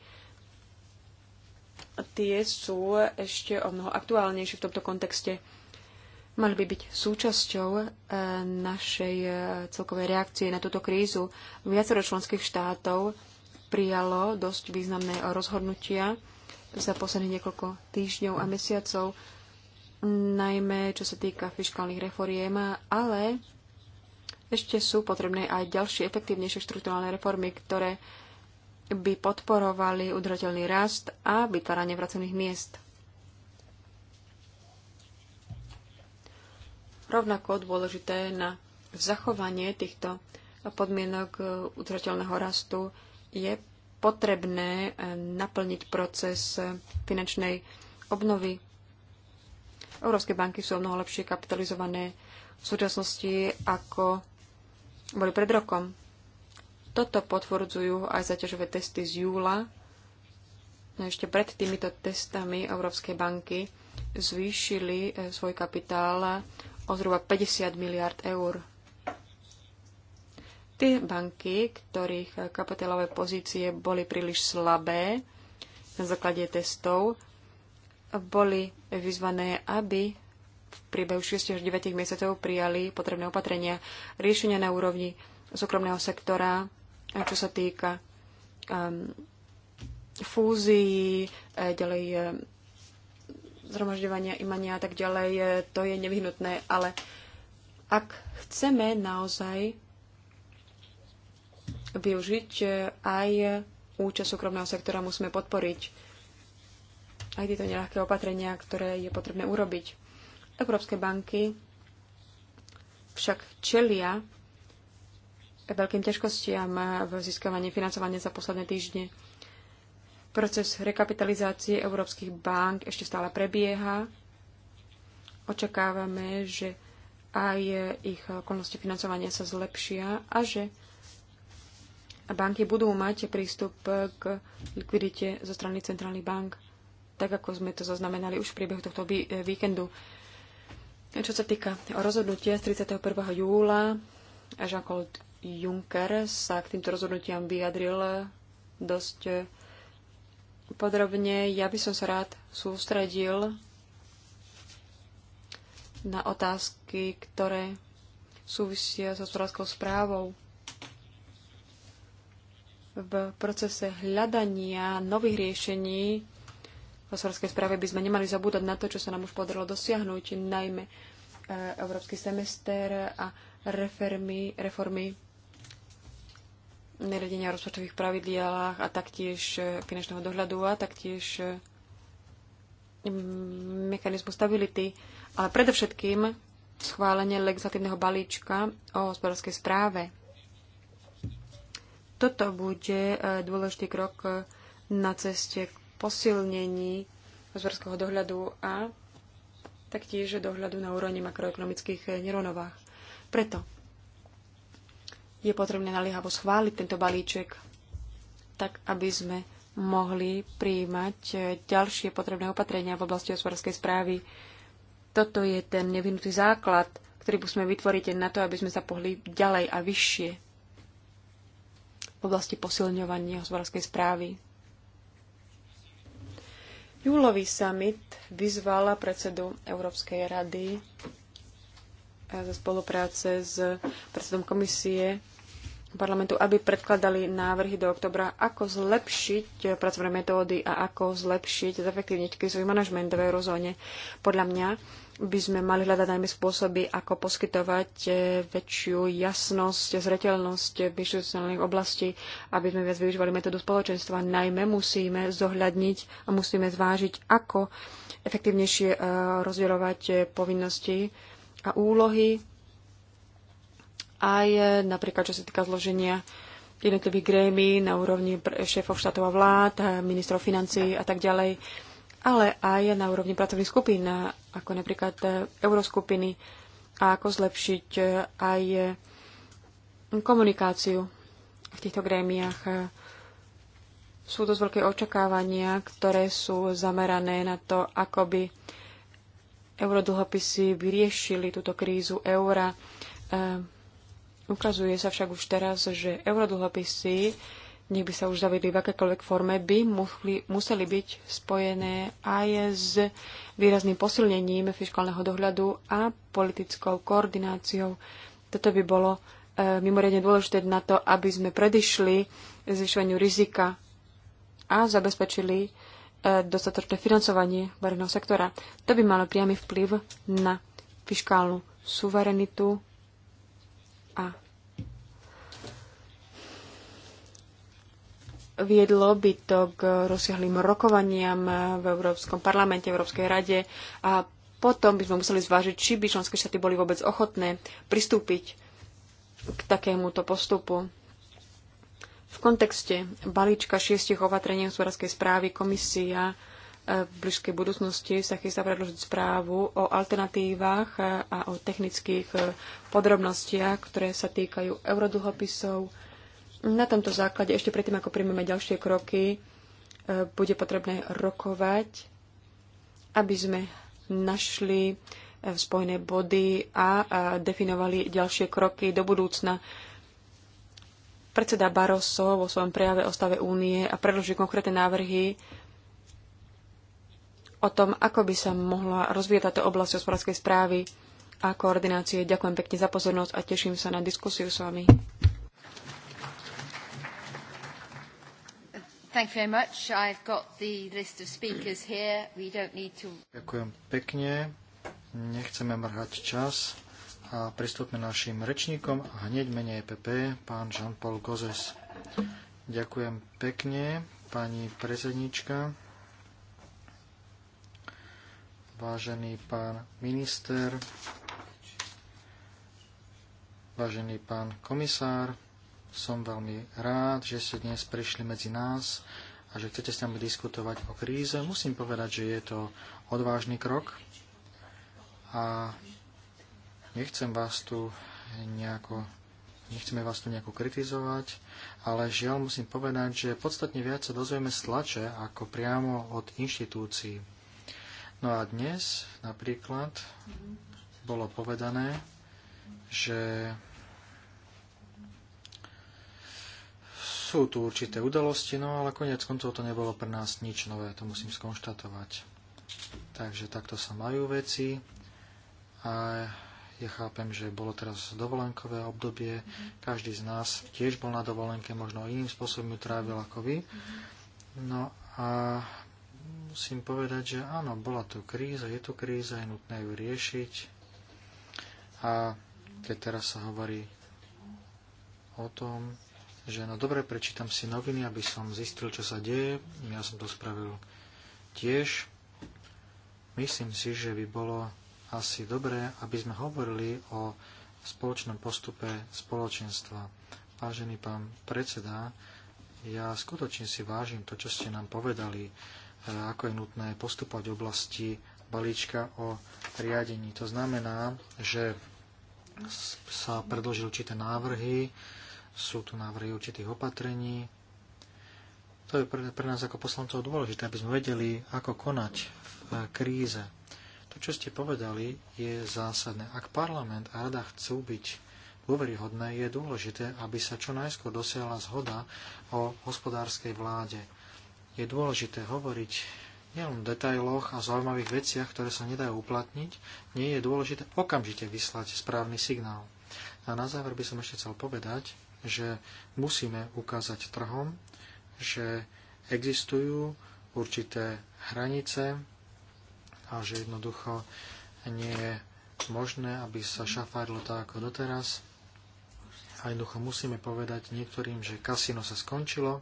tie sú ešte o mnoho aktuálnejšie v tomto kontexte mali by byť súčasťou e, našej e, celkovej reakcie na túto krízu. Viacero členských štátov prijalo dosť významné rozhodnutia za posledných niekoľko týždňov a mesiacov, najmä čo sa týka fiskálnych reforiem, ale ešte sú potrebné aj ďalšie efektívnejšie štruktúrálne reformy, ktoré by podporovali udržateľný rast a vytváranie vracených miest. rovnako dôležité na zachovanie týchto podmienok eh, udržateľného rastu je potrebné eh, naplniť proces eh, finančnej obnovy. Európske banky sú mnoho lepšie kapitalizované v súčasnosti, ako boli pred rokom. Toto potvrdzujú aj zaťažové testy z júla. No ešte pred týmito testami Európskej banky zvýšili svoj kapitál o zhruba 50 miliard eur. Tie banky, ktorých kapitálové pozície boli príliš slabé na základe testov, boli vyzvané, aby v priebehu 6 až 9 mesiacov prijali potrebné opatrenia, riešenia na úrovni súkromného sektora, čo sa týka um, fúzií, ďalej ehm, zhromažďovania, imania a tak ďalej, e, to je nevyhnutné, ale ak chceme naozaj využiť e, aj účasť súkromného sektora, musíme podporiť aj tieto neľahké opatrenia, ktoré je potrebné urobiť. Európske banky však čelia veľkým ťažkostiam v získavaní financovania za posledné týždne. Proces rekapitalizácie európskych bank ešte stále prebieha. Očakávame, že aj ich okolnosti financovania sa zlepšia a že banky budú mať prístup k likvidite zo strany centrálnych bank, tak ako sme to zaznamenali už v priebehu tohto víkendu. Čo sa týka rozhodnutia z 31. júla, Jean-Claude Juncker sa k týmto rozhodnutiam vyjadril dosť podrobne. Ja by som sa rád sústredil na otázky, ktoré súvisia s hospodárskou správou. V procese hľadania nových riešení v hospodárskej správe by sme nemali zabúdať na to, čo sa nám už podarilo dosiahnuť, najmä e, európsky semester a reformy, reformy nariadenia o rozpočtových pravidlách a taktiež e, finančného dohľadu a taktiež e, mechanizmu stability, ale predovšetkým schválenie legislatívneho balíčka o hospodárskej správe. Toto bude e, dôležitý krok na ceste k posilnení hospodárskeho dohľadu a taktiež dohľadu na úrovni makroekonomických nerovnováh. Preto je potrebné naliehavo schváliť tento balíček, tak aby sme mohli prijímať eh, ďalšie potrebné opatrenia v oblasti hospodárskej správy. Toto je ten nevinutý základ, ktorý musíme vytvoriť na to, aby sme sa pohli ďalej a vyššie v oblasti posilňovania hospodárskej správy. Júlový summit vyzvala predsedu Európskej rady eh, za spolupráce s predsedom komisie parlamentu, aby predkladali návrhy do oktobra, ako zlepšiť pracovné metódy a ako zlepšiť, zefektívniť krizový manažment v eurozóne. Podľa mňa by sme mali hľadať najmä spôsoby, ako poskytovať eh, väčšiu jasnosť, zreteľnosť v inštitucionálnych oblasti, aby sme viac využívali metódu spoločenstva. Najmä musíme zohľadniť a musíme zvážiť, ako efektívnejšie eh, rozdeľovať eh, povinnosti a úlohy aj e, napríklad čo sa týka zloženia jednotlivých grémy na úrovni šéfov štátov a vlád, e, ministrov financí a tak ďalej, ale aj na úrovni pracovných skupín, e, ako napríklad euroskupiny a ako zlepšiť aj komunikáciu v týchto grémiách. Sú dosť veľké očakávania, ktoré sú zamerané na to, ako by eurodlhopisy vyriešili túto krízu eura Ukazuje sa však už teraz, že eurodlhopisy, nech by sa už zavedli v akékoľvek forme, by museli, museli byť spojené aj s výrazným posilnením fiskálneho dohľadu a politickou koordináciou. Toto by bolo e, mimoriadne dôležité na to, aby sme predišli zvyšovaniu rizika a zabezpečili e, dostatočné financovanie verejného sektora. To by malo priamy vplyv na fiskálnu suverenitu Viedlo by to k rozsiahlým rokovaniam v Európskom parlamente, Európskej rade a potom by sme museli zvážiť, či by členské štáty boli vôbec ochotné pristúpiť k takémuto postupu. V kontexte balíčka šiestich opatrení hospodárskej správy komisia e, v blízkej budúcnosti sa chystá predložiť správu o alternatívach a o technických e, podrobnostiach, ktoré sa týkajú eurodlhopisov, na tomto základe, ešte predtým, ako príjmeme ďalšie kroky, e, bude potrebné rokovať, aby sme našli e, spojné body a definovali ďalšie kroky do budúcna. Predseda Barroso vo svojom prejave o stave únie a predloží konkrétne návrhy o tom, ako by sa mohla rozvíjať táto oblasť hospodárskej správy a koordinácie. Ďakujem pekne za pozornosť a teším sa na diskusiu s vami. Thank you very much. I've got the list of speakers here. We don't need to... Ďakujem pekne. Nechceme mrhať čas a pristúpme našim rečníkom a hneď menej PP, e pán Jean-Paul Gozes. Ďakujem pekne, pani predsednička. Vážený pán minister, vážený pán komisár, som veľmi rád, že ste dnes prišli medzi nás a že chcete s nami diskutovať o kríze. Musím povedať, že je to odvážny krok a nechcem vás tu nejako nechceme vás tu nejako kritizovať, ale žiaľ musím povedať, že podstatne viac sa dozvieme z tlače ako priamo od inštitúcií. No a dnes napríklad bolo povedané, že sú tu určité udalosti, no ale konec koncov to nebolo pre nás nič nové, to musím skonštatovať. Takže takto sa majú veci a ja chápem, že bolo teraz dovolenkové obdobie, každý z nás tiež bol na dovolenke, možno iným spôsobom ju trávil ako vy. No a musím povedať, že áno, bola tu kríza, je tu kríza, je nutné ju riešiť. A keď teraz sa hovorí o tom, že no dobre, prečítam si noviny, aby som zistil, čo sa deje. Ja som to spravil tiež. Myslím si, že by bolo asi dobré, aby sme hovorili o spoločnom postupe spoločenstva. Vážený pán predseda, ja skutočne si vážim to, čo ste nám povedali, e, ako je nutné postupovať v oblasti balíčka o riadení. To znamená, že sa predložili určité návrhy, sú tu návrhy určitých opatrení. To je pre, pre nás ako poslancov dôležité, aby sme vedeli, ako konať v e, kríze. To, čo ste povedali, je zásadné. Ak parlament a rada chcú byť dôveryhodné, je dôležité, aby sa čo najskôr dosiahla zhoda o hospodárskej vláde. Je dôležité hovoriť nielen v detailoch a zaujímavých veciach, ktoré sa nedajú uplatniť, nie je dôležité okamžite vyslať správny signál. A na záver by som ešte chcel povedať, že musíme ukázať trhom, že existujú určité hranice a že jednoducho nie je možné, aby sa šafárilo tak ako doteraz. A jednoducho musíme povedať niektorým, že kasino sa skončilo.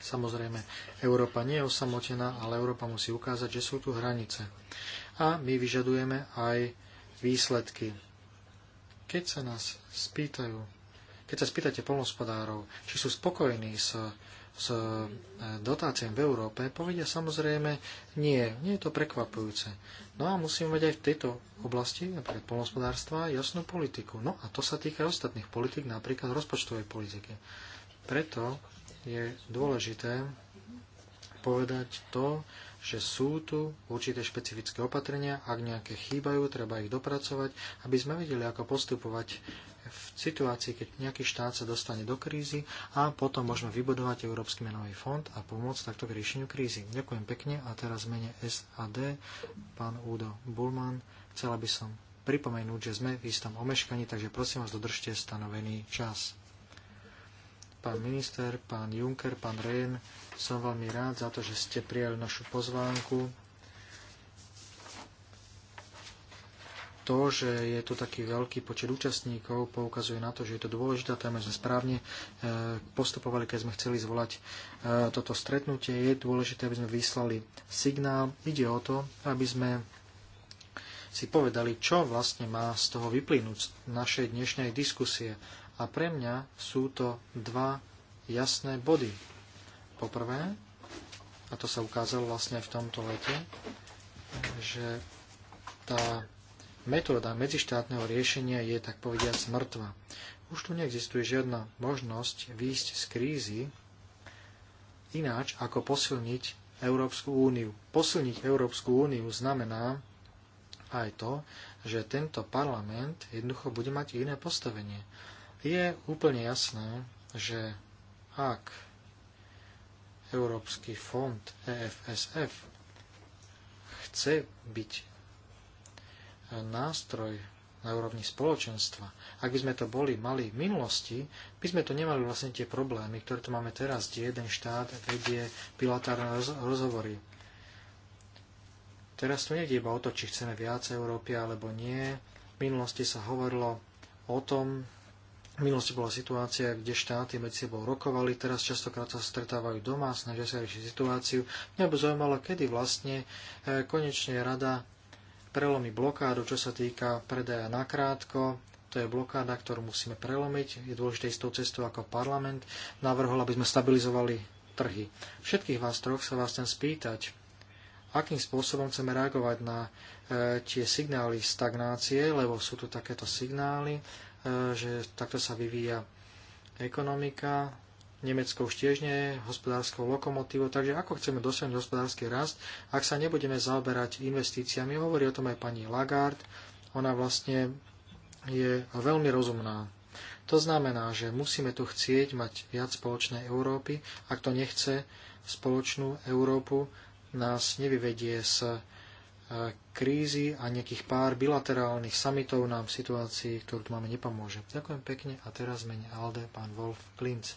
Samozrejme, Európa nie je osamotená, ale Európa musí ukázať, že sú tu hranice. A my vyžadujeme aj výsledky. Keď sa nás spýtajú, keď sa spýtate polnospodárov, či sú spokojní s, s e, dotáciami v Európe, povedia samozrejme nie. Nie je to prekvapujúce. No a musíme mať aj v tejto oblasti, napríklad polnospodárstva, jasnú politiku. No a to sa týka ostatných politik, napríklad rozpočtovej politiky. Preto je dôležité povedať to, že sú tu určité špecifické opatrenia, ak nejaké chýbajú, treba ich dopracovať, aby sme vedeli, ako postupovať v situácii, keď nejaký štát sa dostane do krízy a potom môžeme vybudovať Európsky menový fond a pomôcť takto k riešeniu krízy. Ďakujem pekne a teraz mene SAD, pán Udo Bulman, chcela by som pripomenúť, že sme v istom omeškaní, takže prosím vás, dodržte stanovený čas. Pán minister, pán Juncker, pán Rehn, som veľmi rád za to, že ste prijali našu pozvánku to, že je tu taký veľký počet účastníkov, poukazuje na to, že je to dôležitá téma, sme správne e, postupovali, keď sme chceli zvolať e, toto stretnutie. Je dôležité, aby sme vyslali signál. Ide o to, aby sme si povedali, čo vlastne má z toho vyplynúť z našej dnešnej diskusie. A pre mňa sú to dva jasné body. Poprvé, a to sa ukázalo vlastne aj v tomto lete, že tá metóda medzištátneho riešenia je, tak povediať, mŕtva. Už tu neexistuje žiadna možnosť výjsť z krízy ináč, ako posilniť Európsku úniu. Posilniť Európsku úniu znamená aj to, že tento parlament jednoducho bude mať iné postavenie. Je úplne jasné, že ak Európsky fond EFSF chce byť No, nástroj na úrovni spoločenstva. Ak by sme to boli mali v minulosti, by sme tu nemali vlastne tie problémy, ktoré tu máme teraz, kde jeden štát vedie bilaterálne rozhovory. Teraz tu nejde iba o to, či chceme viac Európy alebo nie. V minulosti sa hovorilo o tom, v minulosti bola situácia, kde štáty medzi sebou rokovali, teraz častokrát sa stretávajú doma, snažia sa riešiť situáciu. Mňa by zaujímalo, kedy vlastne e, konečne rada prelomiť blokádu, čo sa týka predaja nakrátko. To je blokáda, ktorú musíme prelomiť. Je dôležité ísť tou cestou ako parlament. Navrhol, aby sme stabilizovali trhy. Všetkých vás troch sa vás chcem spýtať, akým spôsobom chceme reagovať na e, tie signály stagnácie, lebo sú tu takéto signály, e, že takto sa vyvíja ekonomika, Nemeckou štiežne, hospodárskou lokomotívou, takže ako chceme dosiahnuť hospodársky rast, ak sa nebudeme zaoberať investíciami. Hovorí o tom aj pani Lagarde, ona vlastne je veľmi rozumná. To znamená, že musíme tu chcieť mať viac spoločnej Európy. Ak to nechce spoločnú Európu, nás nevyvedie z e, krízy a nejakých pár bilaterálnych samitov nám v situácii, ktorú tu máme, nepomôže. Ďakujem pekne a teraz mene Alde, pán Wolf Klinc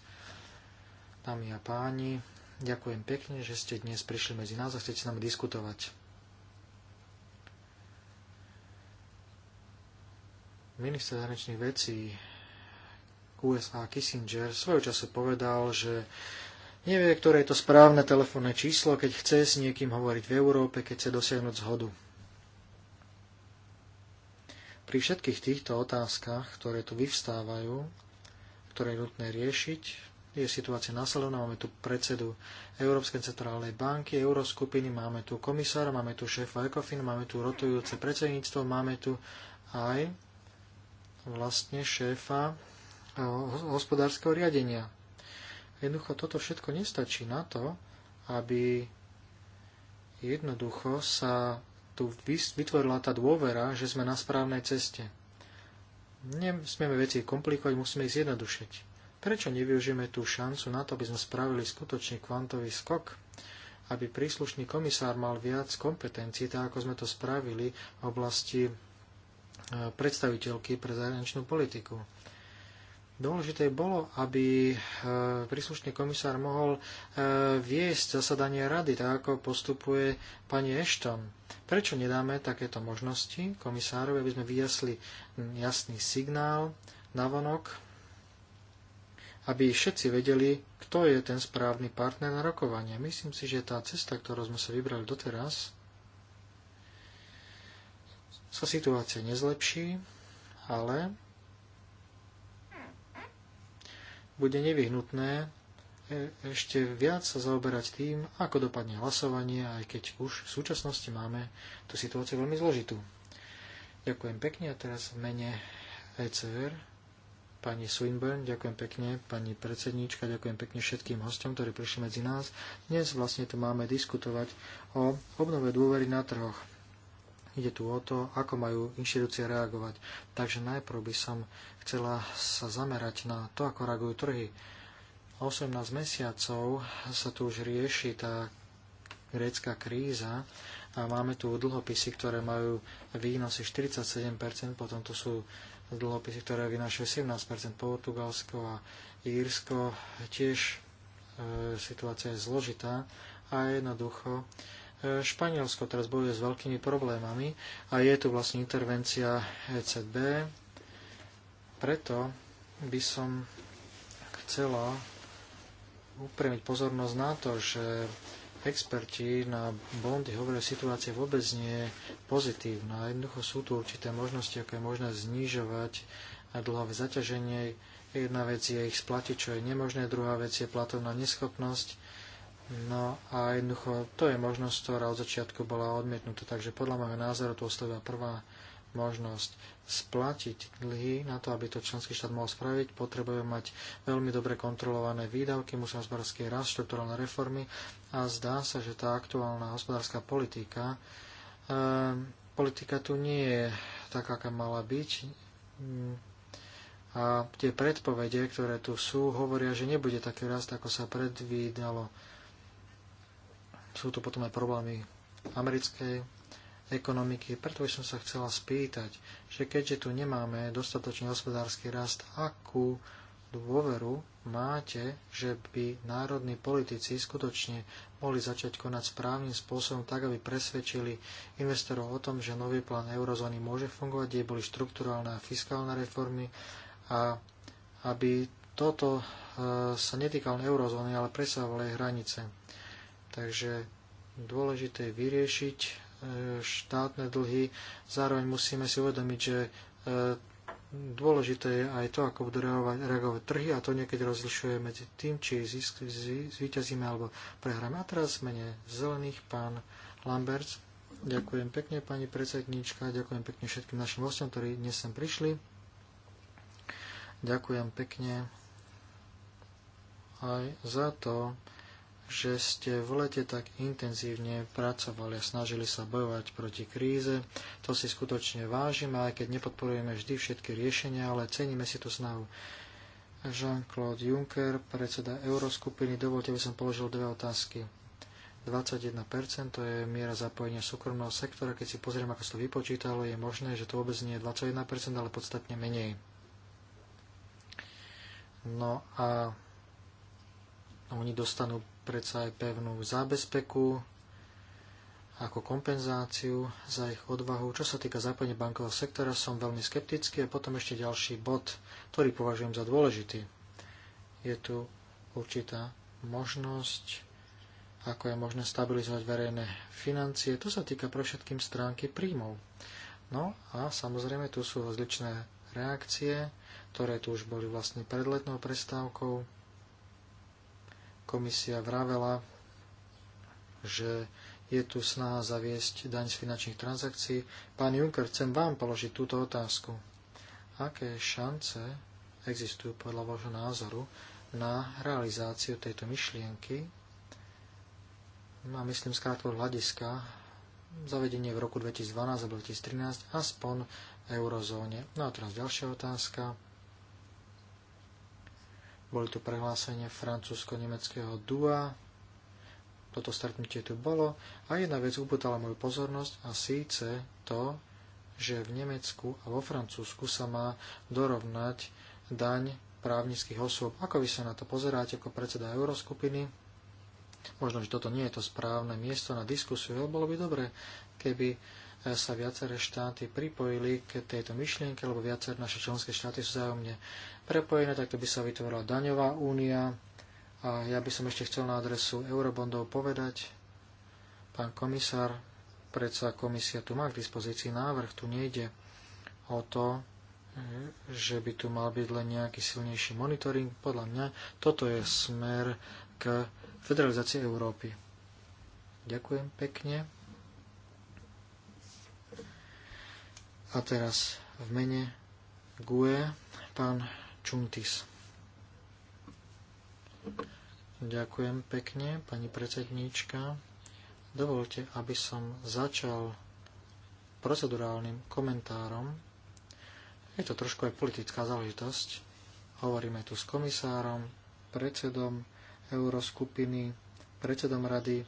dámy a páni, ďakujem pekne, že ste dnes prišli medzi nás a chcete s nami diskutovať. Minister zahraničných vecí USA Kissinger svojho času povedal, že nevie, ktoré je to správne telefónne číslo, keď chce s niekým hovoriť v Európe, keď chce dosiahnuť zhodu. Pri všetkých týchto otázkach, ktoré tu vyvstávajú, ktoré je nutné riešiť, je situácia následovná. Máme tu predsedu Európskej centrálnej banky, Euroskupiny, máme tu komisára, máme tu šéfa ECOFIN, máme tu rotujúce predsedníctvo, máme tu aj vlastne šéfa eh, hospodárskeho riadenia. Jednoducho toto všetko nestačí na to, aby jednoducho sa tu vytvorila tá dôvera, že sme na správnej ceste. Nesmieme veci komplikovať, musíme ich zjednodušiť. Prečo nevyužijeme tú šancu na to, aby sme spravili skutočný kvantový skok? Aby príslušný komisár mal viac kompetencií, tak ako sme to spravili v oblasti e, predstaviteľky pre zahraničnú politiku. Dôležité bolo, aby e, príslušný komisár mohol e, viesť zasadanie rady, tak ako postupuje pani Ashton. Prečo nedáme takéto možnosti komisárovi, aby sme vyjasli jasný signál navonok aby všetci vedeli, kto je ten správny partner na rokovanie. Myslím si, že tá cesta, ktorú sme sa vybrali doteraz, sa situácia nezlepší, ale bude nevyhnutné e, ešte viac sa zaoberať tým, ako dopadne hlasovanie, aj keď už v súčasnosti máme tú situáciu veľmi zložitú. Ďakujem pekne a teraz v mene ECR pani Swinburne, ďakujem pekne, pani predsedníčka, ďakujem pekne všetkým hostom, ktorí prišli medzi nás. Dnes vlastne tu máme diskutovať o obnove dôvery na trhoch. Ide tu o to, ako majú inštitúcie reagovať. Takže najprv by som chcela sa zamerať na to, ako reagujú trhy. 18 mesiacov sa tu už rieši tá grécka kríza a máme tu dlhopisy, ktoré majú výnosy 47%, potom tu sú dlhopisy, ktoré vynášajú 17 Portugalsko a Írsko. Tiež e, situácia je zložitá a jednoducho e, Španielsko teraz bojuje s veľkými problémami a je tu vlastne intervencia ECB. Preto by som chcela upremiť pozornosť na to, že experti na bondy hovoria, že situácia vôbec nie je pozitívna. Jednoducho sú tu určité možnosti, ako je možné znižovať a dlhové zaťaženie. Jedna vec je ich splatiť, čo je nemožné, druhá vec je platovná neschopnosť. No a jednoducho to je možnosť, ktorá od začiatku bola odmietnutá. Takže podľa môjho názoru tu oslovia prvá možnosť splatiť dlhy na to, aby to členský štát mohol spraviť. Potrebujeme mať veľmi dobre kontrolované výdavky, musíme hospodárskej rast, štruktúralne reformy a zdá sa, že tá aktuálna hospodárska politika, e, politika tu nie je taká, aká mala byť. Mm. A tie predpovede, ktoré tu sú, hovoria, že nebude taký rast, ako sa predvídalo. Sú tu potom aj problémy americkej ekonomiky. Preto by som sa chcela spýtať, že keďže tu nemáme dostatočný hospodársky rast, akú dôveru máte, že by národní politici skutočne mohli začať konať správnym spôsobom tak, aby presvedčili investorov o tom, že nový plán eurozóny môže fungovať, kde boli štrukturálne a fiskálne reformy a aby toto e, sa netýkalo eurozóny, ale presahovali hranice. Takže dôležité je vyriešiť štátne dlhy. Zároveň musíme si uvedomiť, že e, dôležité je aj to, ako budú reagovať, reagovať trhy a to niekedy rozlišuje medzi tým, či zisk, zvýťazíme alebo prehráme. A teraz mene zelených pán Lamberts. Ďakujem pekne, pani predsedníčka, ďakujem pekne všetkým našim hostom, ktorí dnes sem prišli. Ďakujem pekne aj za to, že ste v lete tak intenzívne pracovali a snažili sa bojovať proti kríze. To si skutočne vážime, aj keď nepodporujeme vždy všetky riešenia, ale ceníme si tú snahu. Jean-Claude Juncker, predseda Euroskupiny, dovolte, aby som položil dve otázky. 21%, to je miera zapojenia súkromného sektora. Keď si pozriem, ako sa to vypočítalo, je možné, že to vôbec nie je 21%, ale podstatne menej. No a oni dostanú predsa aj pevnú zábezpeku ako kompenzáciu za ich odvahu. Čo sa týka zapojenia bankového sektora, som veľmi skeptický a potom ešte ďalší bod, ktorý považujem za dôležitý. Je tu určitá možnosť, ako je možné stabilizovať verejné financie. To sa týka pre všetkým stránky príjmov. No a samozrejme tu sú rozličné reakcie, ktoré tu už boli vlastne pred letnou prestávkou komisia vravela, že je tu snaha zaviesť daň z finančných transakcií. Pán Juncker, chcem vám položiť túto otázku. Aké šance existujú podľa vášho názoru na realizáciu tejto myšlienky? A no, myslím skrátko hľadiska zavedenie v roku 2012 alebo 2013 aspoň v eurozóne. No a teraz ďalšia otázka boli tu prehlásenie francúzsko-nemeckého dua. Toto stretnutie tu bolo. A jedna vec upútala moju pozornosť a síce to, že v Nemecku a vo Francúzsku sa má dorovnať daň právnických osôb. Ako vy sa na to pozeráte ako predseda Euroskupiny? Možno, že toto nie je to správne miesto na diskusiu, ale bolo by dobre, keby e, sa viaceré štáty pripojili k tejto myšlienke, lebo viaceré naše členské štáty sú zájomne prepojené, takto by sa vytvorila daňová únia. A ja by som ešte chcel na adresu eurobondov povedať, pán komisár, predsa komisia tu má k dispozícii návrh, tu nejde o to, že by tu mal byť len nejaký silnejší monitoring. Podľa mňa toto je smer k federalizácii Európy. Ďakujem pekne. A teraz v mene GUE pán Čuntis. Ďakujem pekne, pani predsedníčka. Dovolte, aby som začal procedurálnym komentárom. Je to trošku aj politická záležitosť. Hovoríme tu s komisárom, predsedom euroskupiny, predsedom rady.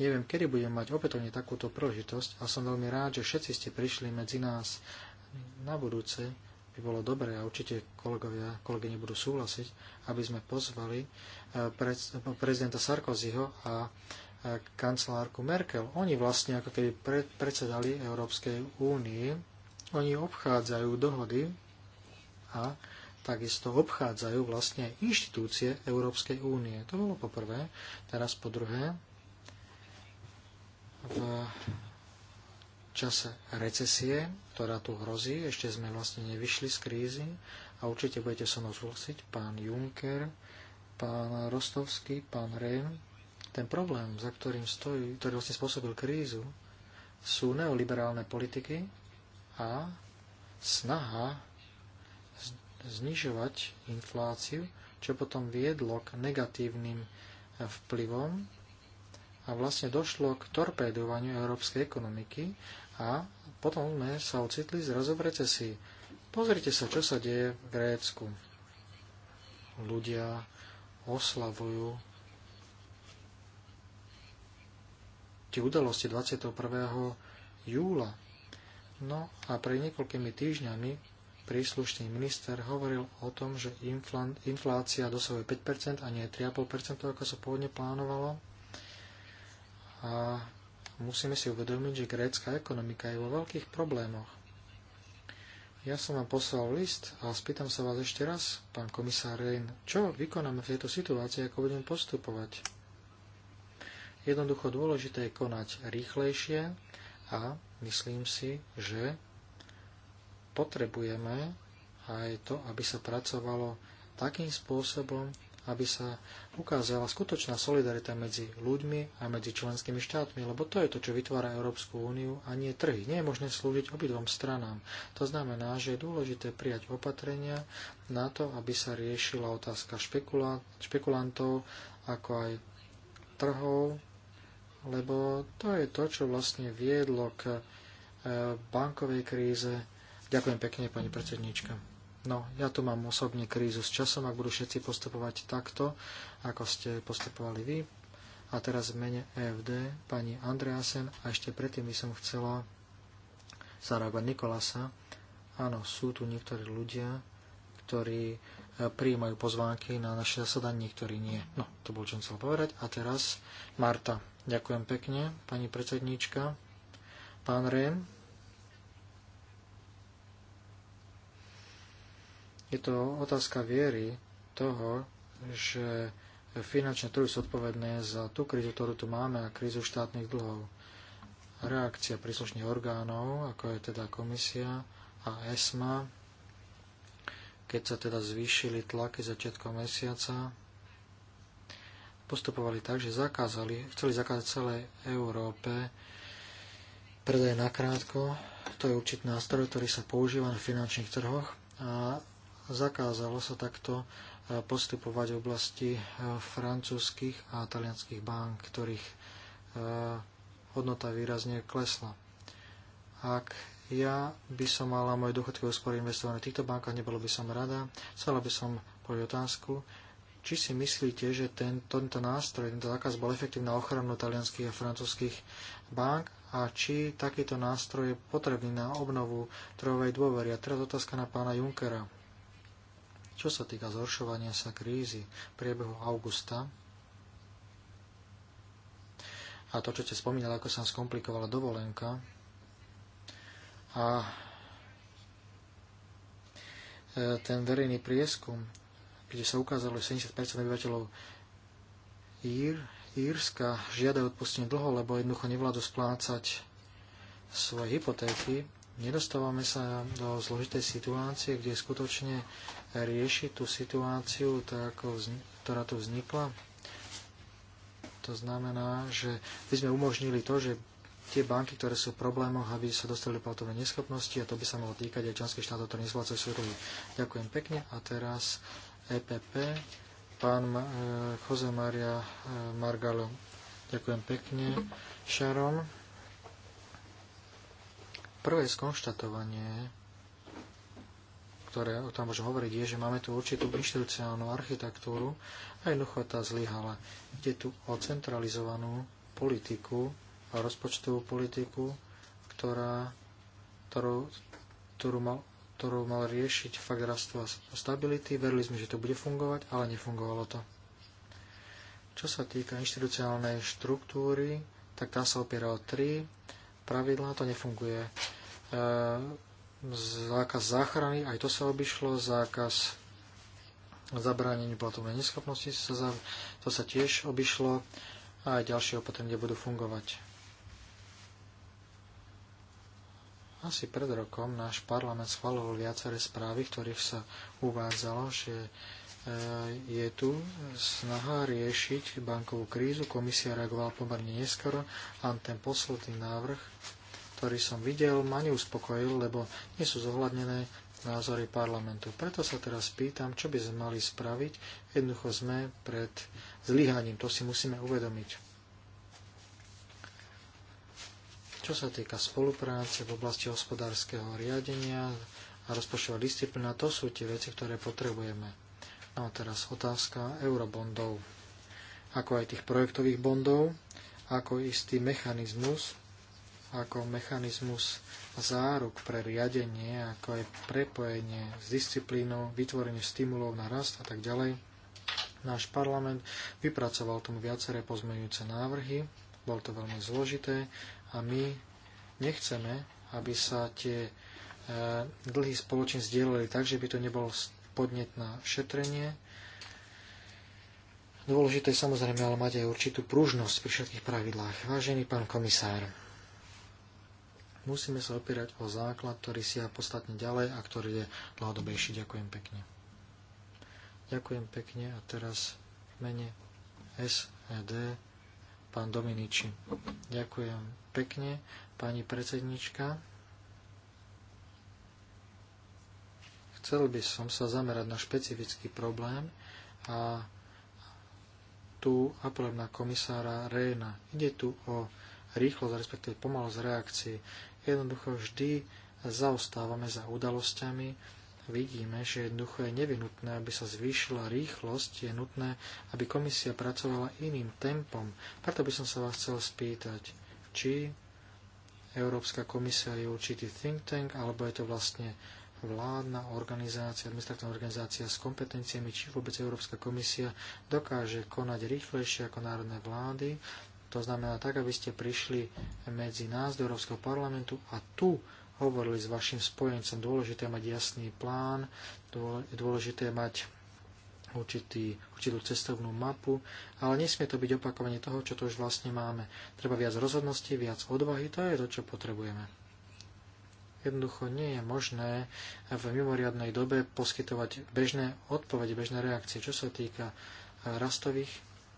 Neviem, kedy budem mať opätovne takúto príležitosť a som veľmi rád, že všetci ste prišli medzi nás na budúce by bolo dobré, a určite kolegovia, kolegyne budú súhlasiť, aby sme pozvali e, prezidenta Sarkozyho a e, kancelárku Merkel. Oni vlastne ako keby predsedali Európskej únii, oni obchádzajú dohody a takisto obchádzajú vlastne inštitúcie Európskej únie. To bolo poprvé. Teraz po druhé, v čase recesie, ktorá tu hrozí, ešte sme vlastne nevyšli z krízy a určite budete so mnou súhlasiť, pán Juncker, pán Rostovský, pán Rehn, ten problém, za ktorým stojí, ktorý vlastne spôsobil krízu, sú neoliberálne politiky a snaha znižovať infláciu, čo potom viedlo k negatívnym eh, vplyvom a vlastne došlo k torpédovaniu európskej ekonomiky a potom sme sa ocitli zrazu v Pozrite sa, čo sa deje v Grécku. Ľudia oslavujú tie udalosti 21. júla. No a pre niekoľkými týždňami príslušný minister hovoril o tom, že inflácia dosahuje 5% a nie 3,5%, ako sa pôvodne plánovalo. A musíme si uvedomiť, že grécka ekonomika je vo veľkých problémoch. Ja som vám poslal list a spýtam sa vás ešte raz, pán komisár Rein, čo vykonáme v tejto situácii, ako budeme postupovať. Jednoducho dôležité je konať rýchlejšie a myslím si, že potrebujeme aj to, aby sa pracovalo takým spôsobom, aby sa ukázala skutočná solidarita medzi ľuďmi a medzi členskými štátmi, lebo to je to, čo vytvára Európsku úniu a nie trhy. Nie je možné slúžiť obidvom stranám. To znamená, že je dôležité prijať opatrenia na to, aby sa riešila otázka špekulantov, ako aj trhov, lebo to je to, čo vlastne viedlo k e, bankovej kríze. Ďakujem pekne, pani predsedníčka. No, ja tu mám osobne krízu s časom, ak budú všetci postupovať takto, ako ste postupovali vy. A teraz v mene EFD, pani Andreasen, a ešte predtým by som chcela zareagovať Nikolasa. Áno, sú tu niektorí ľudia, ktorí e, prijímajú pozvánky na naše zasadanie, niektorí nie. No, to bol, čo som chcel povedať. A teraz Marta. Ďakujem pekne, pani predsedníčka. Pán Rehn, Je to otázka viery toho, že finančné trhy sú odpovedné za tú krízu, ktorú tu máme a krízu štátnych dlhov. Reakcia príslušných orgánov, ako je teda komisia a ESMA, keď sa teda zvýšili tlaky začiatkom mesiaca, postupovali tak, že zakázali, chceli zakázať celej Európe predaj nakrátko. To je určitý nástroj, ktorý sa používa na finančných trhoch a zakázalo sa takto eh, postupovať v oblasti eh, francúzskych a talianských bank, ktorých eh, hodnota výrazne klesla. Ak ja by som mala moje dôchodkové úspory investované v týchto bankách, nebolo by som rada. Chcela by som povedať otázku, či si myslíte, že ten, tento nástroj, tento zákaz bol efektívny na ochranu talianských a francúzských bank a či takýto nástroj je potrebný na obnovu trhovej dôvery. A teraz otázka na pána Junkera. Čo sa týka zhoršovania sa krízy v priebehu augusta a to, čo ste spomínali, ako sa skomplikovala dovolenka a e, ten verejný prieskum, kde sa ukázalo, že 70% obyvateľov Ír, Írska žiadajú odpustenie dlho, lebo jednoducho nevládu splácať svoje hypotéky, nedostávame sa do zložitej situácie, kde skutočne riešiť tú situáciu, tak, ako ktorá tu vznikla. To znamená, že by sme umožnili to, že tie banky, ktoré sú v problémoch, aby sa dostali do platovej neschopnosti a to by sa malo týkať aj členských štátov, ktoré nesplácajú svoje dlhy. Ďakujem pekne a teraz EPP, pán eh, Jose Maria eh, Margalo. Ďakujem pekne. Sharon. Prvé skonštatovanie ktoré o tom môžem hovoriť, je, že máme tu určitú inštitucionálnu architektúru a jednoducho tá zlyhala. Ide tu o centralizovanú politiku a rozpočtovú politiku, ktorá, ktorú, ktorú, mal, ktorú mal riešiť fakt rastu a stability. Verili sme, že to bude fungovať, ale nefungovalo to. Čo sa týka inštitucionálnej štruktúry, tak tá sa opiera o tri pravidlá, to nefunguje. E zákaz záchrany, aj to sa obišlo, zákaz zabránenia platovnej neschopnosti, to sa tiež obišlo a aj ďalšie opatrenia budú fungovať. Asi pred rokom náš parlament schvaloval viaceré správy, v ktorých sa uvádzalo, že e, je tu snaha riešiť bankovú krízu. Komisia reagovala pomerne neskoro a ten posledný návrh ktorý som videl, ma neuspokojil, lebo nie sú zohľadnené názory parlamentu. Preto sa teraz pýtam, čo by sme mali spraviť. Jednoducho sme pred zlyhaním, to si musíme uvedomiť. Čo sa týka spolupráce v oblasti hospodárskeho riadenia a rozpočtová disciplína, to sú tie veci, ktoré potrebujeme. No a teraz otázka eurobondov, ako aj tých projektových bondov, ako istý mechanizmus, ako mechanizmus záruk pre riadenie, ako aj prepojenie s disciplínou, vytvorenie stimulov na rast a tak ďalej. Náš parlament vypracoval tomu viaceré pozmeňujúce návrhy, bolo to veľmi zložité a my nechceme, aby sa tie e, dlhy spoločne zdieľali tak, že by to nebol podnet na šetrenie. Dôležité je samozrejme ale mať aj určitú pružnosť pri všetkých pravidlách. Vážený pán komisár, musíme sa opierať o základ, ktorý si ja podstatne ďalej a ktorý je dlhodobejší. Ďakujem pekne. Ďakujem pekne a teraz v mene SED pán Dominiči. Ďakujem pekne, pani predsednička. Chcel by som sa zamerať na špecifický problém a tu apelujem na komisára Réna. Ide tu o rýchlosť, respektíve pomalosť reakcií. Jednoducho vždy zaostávame za udalosťami, vidíme, že jednoducho je nevinutné, aby sa zvýšila rýchlosť, je nutné, aby komisia pracovala iným tempom. Preto by som sa vás chcel spýtať, či Európska komisia je určitý think tank, alebo je to vlastne vládna organizácia, administratívna organizácia s kompetenciami, či vôbec Európska komisia dokáže konať rýchlejšie ako národné vlády, to znamená tak, aby ste prišli medzi nás do Európskeho parlamentu a tu hovorili s vašim spojencom. Dôležité je mať jasný plán, dôležité je mať určitý, určitú cestovnú mapu, ale nesmie to byť opakovanie toho, čo to už vlastne máme. Treba viac rozhodnosti, viac odvahy, to je to, čo potrebujeme. Jednoducho nie je možné v mimoriadnej dobe poskytovať bežné odpovede, bežné reakcie, čo sa týka eh, rastových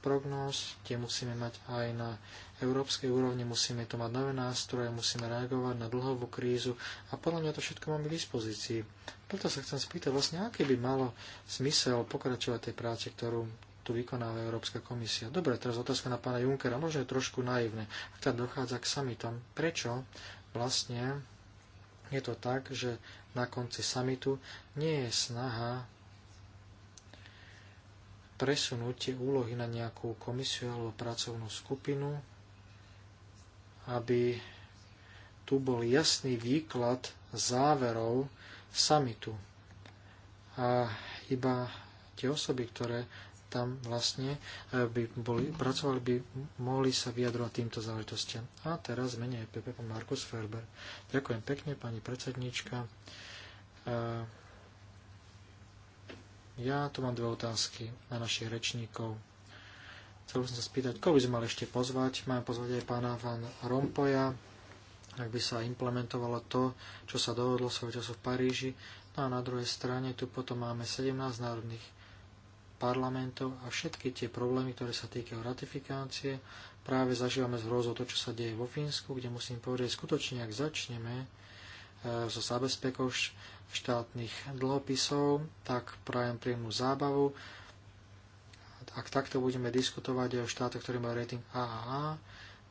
prognóz, tie musíme mať aj na európskej úrovni, musíme to mať nové nástroje, musíme reagovať na dlhovú krízu a podľa mňa to všetko máme k dispozícii. Preto sa chcem spýtať, vlastne aký by malo zmysel pokračovať tej práce, ktorú tu vykonáva Európska komisia. Dobre, teraz otázka na pána Junkera, možno je trošku naivné. Ak teda dochádza k samitom, prečo vlastne je to tak, že na konci samitu nie je snaha presunúť tie úlohy na nejakú komisiu alebo pracovnú skupinu, aby tu bol jasný výklad záverov samitu. A iba tie osoby, ktoré tam vlastne eh, by boli, pracovali, by mohli sa vyjadrovať týmto záležitostiam. A teraz menej PP pán Markus Ferber. Ďakujem pekne, pani predsedníčka. E eh, ja tu mám dve otázky na našich rečníkov. Chcel som sa spýtať, koho by sme mali ešte pozvať. Máme pozvať aj pána Van Rompoja, ak by sa implementovalo to, čo sa dohodlo svojho času v Paríži. No a na druhej strane tu potom máme 17 národných parlamentov a všetky tie problémy, ktoré sa týkajú ratifikácie, práve zažívame z hrozou to, čo sa deje vo Fínsku, kde musím povedať, skutočne ak začneme E, so zabezpekov štátnych dlhopisov, tak prajem príjemnú zábavu. Ak takto budeme diskutovať aj o štátoch, ktorí majú rating AAA,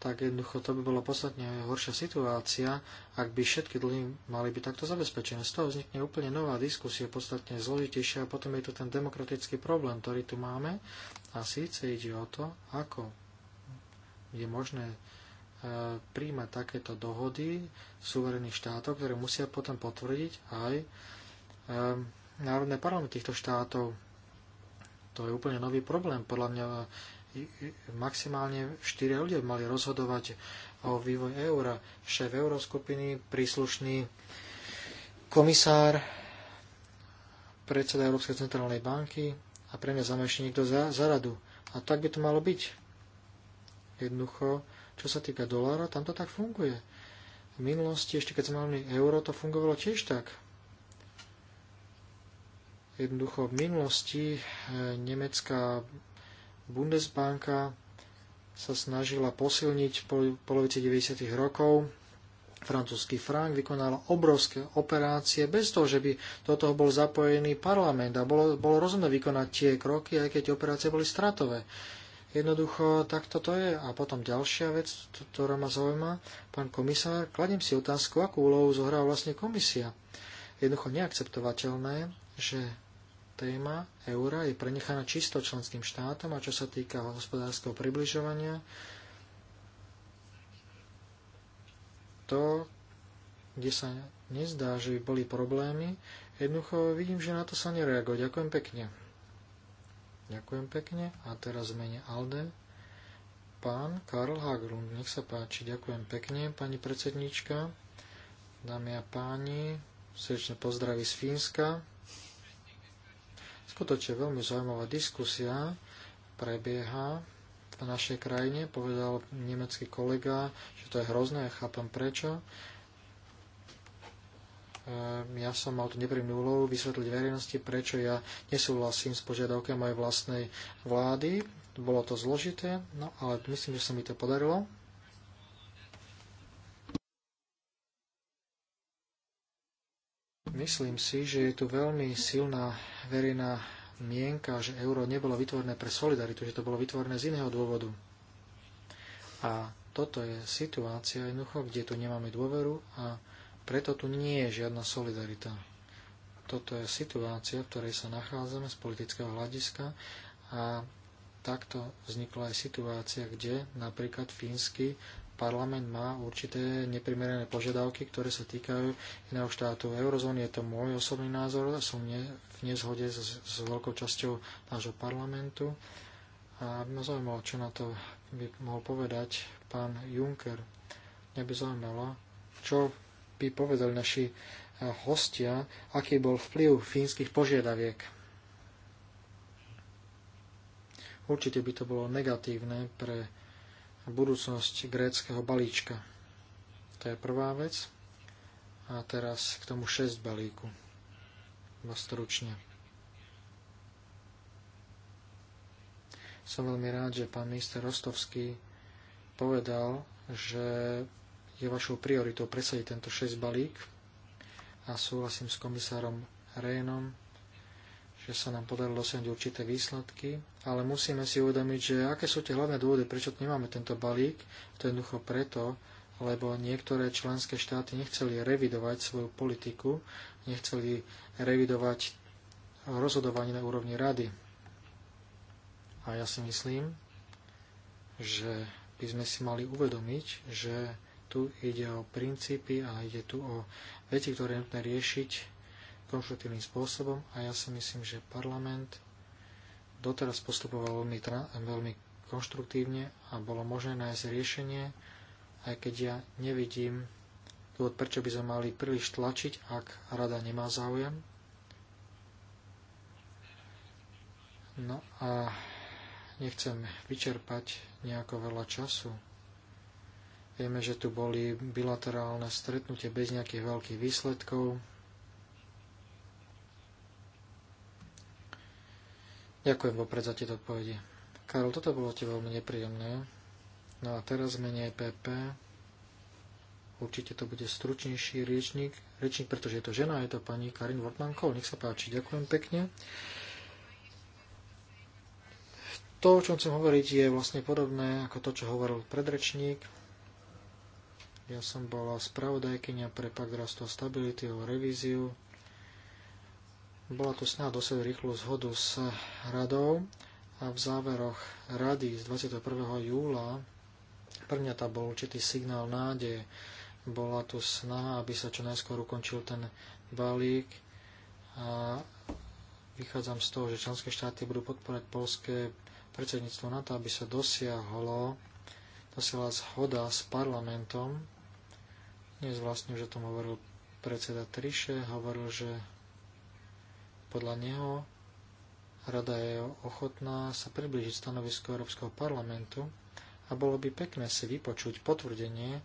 tak jednoducho to by bolo podstatne horšia situácia, ak by všetky dlhy mali byť takto zabezpečené. Z toho vznikne úplne nová diskusia, podstatne zložitejšia a potom je tu ten demokratický problém, ktorý tu máme a síce ide o to, ako je možné E, príjmať takéto dohody súverených štátov, ktoré musia potom potvrdiť aj e, národné parlamenty týchto štátov. To je úplne nový problém. Podľa mňa e, maximálne 4 ľudia mali rozhodovať o vývoj eura. Šéf euroskupiny, príslušný komisár, predseda Európskej centrálnej banky a pre mňa zamešne niekto za, za radu. A tak by to malo byť. Jednoducho čo sa týka dolára, tam to tak funguje. V minulosti, ešte keď sme mali euro, to fungovalo tiež tak. Jednoducho v minulosti e, nemecká Bundesbanka sa snažila posilniť v polovici 90. rokov francúzsky frank vykonal obrovské operácie bez toho, že by do toho bol zapojený parlament a bolo, bolo rozumné vykonať tie kroky, aj keď operácie boli stratové. Jednoducho, takto to je. A potom ďalšia vec, ktorá ma zaujíma, pán komisár, kladím si otázku, akú úlohu zohrá vlastne komisia. Jednoducho neakceptovateľné, že téma eura je prenechaná čisto členským štátom a čo sa týka hospodárskeho približovania, to, kde sa nezdá, že by boli problémy, jednoducho vidím, že na to sa nereaguje. Ďakujem pekne. Ďakujem pekne. A teraz mene Alde. Pán Karl Haglund, nech sa páči. Ďakujem pekne, pani predsedníčka. Dámy a páni, srdečne pozdraví z Fínska. Skutočne veľmi zaujímavá diskusia prebieha v našej krajine. Povedal nemecký kolega, že to je hrozné, ja chápam prečo. Ehm, ja som mal tú nepríjemnú úlohu vysvetliť verejnosti, prečo ja nesúhlasím s požiadavkami mojej vlastnej vlády. Bolo to zložité, no ale myslím, že sa mi to podarilo. Myslím si, že je tu veľmi silná verejná mienka, že euro nebolo vytvorené pre solidaritu, že to bolo vytvorené z iného dôvodu. A toto je situácia jednoducho, kde tu nemáme dôveru a preto tu nie je žiadna solidarita. Toto je situácia, v ktorej sa nachádzame z politického hľadiska a takto vznikla aj situácia, kde napríklad fínsky parlament má určité neprimerané požiadavky, ktoré sa týkajú iného štátu eurozóny. Je to môj osobný názor, a som ne, v nezhode s, s veľkou časťou nášho parlamentu. A by ma zaujímalo, čo na to by mohol povedať pán Juncker. Mňa by zaujímalo, čo by povedali naši eh, hostia, aký bol vplyv fínskych požiadaviek. Určite by to bolo negatívne pre budúcnosť gréckého balíčka. To je prvá vec. A teraz k tomu 6 balíku. stručne. Som veľmi rád, že pán minister Rostovský povedal, že je vašou prioritou presadiť tento 6 balík a súhlasím s komisárom Rejnom, že sa nám podarilo dosiahnuť určité výsledky, ale musíme si uvedomiť, že aké sú tie hlavné dôvody, prečo nemáme tento balík, to je jednoducho preto, lebo niektoré členské štáty nechceli revidovať svoju politiku, nechceli revidovať rozhodovanie na úrovni rady. A ja si myslím, že by sme si mali uvedomiť, že tu ide o princípy a ide tu o veci, ktoré je nutné riešiť konštruktívnym spôsobom a ja si myslím, že parlament doteraz postupoval veľmi, veľmi konštruktívne a bolo možné nájsť riešenie, aj keď ja nevidím dôvod, prečo by sme mali príliš tlačiť, ak rada nemá záujem. No a nechcem vyčerpať nejako veľa času Vieme, že tu boli bilaterálne stretnutie bez nejakých veľkých výsledkov. Ďakujem vopred za tieto odpovede. Karol, toto bolo ti veľmi nepríjemné. No a teraz menej e PP. Určite to bude stručnejší riečník, rečník, pretože je to žena, je to pani Karin Wortmanko. Nech sa páči, ďakujem pekne. To, o čom chcem hovoriť, je vlastne podobné ako to, čo hovoril predrečník. Ja som bola spravodajkynia pre pakt rastu stability o revíziu. Bola tu snáha dosať rýchlu zhodu s radou a v záveroch rady z 21. júla pre mňa to bol určitý signál nádeje. Bola tu snaha, aby sa čo najskôr ukončil ten balík a vychádzam z toho, že členské štáty budú podporať polské predsedníctvo na to, aby sa dosiahlo, dosiahla zhoda s parlamentom dnes vlastne už o tom hovoril predseda Triše, hovoril, že podľa neho rada je ochotná sa priblížiť stanovisko Európskeho parlamentu a bolo by pekné si vypočuť potvrdenie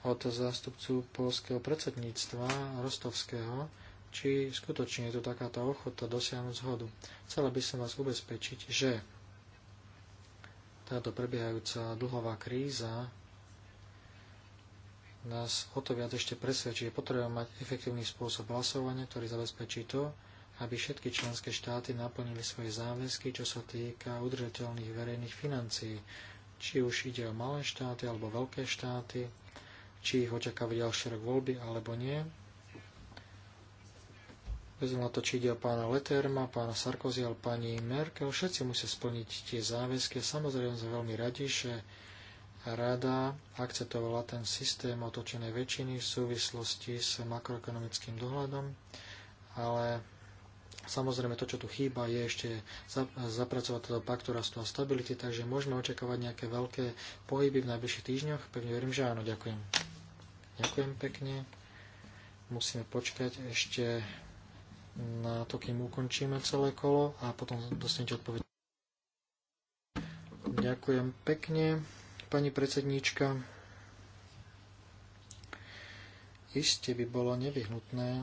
od zástupcu polského predsedníctva rostovského, či skutočne je tu takáto ochota dosiahnuť zhodu. Chcela by som vás ubezpečiť, že táto prebiehajúca dlhová kríza nás o to viac ešte presvedčí, že potrebujeme mať efektívny spôsob hlasovania, ktorý zabezpečí to, aby všetky členské štáty naplnili svoje záväzky, čo sa týka udržateľných verejných financií, či už ide o malé štáty alebo veľké štáty, či ich očakávajú ďalšie rok voľby alebo nie. Bez na to, či ide o pána Leterma, pána Sarkozy alebo pani Merkel, všetci musia splniť tie záväzky. Samozrejme sme veľmi radi, že rada akceptovala ten systém otočenej väčšiny v súvislosti s makroekonomickým dohľadom, ale Samozrejme, to, čo tu chýba, je ešte zapracovať toto paktu rastu a stability, takže môžeme očakávať nejaké veľké pohyby v najbližších týždňoch. Pevne verím, že áno. Ďakujem. Ďakujem pekne. Musíme počkať ešte na to, kým ukončíme celé kolo a potom dostanete odpoveď. Ďakujem pekne pani predsedníčka. Iste by bolo nevyhnutné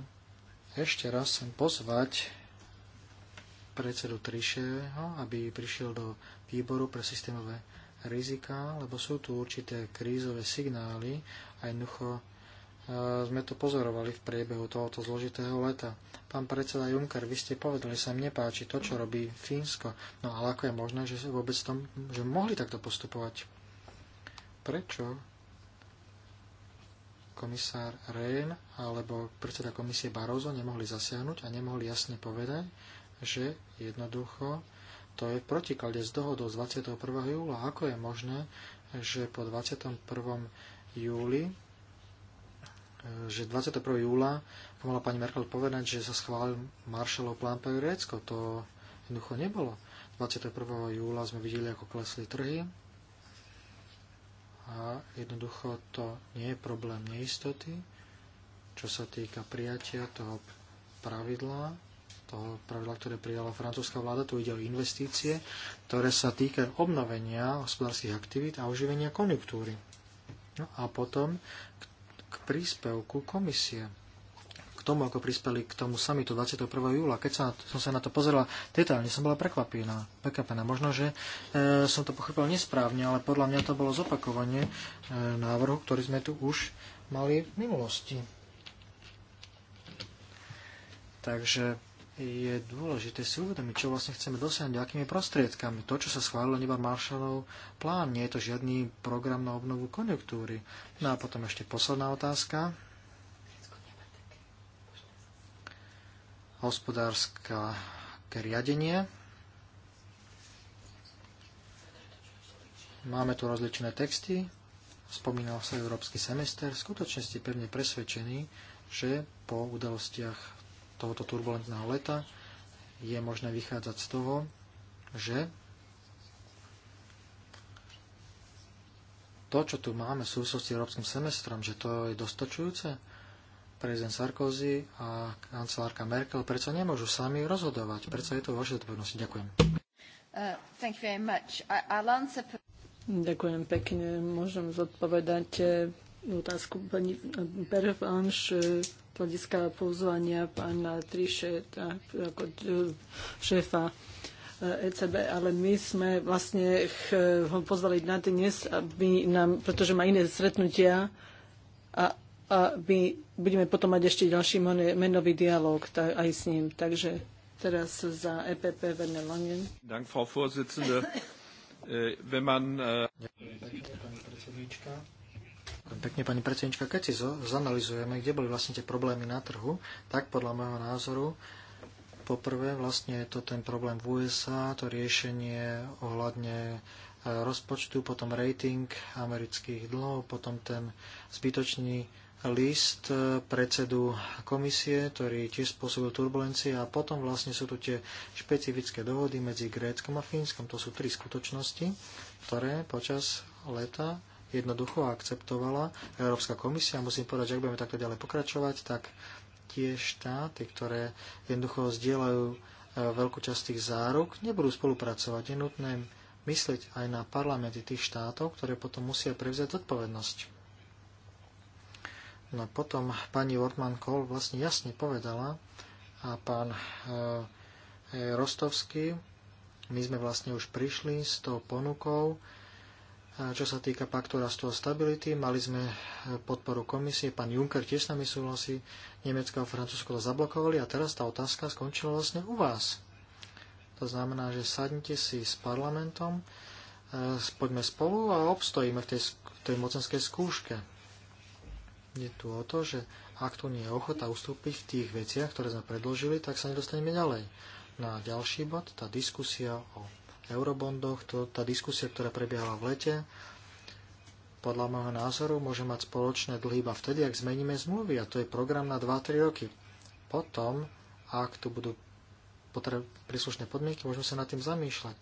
ešte raz sem pozvať predsedu Trišeho, aby prišiel do výboru pre systémové rizika, lebo sú tu určité krízové signály a jednoducho e, sme to pozorovali v priebehu tohoto zložitého leta. Pán predseda Juncker, vy ste povedali, že sa mne páči to, čo robí Fínsko. No ale ako je možné, že vôbec tom, že mohli takto postupovať? prečo komisár Rehn alebo predseda komisie Barozo nemohli zasiahnuť a nemohli jasne povedať, že jednoducho to je v protiklade s dohodou z 21. júla. Ako je možné, že po 21. júli eh, že 21. júla mohla pani Merkel povedať, že sa schválil Marshallov plán pre Grécko. To jednoducho nebolo. 21. júla sme videli, ako klesli trhy, a jednoducho to nie je problém neistoty, čo sa týka prijatia toho pravidla, toho pravidla, ktoré prijala francúzska vláda, tu ide o investície, ktoré sa týkajú obnovenia hospodárskych aktivít a oživenia konjunktúry. No a potom k príspevku komisie tomu, ako prispeli k tomu samitu 21. júla. Keď sa, som sa na to pozerala detálne, som bola prekvapená. prekvapená. Možno, že e, som to pochopil nesprávne, ale podľa mňa to bolo zopakovanie e, návrhu, ktorý sme tu už mali v minulosti. Takže je dôležité si uvedomiť, čo vlastne chceme dosiahnuť, akými prostriedkami. To, čo sa schválilo, nebá Marshallov plán, nie je to žiadny program na obnovu konjunktúry. No a potom ešte posledná otázka. hospodárska riadenie. Máme tu rozličné texty, spomínal sa európsky semester. Skutočne ste pevne presvedčení, že po udalostiach tohoto turbulentného leta je možné vychádzať z toho, že to, čo tu máme v súvislosti s európskym semestrom, že to je dostačujúce, prezident Sarkozy a kancelárka Merkel prečo nemôžu sami rozhodovať? Prečo je to vaše odpovednosti? Ďakujem. Uh, thank you very much. I'll answer... Ďakujem pekne. Môžem zodpovedať eh, otázku pani Bervanš eh, eh, z hľadiska pozvania pána Triše, ako šéfa ECB, e ale my sme vlastne ho pozvali na dnes, aby nám, pretože má iné stretnutia a a my budeme potom mať ešte ďalší menový dialog aj s ním. Takže teraz za EPP Werner Langen. Dank, Frau Vorsitzende. Äh, wenn man, äh, pekne, pani predsednička. Keď si zanalizujeme, kde boli vlastne tie problémy na trhu, tak podľa môjho názoru poprvé vlastne je to ten problém v USA, to riešenie ohľadne e, rozpočtu, potom rating amerických dlhov, potom ten zbytočný list e, predsedu komisie, ktorý tiež spôsobil turbulencie a potom vlastne sú tu tie špecifické dohody medzi Gréckom a Fínskom. To sú tri skutočnosti, ktoré počas leta jednoducho akceptovala Európska komisia. Musím povedať, že ak budeme takto ďalej pokračovať, tak tie štáty, ktoré jednoducho zdieľajú e, veľkú časť tých záruk, nebudú spolupracovať. Je nutné myslieť aj na parlamenty tých štátov, ktoré potom musia prevziať zodpovednosť. No potom pani Wortman Kohl vlastne jasne povedala a pán e, Rostovský, my sme vlastne už prišli s tou ponukou, eh, čo sa týka paktu rastu a stability, mali sme eh, podporu komisie, pán Juncker tiež s nami súhlasí, Nemecko a Francúzsko to zablokovali a teraz tá otázka skončila vlastne u vás. To znamená, že sadnite si s parlamentom, poďme spolu a obstojíme v tej, v tej mocenskej skúške. Je tu o to, že ak tu nie je ochota ustúpiť v tých veciach, ktoré sme predložili, tak sa nedostaneme ďalej. Na ďalší bod, tá diskusia o eurobondoch, to, tá diskusia, ktorá prebiehala v lete, podľa môjho názoru môže mať spoločné dlhy iba vtedy, ak zmeníme zmluvy, a to je program na 2-3 roky. Potom, ak tu budú príslušné podmienky, môžeme sa nad tým zamýšľať.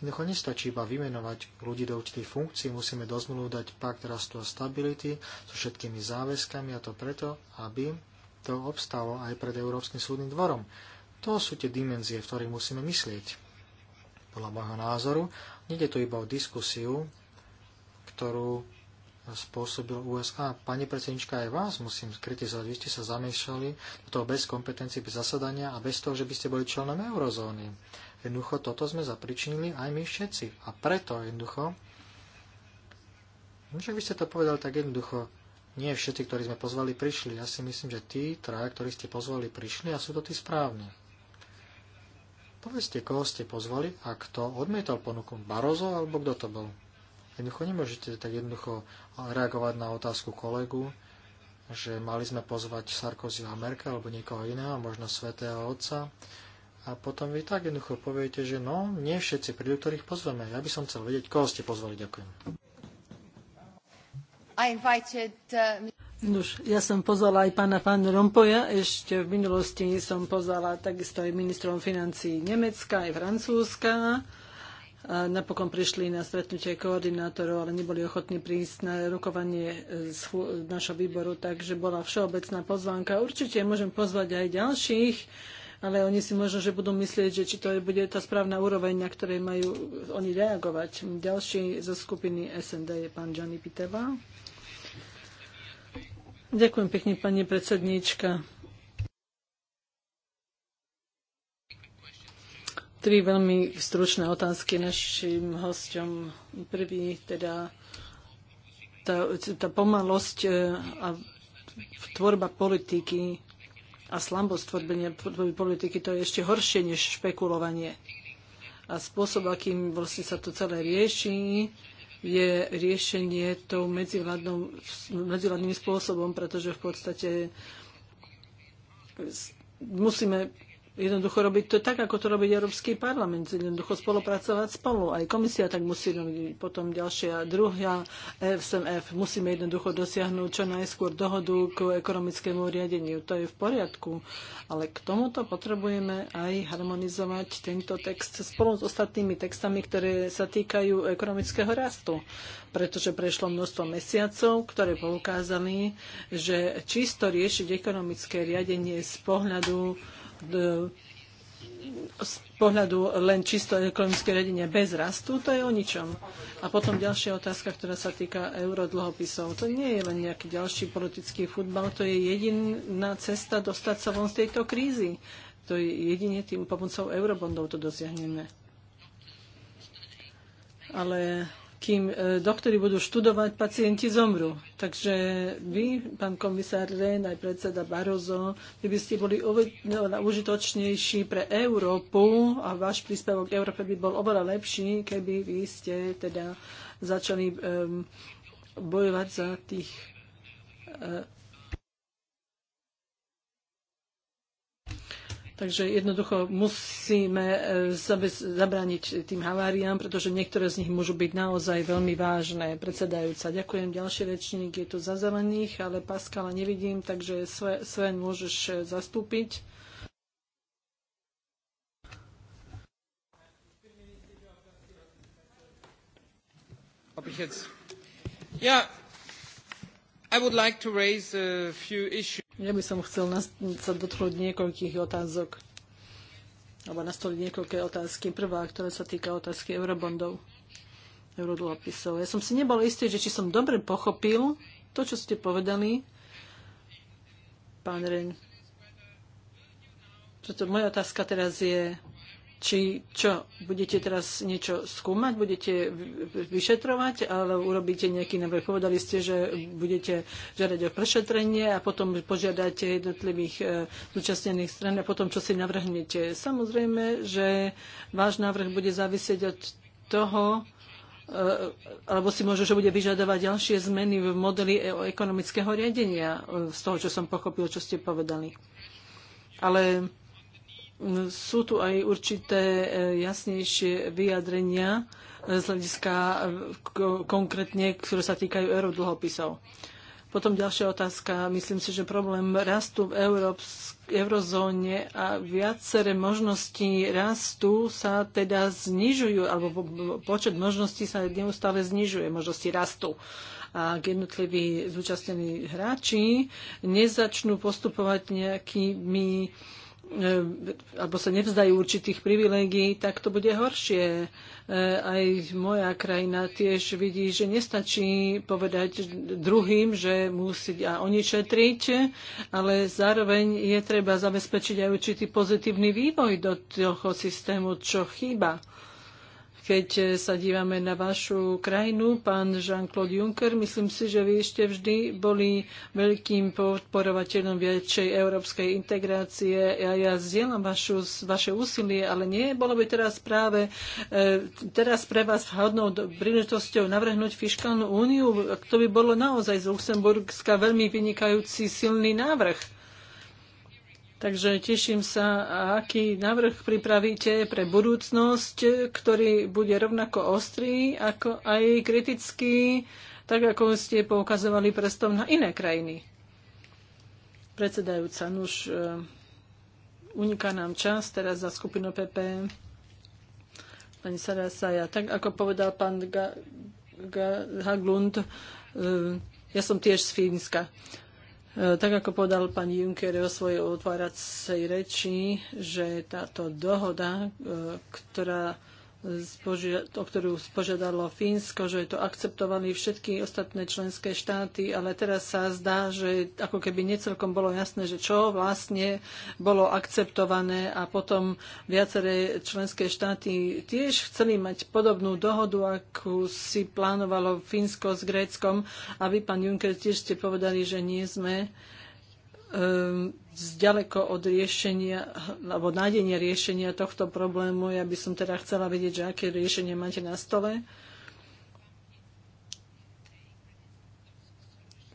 Jednoducho nestačí iba vymenovať ľudí do určitých funkcií, musíme do dať pakt rastu a stability so všetkými záväzkami a to preto, aby to obstalo aj pred Európskym súdnym dvorom. To sú tie dimenzie, v ktorých musíme myslieť. Podľa môjho názoru nejde tu iba o diskusiu, ktorú spôsobil USA. Pani predsednička, aj vás musím kritizovať. Vy ste sa zamiešali do toho bez kompetencií, bez zasadania a bez toho, že by ste boli členom eurozóny. Jednoducho toto sme zapričinili aj my všetci. A preto jednoducho, no však by ste to povedali tak jednoducho, nie všetci, ktorí sme pozvali, prišli. Ja si myslím, že tí traja, ktorí ste pozvali, prišli a sú to tí správni. Povedzte, koho ste pozvali a kto odmietal ponuku. Barozo alebo kto to bol? Jednoducho nemôžete tak jednoducho reagovať na otázku kolegu, že mali sme pozvať Sarkozy a Merkel alebo niekoho iného, možno svätého Otca a potom vy tak jednoducho poviete, že no, nie všetci prídu, ktorých pozveme. Ja by som chcel vedieť, koho ste pozvali. Ďakujem. Uh, Nuž, ja som pozvala aj pána pán Rompoja, ešte v minulosti som pozvala takisto aj ministrom financí Nemecka, aj Francúzska. A napokon prišli na stretnutie koordinátorov, ale neboli ochotní prísť na rokovanie e, z našho výboru, takže bola všeobecná pozvánka. Určite môžem pozvať aj ďalších ale oni si možno, že budú myslieť, že či to bude tá správna úroveň, na ktorej majú oni reagovať. Ďalší zo skupiny SND je pán Gianni Piteva. Ďakujem pekne, pani predsedníčka. tri veľmi stručné otázky našim hosťom. Prvý, teda tá, tá pomalosť e, a tvorba politiky a slabosť tvorbenia politiky, to je ešte horšie než špekulovanie. A spôsob, akým vlastne sa to celé rieši, je riešenie tou medzivládnym spôsobom, pretože v podstate musíme jednoducho robiť to tak, ako to robí Európsky parlament, jednoducho spolupracovať spolu. Aj komisia tak musí robiť. Potom ďalšia, druhá FSMF. Musíme jednoducho dosiahnuť čo najskôr dohodu k ekonomickému riadeniu. To je v poriadku. Ale k tomuto potrebujeme aj harmonizovať tento text spolu s ostatnými textami, ktoré sa týkajú ekonomického rastu. Pretože prešlo množstvo mesiacov, ktoré poukázali, že čisto riešiť ekonomické riadenie z pohľadu E, z pohľadu len čisto ekonomické riadenie bez rastu, to je o ničom. A potom ďalšia otázka, ktorá sa týka eurodlhopisov. To nie je len nejaký ďalší politický futbal, to je jediná cesta dostať sa von z tejto krízy. To je jedine tým pomocou eurobondov to dosiahneme. Ale kým e, doktori budú študovať, pacienti zomru. Takže vy, pán komisár Rehn, aj predseda Barozo, vy by ste boli no, užitočnejší pre Európu a váš príspevok Európe by bol oveľa lepší, keby vy ste teda začali um, bojovať za tých uh, Takže jednoducho musíme e, zabrániť tým haváriám, pretože niektoré z nich môžu byť naozaj veľmi vážne. Predsedajúca, ďakujem. Ďalší rečník je tu za zelených, ale Paskala nevidím, takže Sven môžeš e, zastúpiť. ja, ja by som chcel sa dotknúť niekoľkých otázok alebo nastoliť niekoľké otázky. Prvá, ktorá sa týka otázky eurobondov, eurodlhopisov. Ja som si nebol istý, že či som dobre pochopil to, čo ste povedali, pán Reň. Preto moja otázka teraz je, či čo, budete teraz niečo skúmať, budete vyšetrovať, ale urobíte nejaký návrh. Povedali ste, že budete žiadať o prešetrenie a potom požiadate jednotlivých e, zúčastnených stran a potom čo si navrhnete. Samozrejme, že váš návrh bude závisieť od toho, e, alebo si môže, že bude vyžadovať ďalšie zmeny v modeli e- ekonomického riadenia, z toho, čo som pochopil, čo ste povedali. Ale sú tu aj určité e, jasnejšie vyjadrenia e, z hľadiska e, konkrétne, ktoré sa týkajú eurodlhopisov. Potom ďalšia otázka. Myslím si, že problém rastu v eurozóne a viaceré možnosti rastu sa teda znižujú, alebo počet možností sa neustále znižuje, možnosti rastu a jednotliví zúčastnení hráči nezačnú postupovať nejakými E, alebo sa nevzdajú určitých privilégií, tak to bude horšie. E, aj moja krajina tiež vidí, že nestačí povedať druhým, že musí a oni šetriť, ale zároveň je treba zabezpečiť aj určitý pozitívny vývoj do toho systému, čo chýba. Keď e, sa dívame na vašu krajinu, pán Jean-Claude Juncker, myslím si, že vy ešte vždy boli veľkým podporovateľom väčšej európskej integrácie. Ja, ja zdieľam vašu, vaše úsilie, ale nie bolo by teraz práve e, teraz pre vás vhodnou príležitosťou navrhnúť fiskálnu úniu. To by bolo naozaj z Luxemburska veľmi vynikajúci silný návrh. Takže teším sa, aký návrh pripravíte pre budúcnosť, ktorý bude rovnako ostrý, ako aj kritický, tak ako ste poukazovali prestom na iné krajiny. Predsedajúca, nuž, e, uniká nám čas teraz za skupinu PP. Pani Sarasaja, tak ako povedal pán Ga- Ga- Haglund, e, ja som tiež z Fínska. E, tak ako povedal pán Juncker o svojej otváracej reči, že táto dohoda, e, ktorá o ktorú spožiadalo Fínsko, že to akceptovali všetky ostatné členské štáty, ale teraz sa zdá, že ako keby necelkom bolo jasné, že čo vlastne bolo akceptované a potom viaceré členské štáty tiež chceli mať podobnú dohodu, akú si plánovalo Fínsko s Gréckom a vy, pán Juncker, tiež ste povedali, že nie sme Ehm, zďaleko od riešenia alebo nájdenia riešenia tohto problému. Ja by som teda chcela vedieť, že aké riešenie máte na stole.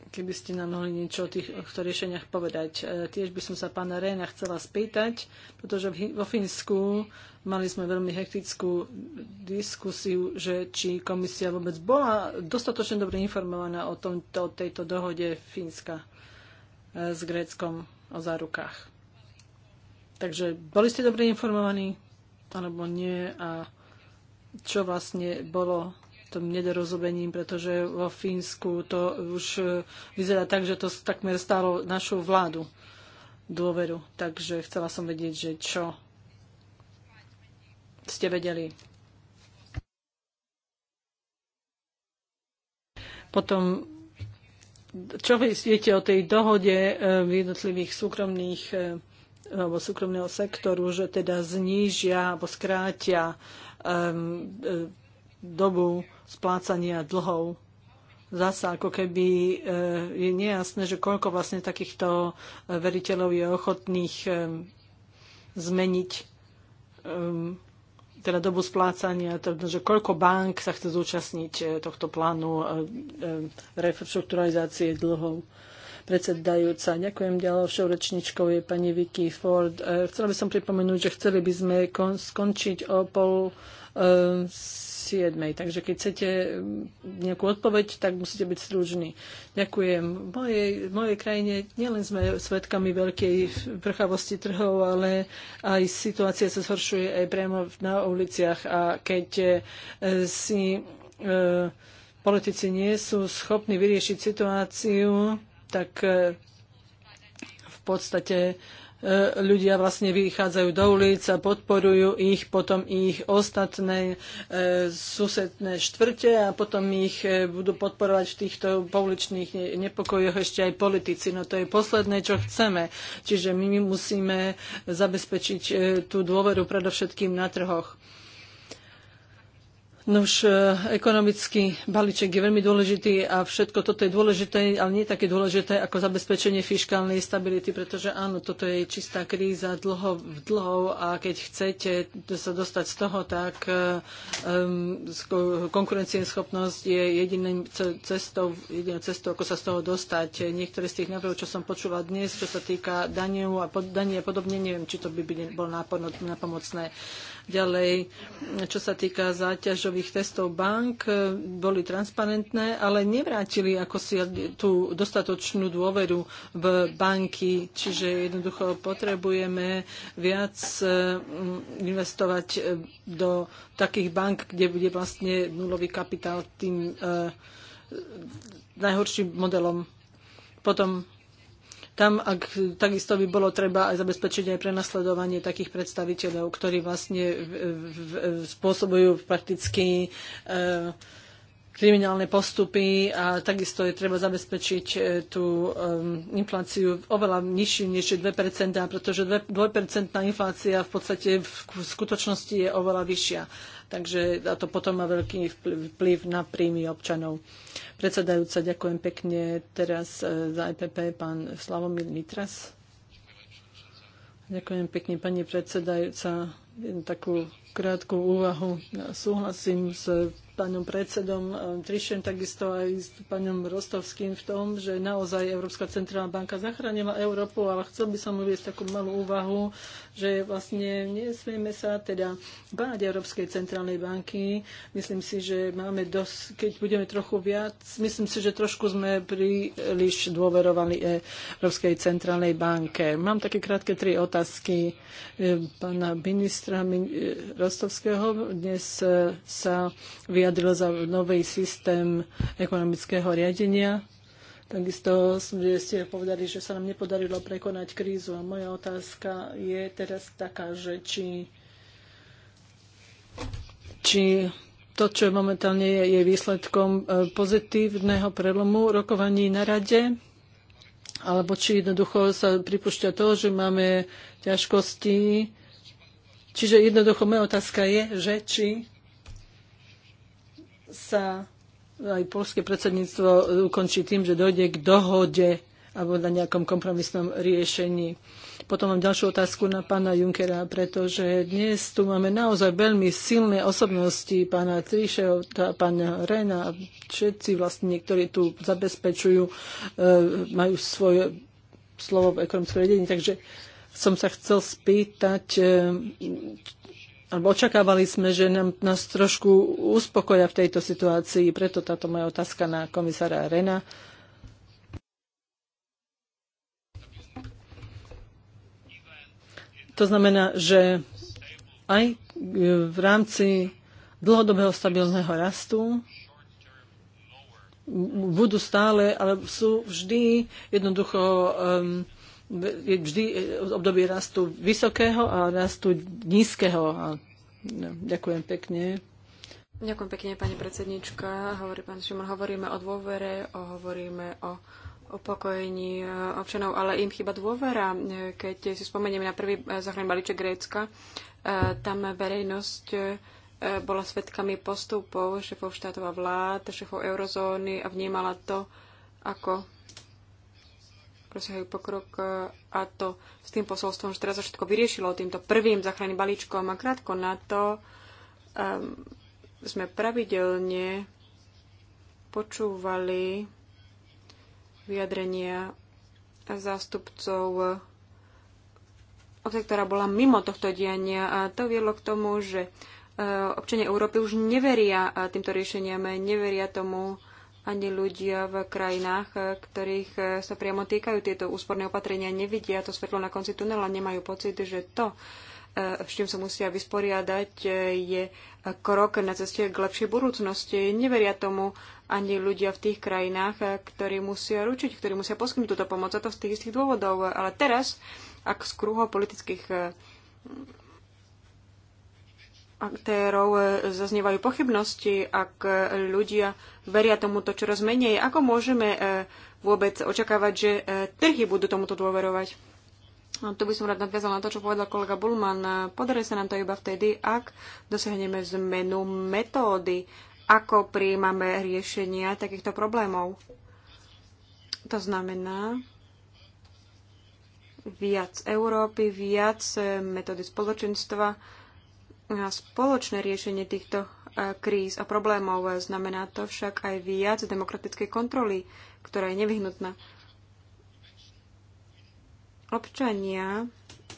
Keby ste nám mohli niečo o týchto riešeniach povedať. Ehm, tiež by som sa pána Réna chcela spýtať, pretože vo Fínsku mali sme veľmi hektickú diskusiu, že či komisia vôbec bola dostatočne dobre informovaná o, tomto, o tejto dohode Fínska. E, s Gréckom o zárukách. Takže boli ste dobre informovaní, alebo nie, a čo vlastne bolo tom nedorozumením, pretože vo Fínsku to už e, vyzerá tak, že to takmer stálo našu vládu dôveru. Takže chcela som vedieť, že čo ste vedeli. Potom čo vy viete o tej dohode eh, v jednotlivých súkromných eh, alebo súkromného sektoru, že teda znížia alebo skrátia um, dobu splácania dlhov zasa ako keby je nejasné, že koľko vlastne takýchto veriteľov je ochotných ehm, zmeniť ehm, teda dobu splácania, teda, že koľko bank sa chce zúčastniť e, tohto plánu e, e, reštrukturalizácie dlhov predsedajúca. Ďakujem ďalšou rečničkou je pani Vicky Ford. Chcela by som pripomenúť, že chceli by sme skončiť o pol 7. Takže keď chcete nejakú odpoveď, tak musíte byť stružní. Ďakujem. V mojej, v mojej krajine nielen sme svedkami veľkej prchavosti trhov, ale aj situácia sa zhoršuje aj priamo na uliciach. A keď e, si e, politici nie sú schopní vyriešiť situáciu, tak e, v podstate e, E, ľudia vlastne vychádzajú do ulic a podporujú ich, potom ich ostatné e, susedné štvrte a potom ich e, budú podporovať v týchto pouličných nepokojoch ešte aj politici. No to je posledné, čo chceme. Čiže my musíme zabezpečiť e, tú dôveru predovšetkým na trhoch. Nuž, e, ekonomický balíček je veľmi dôležitý a všetko toto je dôležité, ale nie také dôležité ako zabezpečenie fiskálnej stability, pretože áno, toto je čistá kríza dlho, dlhov a keď chcete sa dostať z toho, tak um, konkurencieschopnosť je jediným cestou, jedinou cestou, ako sa z toho dostať. Niektoré z tých návrhov, čo som počula dnes, čo sa týka daniu a pod, daní a podobne, neviem, či to by, by bol nápomocné. Ďalej, čo sa týka záťažových testov bank, e, boli transparentné, ale nevrátili ako si tú dostatočnú dôveru v banky, čiže jednoducho potrebujeme viac e, investovať e, do takých bank, kde bude vlastne nulový kapitál tým najhorším modelom. Potom tam ak, takisto by bolo treba aj zabezpečiť aj prenasledovanie takých predstaviteľov, ktorí vlastne v, v, v, spôsobujú prakticky e, kriminálne postupy a takisto je treba zabezpečiť eh, tú eh, infláciu oveľa nižšiu než 2%, pretože 2% inflácia v podstate v skutočnosti je oveľa vyššia. Takže a to potom má veľký vplyv na príjmy občanov. Predsedajúca, ďakujem pekne. Teraz e, za EPP pán Slavomír Nitras. Ďakujem pekne, pani predsedajúca. Jednu takú krátku úvahu. Súhlasím s pánom predsedom e, Trišem, takisto aj s pánom Rostovským v tom, že naozaj Európska centrálna banka zachránila Európu, ale chcel by som uvieť takú malú úvahu, že vlastne nesmieme sa teda báť Európskej centrálnej banky. Myslím si, že máme dosť, keď budeme trochu viac, myslím si, že trošku sme príliš dôverovali Európskej centrálnej banke. Mám také krátke tri otázky e, pána ministra e, Rostovského. Dnes sa vyjadril vyjadril za nový systém ekonomického riadenia. Takisto ste povedali, že sa nám nepodarilo prekonať krízu. A moja otázka je teraz taká, že či, či to, čo momentálne je, je výsledkom e, pozitívneho prelomu rokovaní na rade, alebo či jednoducho sa pripúšťa to, že máme ťažkosti. Čiže jednoducho moja otázka je, že či sa aj polské predsedníctvo ukončí tým, že dojde k dohode alebo na nejakom kompromisnom riešení. Potom mám ďalšiu otázku na pána Junkera, pretože dnes tu máme naozaj veľmi silné osobnosti, pána Trišeho, pána Rena, všetci vlastne niektorí tu zabezpečujú, e, majú svoje slovo v ekonomickom vedení, takže som sa chcel spýtať, e, alebo očakávali sme, že nám, nás trošku uspokoja v tejto situácii, preto táto moja otázka na komisára Rena. To znamená, že aj v rámci dlhodobého stabilného rastu budú stále, ale sú vždy jednoducho um, je vždy e, obdobie rastu vysokého a rastu nízkeho. A, no, ďakujem pekne. Ďakujem pekne, pani predsednička. Hovorí pán Šimon, hovoríme o dôvere, o, hovoríme o upokojení e, občanov, ale im chyba dôvera. E, keď si spomenieme na prvý záchranný balíček Grécka, tam verejnosť bola svetkami postupov šefov štátov a vlád, šefov eurozóny a vnímala to ako dosiahajú pokrok e, a to s tým posolstvom, že teraz sa všetko vyriešilo týmto prvým záchranným balíčkom a krátko na to um, sme pravidelne počúvali vyjadrenia zástupcov obce, ktorá bola mimo tohto diania a to viedlo k tomu, že e, občania Európy už neveria týmto riešeniam, neveria tomu, ani ľudia v krajinách, eh, ktorých eh, sa priamo týkajú tieto úsporné opatrenia, nevidia to svetlo na konci tunela, nemajú pocit, že to, eh, s čím sa musia vysporiadať, je krok na ceste k lepšej budúcnosti. Neveria tomu ani ľudia v tých krajinách, ktorí musia ručiť, ktorí musia poskytnúť túto pomoc, a to z tých istých dôvodov. Ale teraz, ak z kruho politických aktérov e, zaznievajú pochybnosti, ak e, ľudia veria tomuto čoraz menej. Ako môžeme e, vôbec očakávať, že trhy budú tomuto dôverovať? No, tu by som rád nadviazala na to, čo povedal kolega Bulman. Podarí sa nám to iba vtedy, ak dosiahneme zmenu metódy, ako príjmame riešenia takýchto problémov. To znamená viac Európy, viac metódy spoločenstva, na spoločné riešenie týchto e, kríz a problémov. E, znamená to však aj viac demokratickej kontroly, ktorá je nevyhnutná. Občania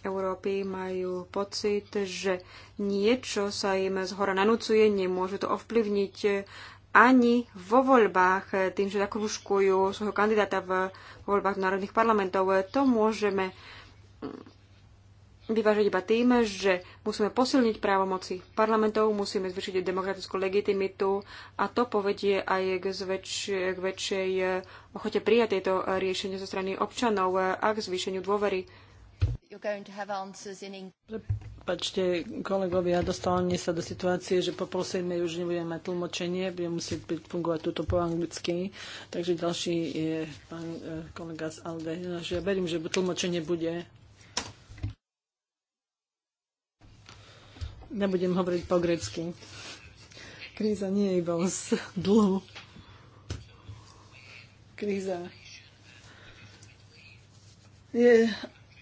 Európy majú pocit, že niečo sa im z hora nanúcuje, nemôžu to ovplyvniť e, ani vo voľbách, tým, že zakružkujú svojho kandidáta v voľbách národných parlamentov. To môžeme vyvážiť iba tým, že musíme posilniť právomoci parlamentov, musíme zvyšiť demokratickú legitimitu a to povedie aj k, zväč- k väčšej eh, ochote prijať tieto eh, riešenie zo strany občanov eh, a k zvýšeniu dôvery. Prepačte, kolegovia, dostávame sa do situácie, že po pol už nebudeme mať tlmočenie, budeme musieť fungovať túto po anglicky. Takže ďalší je pán kolega z Alde. Ja verím, že tlmočenie bude nebudem hovoriť po grecky. Kríza nie je iba z dlhu. Kríza je,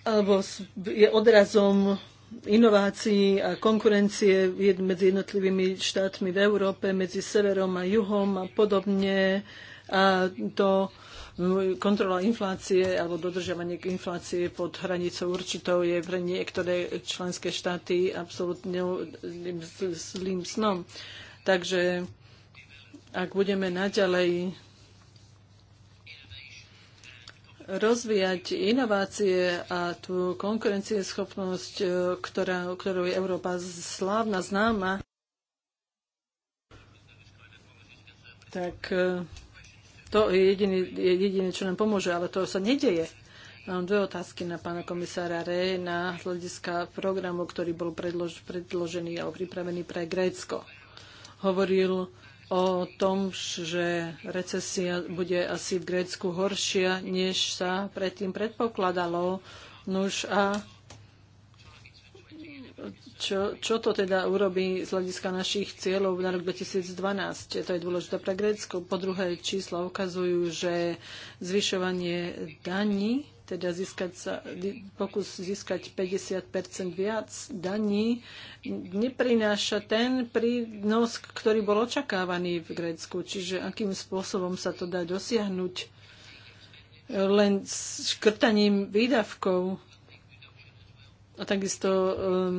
alebo je odrazom inovácií a konkurencie medzi jednotlivými štátmi v Európe, medzi severom a juhom a podobne. A to kontrola inflácie alebo dodržiavanie inflácie pod hranicou určitou je pre niektoré členské štáty absolútne zlým snom. Takže ak budeme naďalej rozvíjať inovácie a tú konkurencieschopnosť, ktorá, ktorou je Európa slávna, známa, tak to je jediné, jediné, čo nám pomôže, ale to sa nedieje. Mám dve otázky na pána komisára Re na hľadiska programu, ktorý bol predlož, predložený a pripravený pre Grécko. Hovoril o tom, že recesia bude asi v Grécku horšia, než sa predtým predpokladalo. Nuž a čo, čo to teda urobí z hľadiska našich cieľov na rok 2012? To je dôležité pre Grécko. Po druhé, čísla ukazujú, že zvyšovanie daní, teda získať sa, pokus získať 50 viac daní, neprináša ten prínos, ktorý bol očakávaný v Grécku. Čiže akým spôsobom sa to dá dosiahnuť len škrtaním výdavkov a takisto um,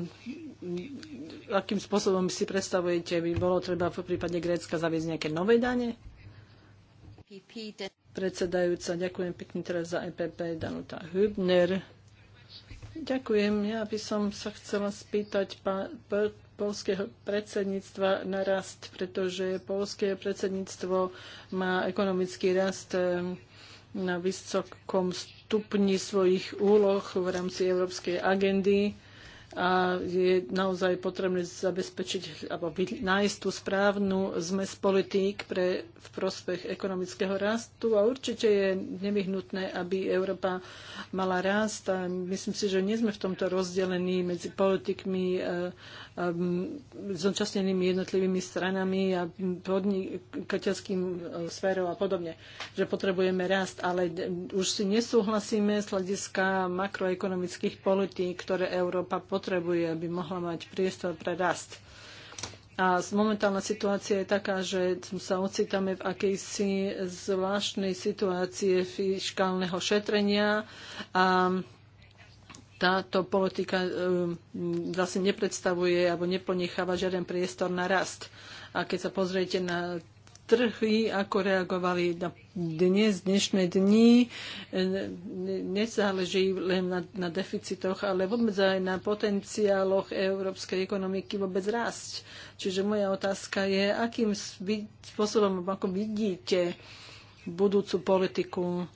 akým spôsobom si predstavujete, by bolo treba v prípade Grécka zaviesť nejaké nové dane? Predsedajúca, ďakujem pekne teraz za EPP, Danuta Hübner. Ďakujem. Ja by som sa chcela spýtať polského predsedníctva na rast, pretože polské predsedníctvo má ekonomický rast eh, na vysokom stupni svojich úloh v rámci európskej agendy a je naozaj potrebné zabezpečiť alebo nájsť tú správnu zmes politík pre, v prospech ekonomického rastu a určite je nevyhnutné, aby Európa mala rast a myslím si, že nie sme v tomto rozdelení medzi politikmi e, Um, zúčastnenými jednotlivými stranami a podnikateľským e, sférou a podobne, že potrebujeme rast, ale už si nesúhlasíme z hľadiska makroekonomických politík, ktoré Európa potrebuje, aby mohla mať priestor pre rast. A momentálna situácia je taká, že sa ocitáme v akejsi zvláštnej situácie fiškálneho šetrenia a táto politika ehm, vlastne nepredstavuje alebo neponecháva žiaden priestor na rast. A keď sa pozriete na trhy, ako reagovali na dnes, dnešné dni, ehm, nezáleží len na, na deficitoch, ale vôbec aj na potenciáloch európskej ekonomiky vôbec rásť. Čiže moja otázka je, akým spôsobom, ako vidíte budúcu politiku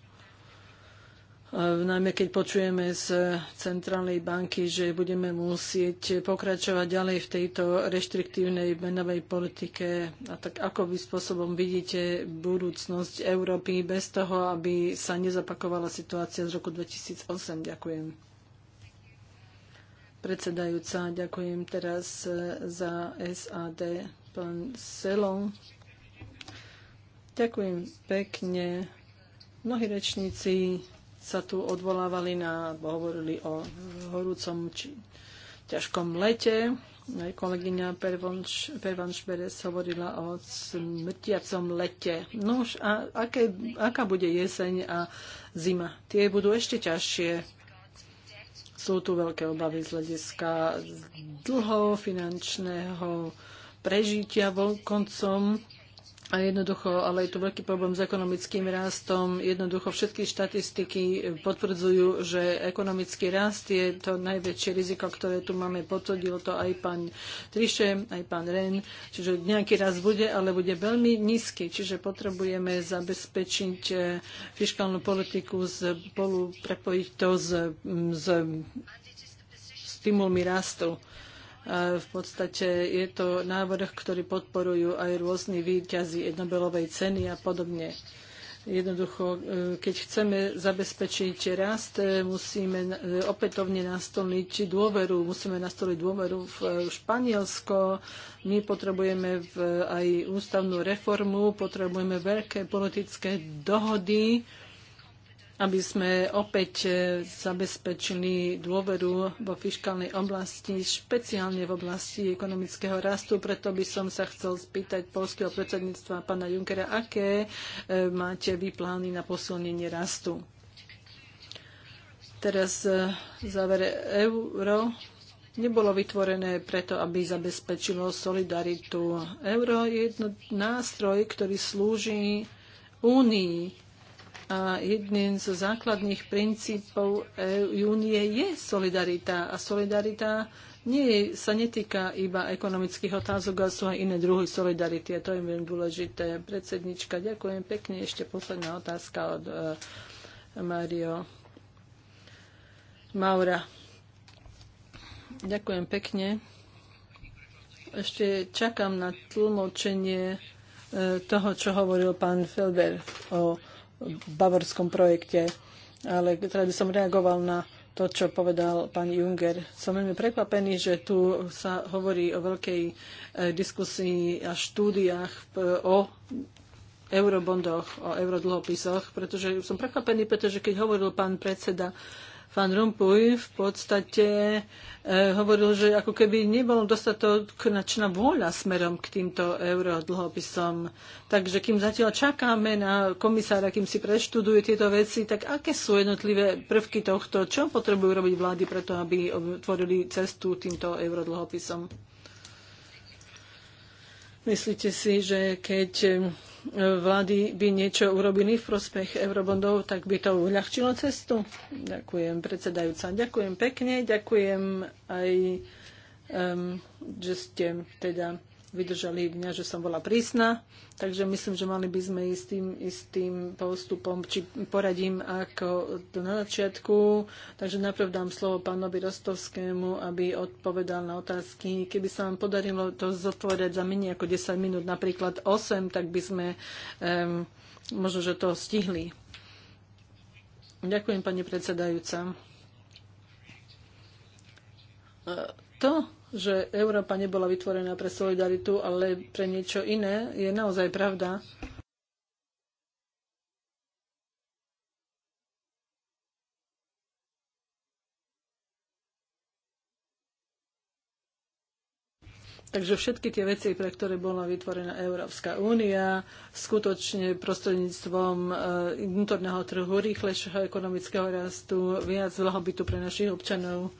najmä keď počujeme z centrálnej banky, že budeme musieť pokračovať ďalej v tejto reštriktívnej menovej politike. A tak ako vy spôsobom vidíte budúcnosť Európy bez toho, aby sa nezapakovala situácia z roku 2008? Ďakujem. Predsedajúca, ďakujem teraz za SAD, pán Selon. Ďakujem pekne. Mnohí rečníci sa tu odvolávali na, hovorili o horúcom či ťažkom lete. Aj kolegyňa Pervanš Beres hovorila o smrtiacom lete. No a aké, aká bude jeseň a zima? Tie budú ešte ťažšie. Sú tu veľké obavy z hľadiska dlho finančného prežitia voľkoncom a jednoducho, ale je tu veľký problém s ekonomickým rastom. Jednoducho všetky štatistiky potvrdzujú, že ekonomický rast je to najväčšie riziko, ktoré tu máme. Potvrdil to aj pán Triše, aj pán Ren. Čiže nejaký rast bude, ale bude veľmi nízky. Čiže potrebujeme zabezpečiť eh, fiskálnu politiku, spolu prepojiť to s, s stimulmi rastu. V podstate je to návrh, ktorý podporujú aj rôzni výťazí Nobelovej ceny a podobne. Jednoducho, e, keď chceme zabezpečiť rast, e, musíme e, opätovne nastoliť dôveru, musíme nastoliť dôveru v Španielsko. My potrebujeme aj ústavnú reformu, potrebujeme veľké politické dohody, aby sme opäť e, zabezpečili dôveru vo fiskálnej oblasti, špeciálne v oblasti ekonomického rastu. Preto by som sa chcel spýtať polského predsedníctva pána Junckera, aké e, máte vy plány na posilnenie rastu. Teraz e, závere euro nebolo vytvorené preto, aby zabezpečilo solidaritu. Euro je jedno nástroj, ktorý slúži únii a jedným zo základných princípov únie e je solidarita. A solidarita nie, sa netýka iba ekonomických otázok, ale sú aj iné druhy solidarity. A to je veľmi dôležité. Predsednička, ďakujem pekne. Ešte posledná otázka od uh, e, Mario Maura. Ďakujem pekne. Ešte čakám na tlmočenie uh, toho, čo hovoril pán Felber o bavorskom projekte. Ale teraz by som reagoval na to, čo povedal pán Junger. Som veľmi prekvapený, že tu sa hovorí o veľkej e, diskusii a štúdiách e, o eurobondoch, o eurodlhopisoch, pretože som prekvapený, pretože keď hovoril pán predseda pán Rumpuj v podstate e, hovoril, že ako keby nebol dostatočná vôľa smerom k týmto eurodlhopisom. Takže kým zatiaľ čakáme na komisára, kým si preštuduje tieto veci, tak aké sú jednotlivé prvky tohto? Čo potrebujú robiť vlády preto, aby otvorili cestu týmto eurodlhopisom? Myslíte si, že keď vlády by niečo urobili v prospech eurobondov, tak by to uľahčilo cestu. Ďakujem, predsedajúca. Ďakujem pekne, ďakujem aj, um, že ste teda vydržali mňa, že som bola prísna, takže myslím, že mali by sme ísť tým istým postupom, či poradím ako na začiatku. Takže najprv dám slovo pánovi Rostovskému, aby odpovedal na otázky. Keby sa vám podarilo to zodpovedať za menej ako 10 minút, napríklad 8, tak by sme um, možno, že to stihli. Ďakujem, pani predsedajúca. E, to, že Európa nebola vytvorená pre solidaritu, ale pre niečo iné, je naozaj pravda. Takže všetky tie veci, pre ktoré bola vytvorená Európska únia, skutočne prostredníctvom e, vnútorného trhu, rýchlejšieho ekonomického rastu, viac blahobytu pre našich občanov,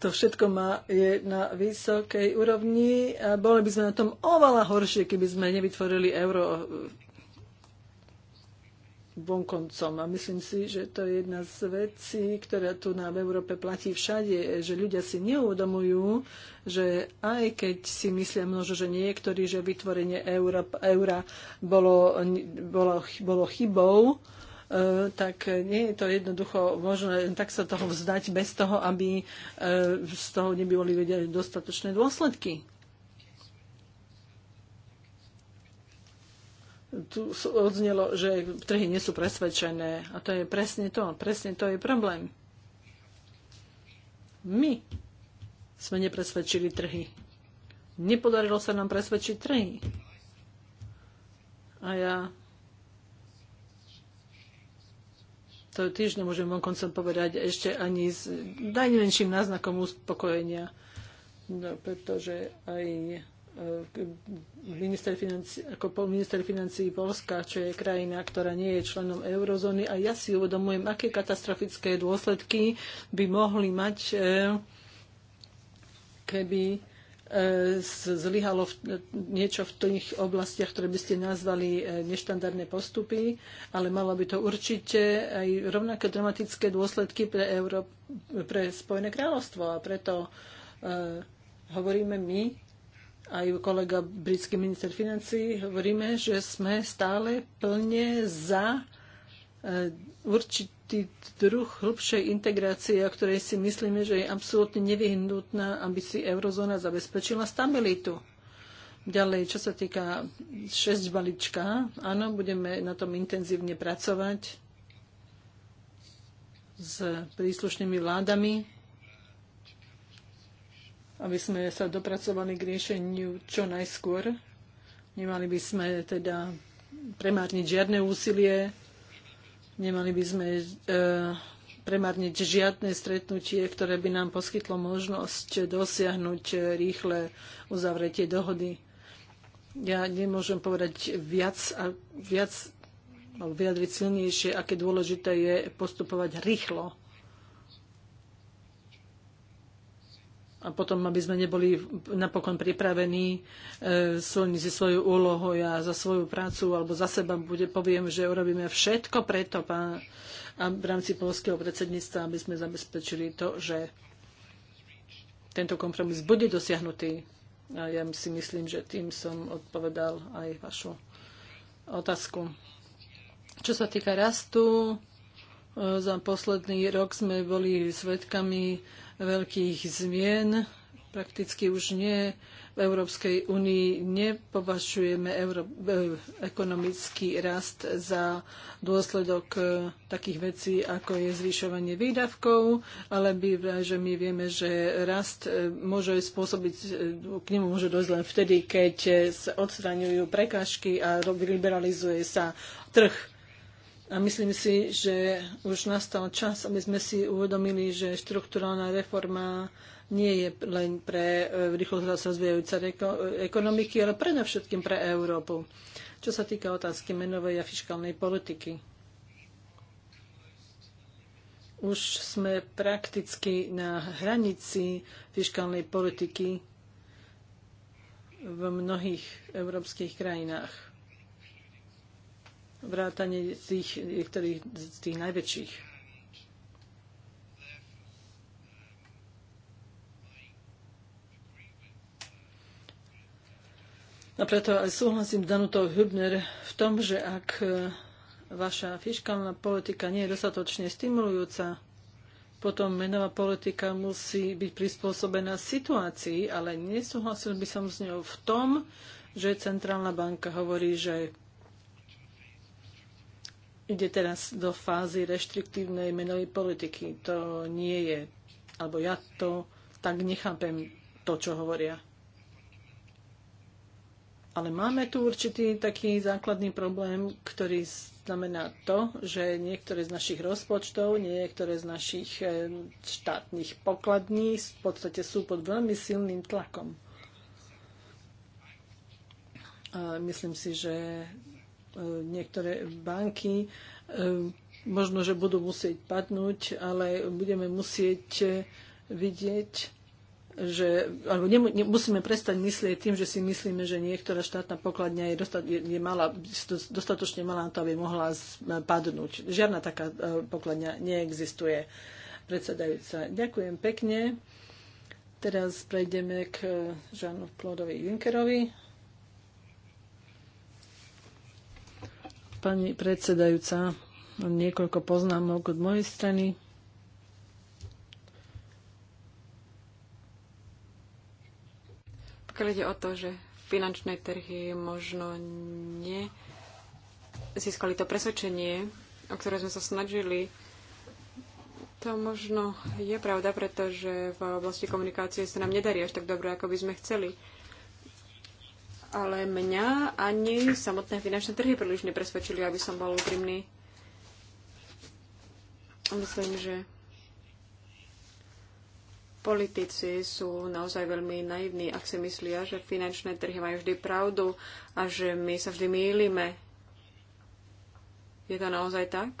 to všetko má, je na vysokej úrovni a boli by sme na tom oveľa horšie, keby sme nevytvorili euro vonkoncom. A myslím si, že to je jedna z vecí, ktorá tu na v Európe platí všade, že ľudia si neuvedomujú, že aj keď si myslia množo, že niektorí, že vytvorenie eura, eura bolo, bolo, bolo chybou, E, tak nie je to jednoducho možné tak sa toho vzdať bez toho, aby e, z toho neboli vedeli dostatočné dôsledky. tu odznelo, že trhy nie sú presvedčené. A to je presne to. Presne to je problém. My sme nepresvedčili trhy. Nepodarilo sa nám presvedčiť trhy. A ja týždňa môžem koncom povedať ešte ani s najmenším náznakom uspokojenia. No, pretože aj e, minister financí, ako minister financí Polska, čo je krajina, ktorá nie je členom eurozóny. A ja si uvedomujem, aké katastrofické dôsledky by mohli mať, e, keby E, zlyhalo niečo v tých oblastiach, ktoré by ste nazvali e, neštandardné postupy, ale malo by to určite aj rovnaké dramatické dôsledky pre, Euró- pre Spojené kráľovstvo. A preto e, hovoríme my, aj kolega britský minister financí, hovoríme, že sme stále plne za E, určitý druh hĺbšej integrácie, o ktorej si myslíme, že je absolútne nevyhnutná, aby si eurozóna zabezpečila stabilitu. Ďalej, čo sa týka 6 balíčka, áno, budeme na tom intenzívne pracovať s príslušnými vládami, aby sme sa dopracovali k riešeniu čo najskôr. Nemali by sme teda premárniť žiadne úsilie Nemali by sme e, premarniť žiadne stretnutie, ktoré by nám poskytlo možnosť dosiahnuť rýchle uzavretie dohody. Ja nemôžem povedať viac a viac alebo vyjadriť silnejšie, aké dôležité je postupovať rýchlo a potom, aby sme neboli napokon pripravení e, si svoju úlohu, ja za svoju prácu alebo za seba bude, poviem, že urobíme všetko preto pán, a v rámci polského predsedníctva, aby sme zabezpečili to, že tento kompromis bude dosiahnutý. A ja si myslím, že tým som odpovedal aj vašu otázku. Čo sa týka rastu, e, za posledný rok sme boli svedkami veľkých zmien. Prakticky už nie v Európskej únii nepovažujeme euro, e, ekonomický rast za dôsledok e, takých vecí, ako je zvyšovanie výdavkov, ale by, že my vieme, že rast e, môže spôsobiť, k nemu môže dojsť len vtedy, keď sa odstraňujú prekážky a liberalizuje sa trh a myslím si, že už nastal čas, aby sme si uvedomili, že štrukturálna reforma nie je len pre e, rýchlo sa rozvíjajúce e, ekonomiky, ale predovšetkým pre Európu. Čo sa týka otázky menovej a fiskálnej politiky. Už sme prakticky na hranici fiskálnej politiky v mnohých európskych krajinách vrátane tých, niektorých z tých najväčších. A preto aj súhlasím Danuto Hübner v tom, že ak e, vaša fiskálna politika nie je dostatočne stimulujúca, potom menová politika musí byť prispôsobená situácii, ale nesúhlasil by som s ňou v tom, že Centrálna banka hovorí, že ide teraz do fázy reštriktívnej menovej politiky. To nie je, alebo ja to tak nechápem to, čo hovoria. Ale máme tu určitý taký základný problém, ktorý znamená to, že niektoré z našich rozpočtov, niektoré z našich eh, štátnych pokladní v podstate sú pod veľmi silným tlakom. A myslím si, že E, niektoré banky e, možno, že budú musieť padnúť, ale budeme musieť vidieť, že, alebo ne, ne, musíme prestať myslieť tým, že si myslíme, že niektorá štátna pokladňa je, dostat, je, je mala, dostatočne malá na to, aby mohla padnúť. Žiadna taká e, pokladňa neexistuje. Predsedajúca, ďakujem pekne. Teraz prejdeme k Žánu Klodovi Junkerovi. Pani predsedajúca, niekoľko poznámok od mojej strany. Pokiaľ ide o to, že finančné trhy možno nie získali to presvedčenie, o ktoré sme sa snažili, to možno je pravda, pretože v oblasti komunikácie sa nám nedarí až tak dobre, ako by sme chceli ale mňa ani samotné finančné trhy príliš nepresvedčili, aby som bol úprimný. Myslím, že politici sú naozaj veľmi naivní, ak si myslia, že finančné trhy majú vždy pravdu a že my sa vždy mýlime. Je to naozaj tak?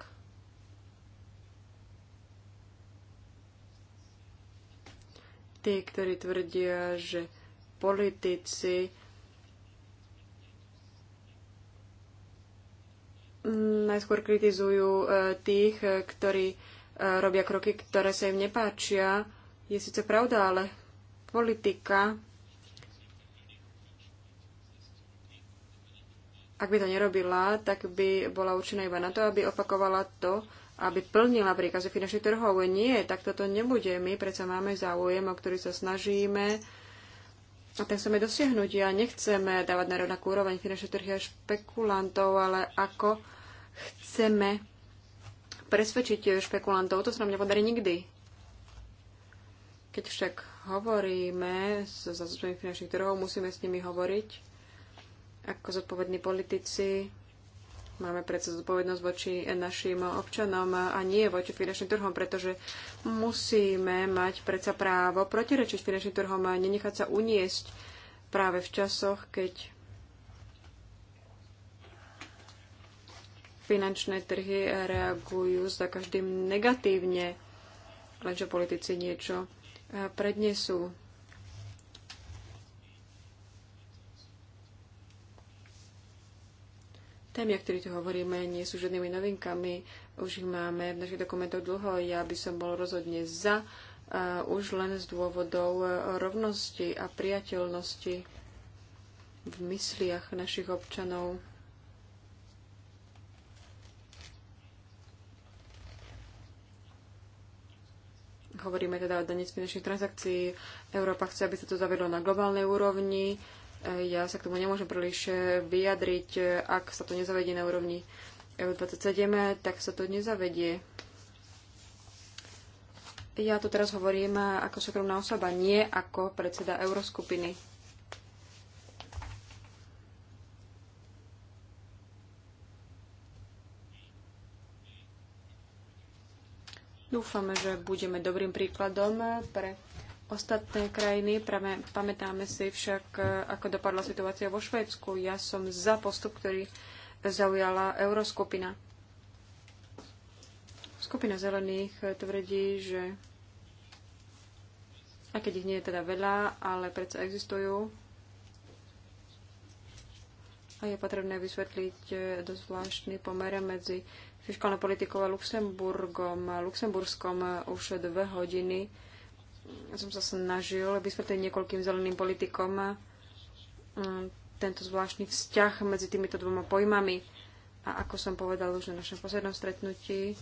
Tí, ktorí tvrdia, že politici najskôr kritizujú e, tých, e, ktorí e, robia kroky, ktoré sa im nepáčia. Je síce pravda, ale politika, ak by to nerobila, tak by bola určená iba na to, aby opakovala to, aby plnila príkazy finančných trhov. Nie, tak toto nebude. My predsa máme záujem, o ktorý sa snažíme. A ten chceme dosiahnuť. Ja nechceme dávať na rovnakú úroveň finančných trhy a špekulantov, ale ako chceme presvedčiť špekulantov, to sa nám nepodarí nikdy. Keď však hovoríme s zástupcami finančných trhov, musíme s nimi hovoriť ako zodpovední politici. Máme predsa zodpovednosť voči našim občanom a nie voči finančným trhom, pretože musíme mať predsa právo protirečiť finančným trhom a nenechať sa uniesť práve v časoch, keď Finančné trhy reagujú za každým negatívne, lenže politici niečo eh, prednesú. Témy, o ktorých tu hovoríme, nie sú žiadnymi novinkami. Už ich máme v našich dokumentoch dlho. Ja by som bol rozhodne za, eh, už len z dôvodov eh, rovnosti a priateľnosti v mysliach našich občanov. Hovoríme teda o daní z finančných transakcií. Európa chce, aby sa to zavedlo na globálnej úrovni. E, ja sa k tomu nemôžem príliš e, vyjadriť. E, ak sa to nezavedie na úrovni EU27, tak sa to nezavedie. Ja tu teraz hovorím ako súkromná osoba, nie ako predseda Euroskupiny. Dúfame, že budeme dobrým príkladom pre ostatné krajiny. Práve pamätáme si však, ako dopadla situácia vo Švédsku. Ja som za postup, ktorý zaujala Euroskupina. Skupina zelených tvrdí, že a keď ich nie je teda veľa, ale predsa existujú. A je potrebné vysvetliť e, dosť zvláštny pomer medzi fiskálne politikové a Luxemburgom, Luxemburskom už dve hodiny som sa snažil vysvetliť niekoľkým zeleným politikom mm, tento zvláštny vzťah medzi týmito dvoma pojmami. A ako som povedal už na našom poslednom stretnutí,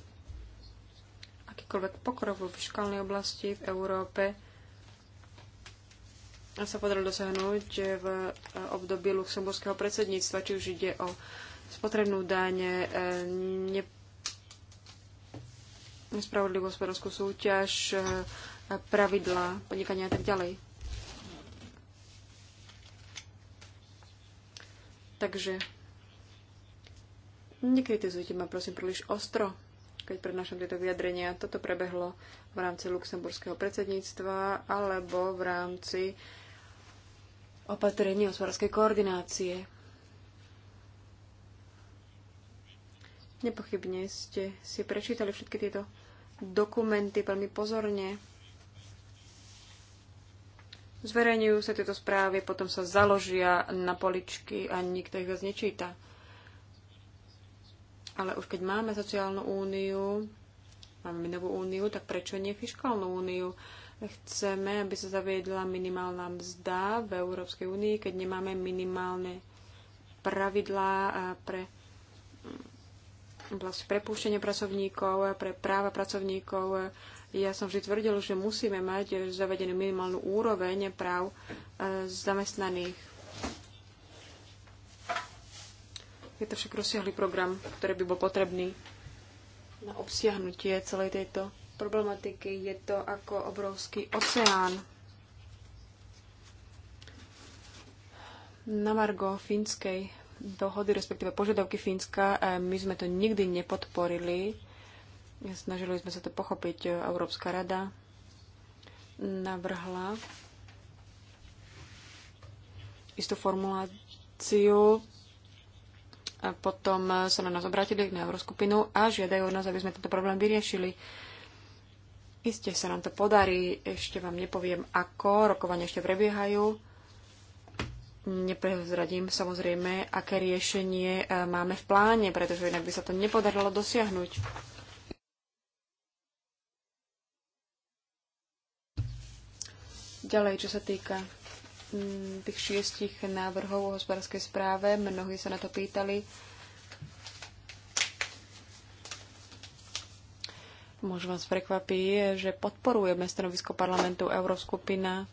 akýkoľvek pokrok vo fiskálnej oblasti v Európe sa podarilo dosiahnuť v období luxemburského predsedníctva, či už ide o spotrebnú daň, e, nespravodlivú hospodárskú súťaž, eh, pravidlá podnikania a tak ďalej. Takže nekritizujte ma prosím príliš ostro, keď prednášam tieto vyjadrenia. Toto prebehlo v rámci luxemburského predsedníctva alebo v rámci opatrení hospodárskej koordinácie. Nepochybne ste si prečítali všetky tieto dokumenty veľmi pozorne. Zverejňujú sa tieto správy, potom sa založia na poličky a nikto ich vás nečíta. Ale už keď máme sociálnu úniu, máme minovú úniu, tak prečo nie fiskálnu úniu? Chceme, aby sa zaviedla minimálna mzda v Európskej únii, keď nemáme minimálne pravidlá eh, pre vlastne prepúšťanie pracovníkov, pre práva pracovníkov. Ja som vždy tvrdil, že musíme mať zavedenú minimálnu úroveň práv e, zamestnaných. Je to však rozsiahly program, ktorý by bol potrebný na obsiahnutie celej tejto problematiky. Je to ako obrovský oceán. Na Margo fínskej dohody, respektíve požiadavky Fínska. My sme to nikdy nepodporili. Snažili sme sa to pochopiť. E, Európska rada navrhla istú formuláciu. A potom e, sa na nás obrátili na Euroskupinu a žiadajú od nás, aby sme tento problém vyriešili. Isté sa nám to podarí, ešte vám nepoviem ako, rokovania ešte prebiehajú neprezradím samozrejme, aké riešenie e, máme v pláne, pretože inak by sa to nepodarilo dosiahnuť. Ďalej, čo sa týka mm, tých šiestich návrhov o hospodárskej správe, mnohí sa na to pýtali. Môžem vás prekvapí, že podporujeme stanovisko parlamentu Euroskupina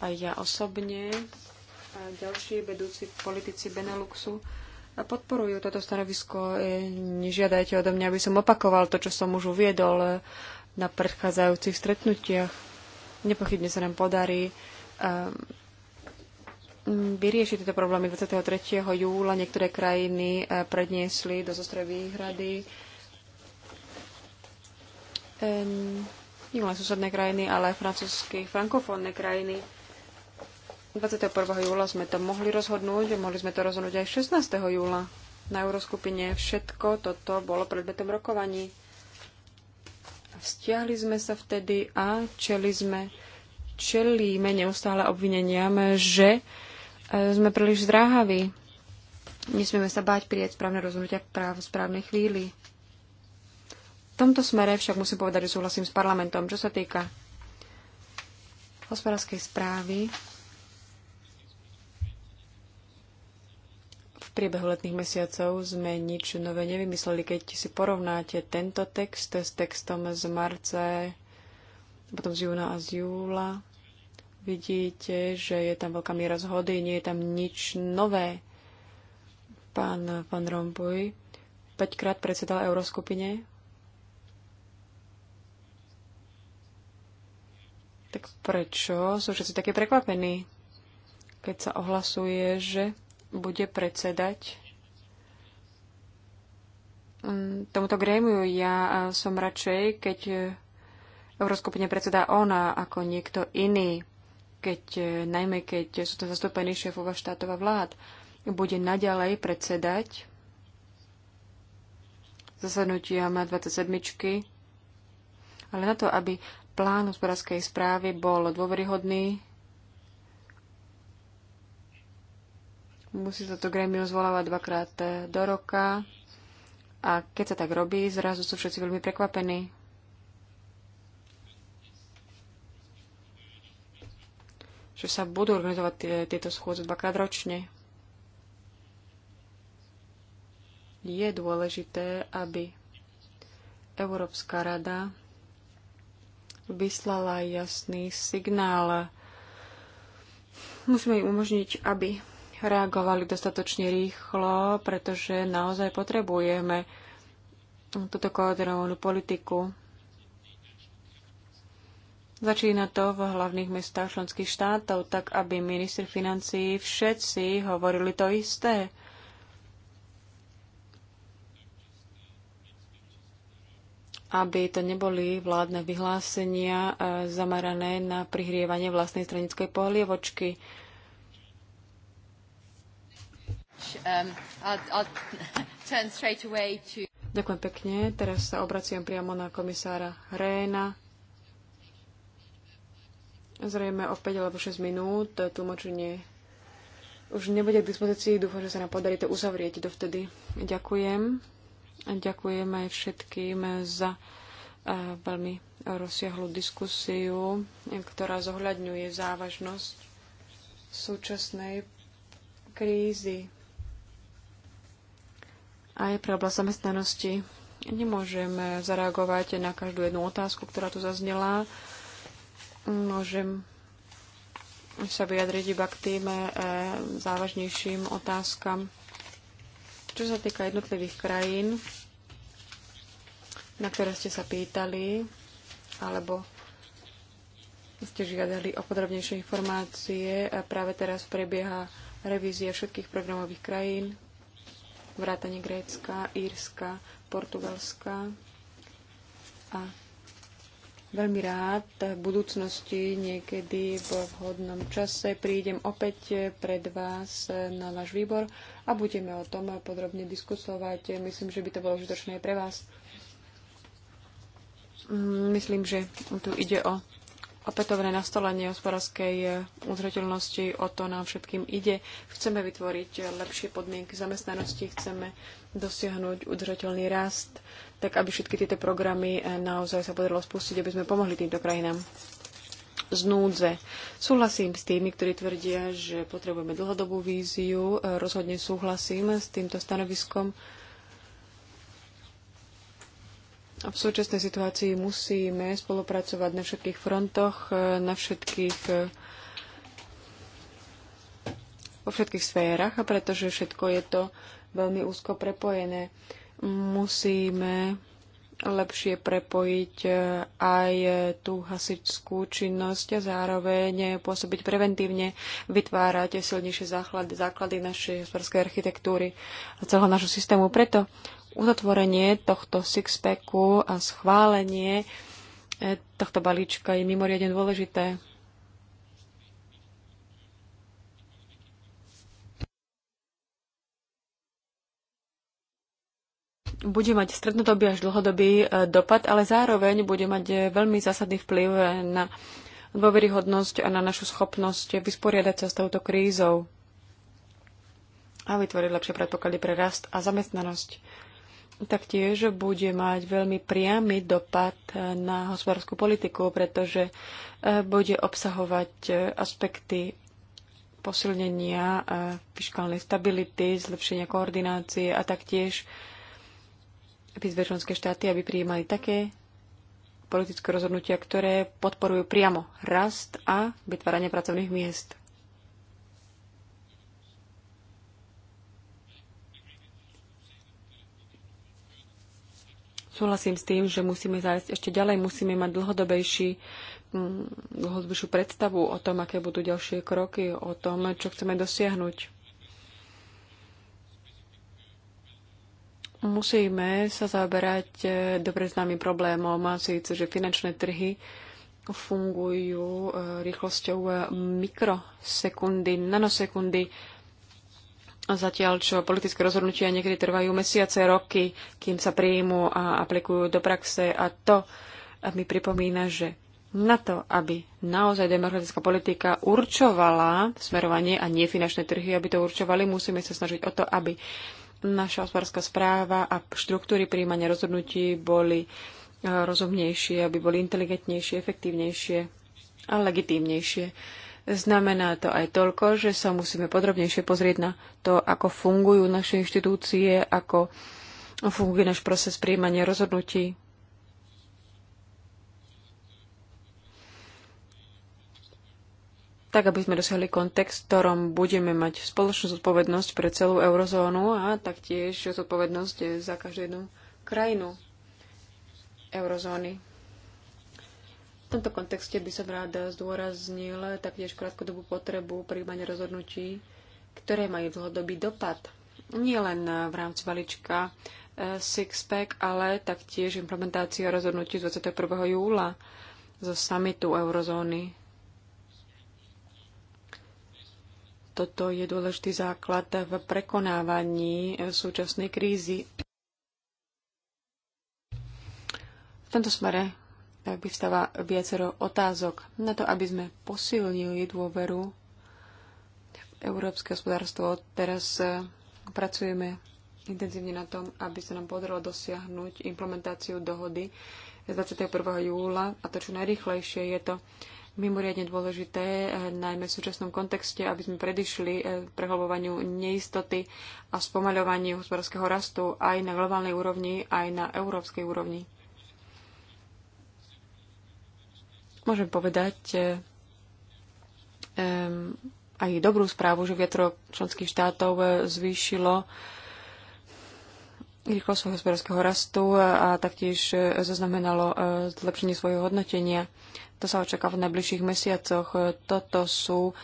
aj ja osobne a ďalší vedúci politici Beneluxu podporujú toto stanovisko. E, nežiadajte odo mňa, aby som opakoval to, čo som už uviedol na predchádzajúcich stretnutiach. Nepochybne sa nám podarí ehm, vyriešiť tieto problémy 23. júla. Niektoré krajiny e, predniesli do zostroje výhrady ehm, len susedné krajiny, ale aj francúzske frankofónne krajiny 21. júla sme to mohli rozhodnúť, mohli sme to rozhodnúť aj 16. júla na Euroskupine. Všetko toto bolo predmetom rokovaní. Vzťahli sme sa vtedy a čeli sme, čelíme neustále obvineniam, že e, sme príliš zdráhaví. Nesmieme sa báť prijať správne rozhodnutia práv v správnej chvíli. V tomto smere však musím povedať, že súhlasím s parlamentom, čo sa týka hospodárskej správy V priebehu letných mesiacov sme nič nové nevymysleli. Keď si porovnáte tento text s textom z marca, potom z júna a z júla, vidíte, že je tam veľká miera zhody, nie je tam nič nové. Pán pán Rompuy 5 krát predsedal Euroskupine. Tak prečo sú všetci také prekvapení, keď sa ohlasuje, že bude predsedať mm, tomuto grémiu. Ja som radšej, keď Euroskupine predseda ona ako niekto iný, keď, e, najmä keď sú to zastúpení šéfova štátov vlád. Bude naďalej predsedať zasadnutiam 27. Ale na to, aby plán hospodárskej správy bol dôveryhodný, Musí sa to gremium zvolávať dvakrát eh, do roka a keď sa tak robí, zrazu sú všetci veľmi prekvapení. že sa budú organizovať tie, tieto schôdze dvakrát ročne. Je dôležité, aby Európska rada vyslala jasný signál. Musíme im umožniť, aby reagovali dostatočne rýchlo, pretože naozaj potrebujeme túto koordinovanú politiku. Začína to v hlavných mestách členských štátov, tak aby ministri financí všetci hovorili to isté. aby to neboli vládne vyhlásenia eh, zamerané na prihrievanie vlastnej stranickej polievočky. Um, I'll, I'll <laughs> turn straight away to... Ďakujem pekne. Teraz sa obraciam priamo na komisára Réna. Zrejme o 5 alebo 6 minút tlmočenie už nebude k dispozícii. Dúfam, že sa nám podarí to uzavrieť dovtedy. Ďakujem. ďakujem aj všetkým za e, veľmi rozsiahlu diskusiu, ktorá zohľadňuje závažnosť súčasnej krízy aj pre oblasť zamestnanosti. Nemôžem zareagovať na každú jednu otázku, ktorá tu zaznela. Môžem sa vyjadriť iba k tým e, závažnejším otázkam. Čo sa týka jednotlivých krajín, na ktoré ste sa pýtali, alebo ste žiadali o podrobnejšie informácie, práve teraz prebieha revízia všetkých programových krajín vrátane Grécka, Írska, Portugalska. A veľmi rád v budúcnosti niekedy v vhodnom čase prídem opäť pred vás na váš výbor a budeme o tom podrobne diskusovať. Myslím, že by to bolo užitočné pre vás. Mm, myslím, že tu ide o opätovné nastolenie hospodárskej eh, udržateľnosti, o to nám všetkým ide. Chceme vytvoriť eh, lepšie podmienky zamestnanosti, chceme dosiahnuť udržateľný rast, tak aby všetky tieto programy eh, naozaj sa podarilo spustiť, aby sme pomohli týmto krajinám z núdze. Súhlasím s tými, ktorí tvrdia, že potrebujeme dlhodobú víziu. Rozhodne súhlasím s týmto stanoviskom v súčasnej situácii musíme spolupracovať na všetkých frontoch, na všetkých vo všetkých sférach a pretože všetko je to veľmi úzko prepojené. Musíme lepšie prepojiť eh, aj tú hasičskú činnosť a zároveň pôsobiť preventívne, vytvárať silnejšie základy, základy našej hospodárskej architektúry a celého nášho systému. Preto Uzatvorenie tohto sixpacku a schválenie e, tohto balíčka je mimoriadne dôležité. bude mať strednodobý až dlhodobý e, dopad, ale zároveň bude mať e, veľmi zásadný vplyv na dôveryhodnosť a na našu schopnosť vysporiadať sa s touto krízou a vytvoriť lepšie predpoklady pre rast a zamestnanosť taktiež bude mať veľmi priamy dopad na hospodárskú politiku, pretože e, bude obsahovať e, aspekty posilnenia e, fiskálnej stability, zlepšenia koordinácie a taktiež vyzve členské štáty, aby prijímali také politické rozhodnutia, ktoré podporujú priamo rast a vytváranie pracovných miest. Súhlasím s tým, že musíme zájsť ešte ďalej, musíme mať dlhodobejší, mm, dlhodobejšiu predstavu o tom, aké budú ďalšie kroky, o tom, čo chceme dosiahnuť. Musíme sa zaoberať eh, dobre známym problémom, a síce, že finančné trhy fungujú eh, rýchlosťou eh, mikrosekundy, nanosekundy Zatiaľ, čo politické rozhodnutia niekedy trvajú mesiace, roky, kým sa príjmú a aplikujú do praxe a to mi pripomína, že na to, aby naozaj demokratická politika určovala smerovanie a nie finančné trhy, aby to určovali, musíme sa snažiť o to, aby naša hospodárska správa a štruktúry príjmania rozhodnutí boli eh, rozumnejšie, aby boli inteligentnejšie, efektívnejšie a legitímnejšie. Znamená to aj toľko, že sa musíme podrobnejšie pozrieť na to, ako fungujú naše inštitúcie, ako funguje náš proces príjmania rozhodnutí. tak aby sme dosiahli kontext, v ktorom budeme mať spoločnú zodpovednosť pre celú eurozónu a taktiež zodpovednosť za každú jednu krajinu eurozóny. V tomto kontexte by som rád zdôraznil taktiež krátkodobú potrebu príjmania rozhodnutí, ktoré majú dlhodobý dopad. Nie len v rámci balíčka e, Sixpack, ale taktiež implementácia rozhodnutí z 21. júla zo samitu eurozóny. Toto je dôležitý základ v prekonávaní e, súčasnej krízy. V tomto smere vyvstáva viacero otázok. Na to, aby sme posilnili dôveru v európske hospodárstvo, teraz e, pracujeme intenzívne na tom, aby sa nám podarilo dosiahnuť implementáciu dohody z 21. júla a to čo najrychlejšie je to mimoriadne dôležité, e, najmä v súčasnom kontexte, aby sme predišli e, prehlbovaniu neistoty a spomaľovaniu hospodárskeho rastu aj na globálnej úrovni, aj na európskej úrovni. môžem povedať um, aj dobrú správu, že viacero členských štátov e, zvýšilo rýchlosť hospodárskeho rastu a taktiež e, zaznamenalo zlepšenie svojho hodnotenia. To sa očakáva v najbližších mesiacoch. Toto sú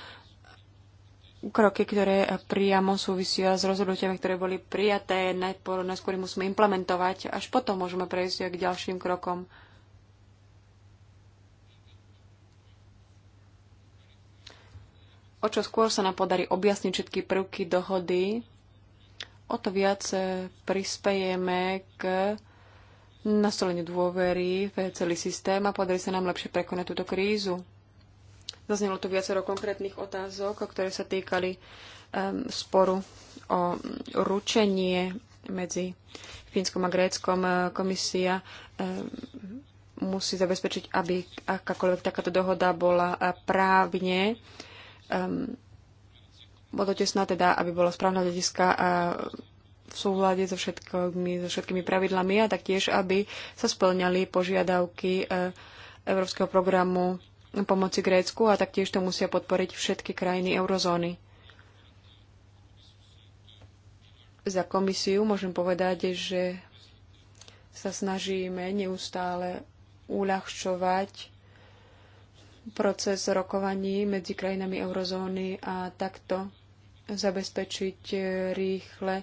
kroky, ktoré priamo súvisia s rozhodnutiami, ktoré boli prijaté. najskôr musíme implementovať, až potom môžeme prejsť k ďalším krokom. o čo skôr sa nám podarí objasniť všetky prvky dohody, o to viac e, prispejeme k nastoleniu dôvery v celý systém a podarí sa nám lepšie prekonať túto krízu. Zaznelo tu viacero konkrétnych otázok, ktoré sa týkali um, sporu o ručenie medzi Fínskom a Gréckom. E, komisia um, musí zabezpečiť, aby akákoľvek takáto dohoda bola e, právne um, bolo tesná teda, aby bolo správna hľadiska a v súhľade so všetkými, so všetkými pravidlami a taktiež, aby sa splňali požiadavky e, Európskeho programu pomoci Grécku a taktiež to musia podporiť všetky krajiny eurozóny. Za komisiu môžem povedať, že sa snažíme neustále uľahčovať proces rokovaní medzi krajinami eurozóny a takto zabezpečiť rýchle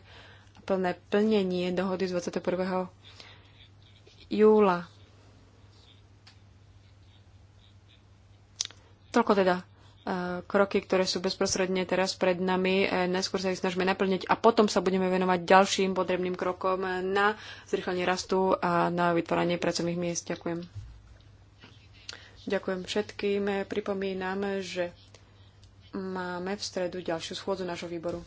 a plné plnenie dohody z 21. júla. Toľko teda e, kroky, ktoré sú bezprostredne teraz pred nami. E, najskôr sa ich snažíme naplniť a potom sa budeme venovať ďalším potrebným krokom na zrychlenie rastu a na vytváranie pracovných miest. Ďakujem. Ďakujem všetkým. Pripomínam, že máme v stredu ďalšiu schôdzu nášho výboru.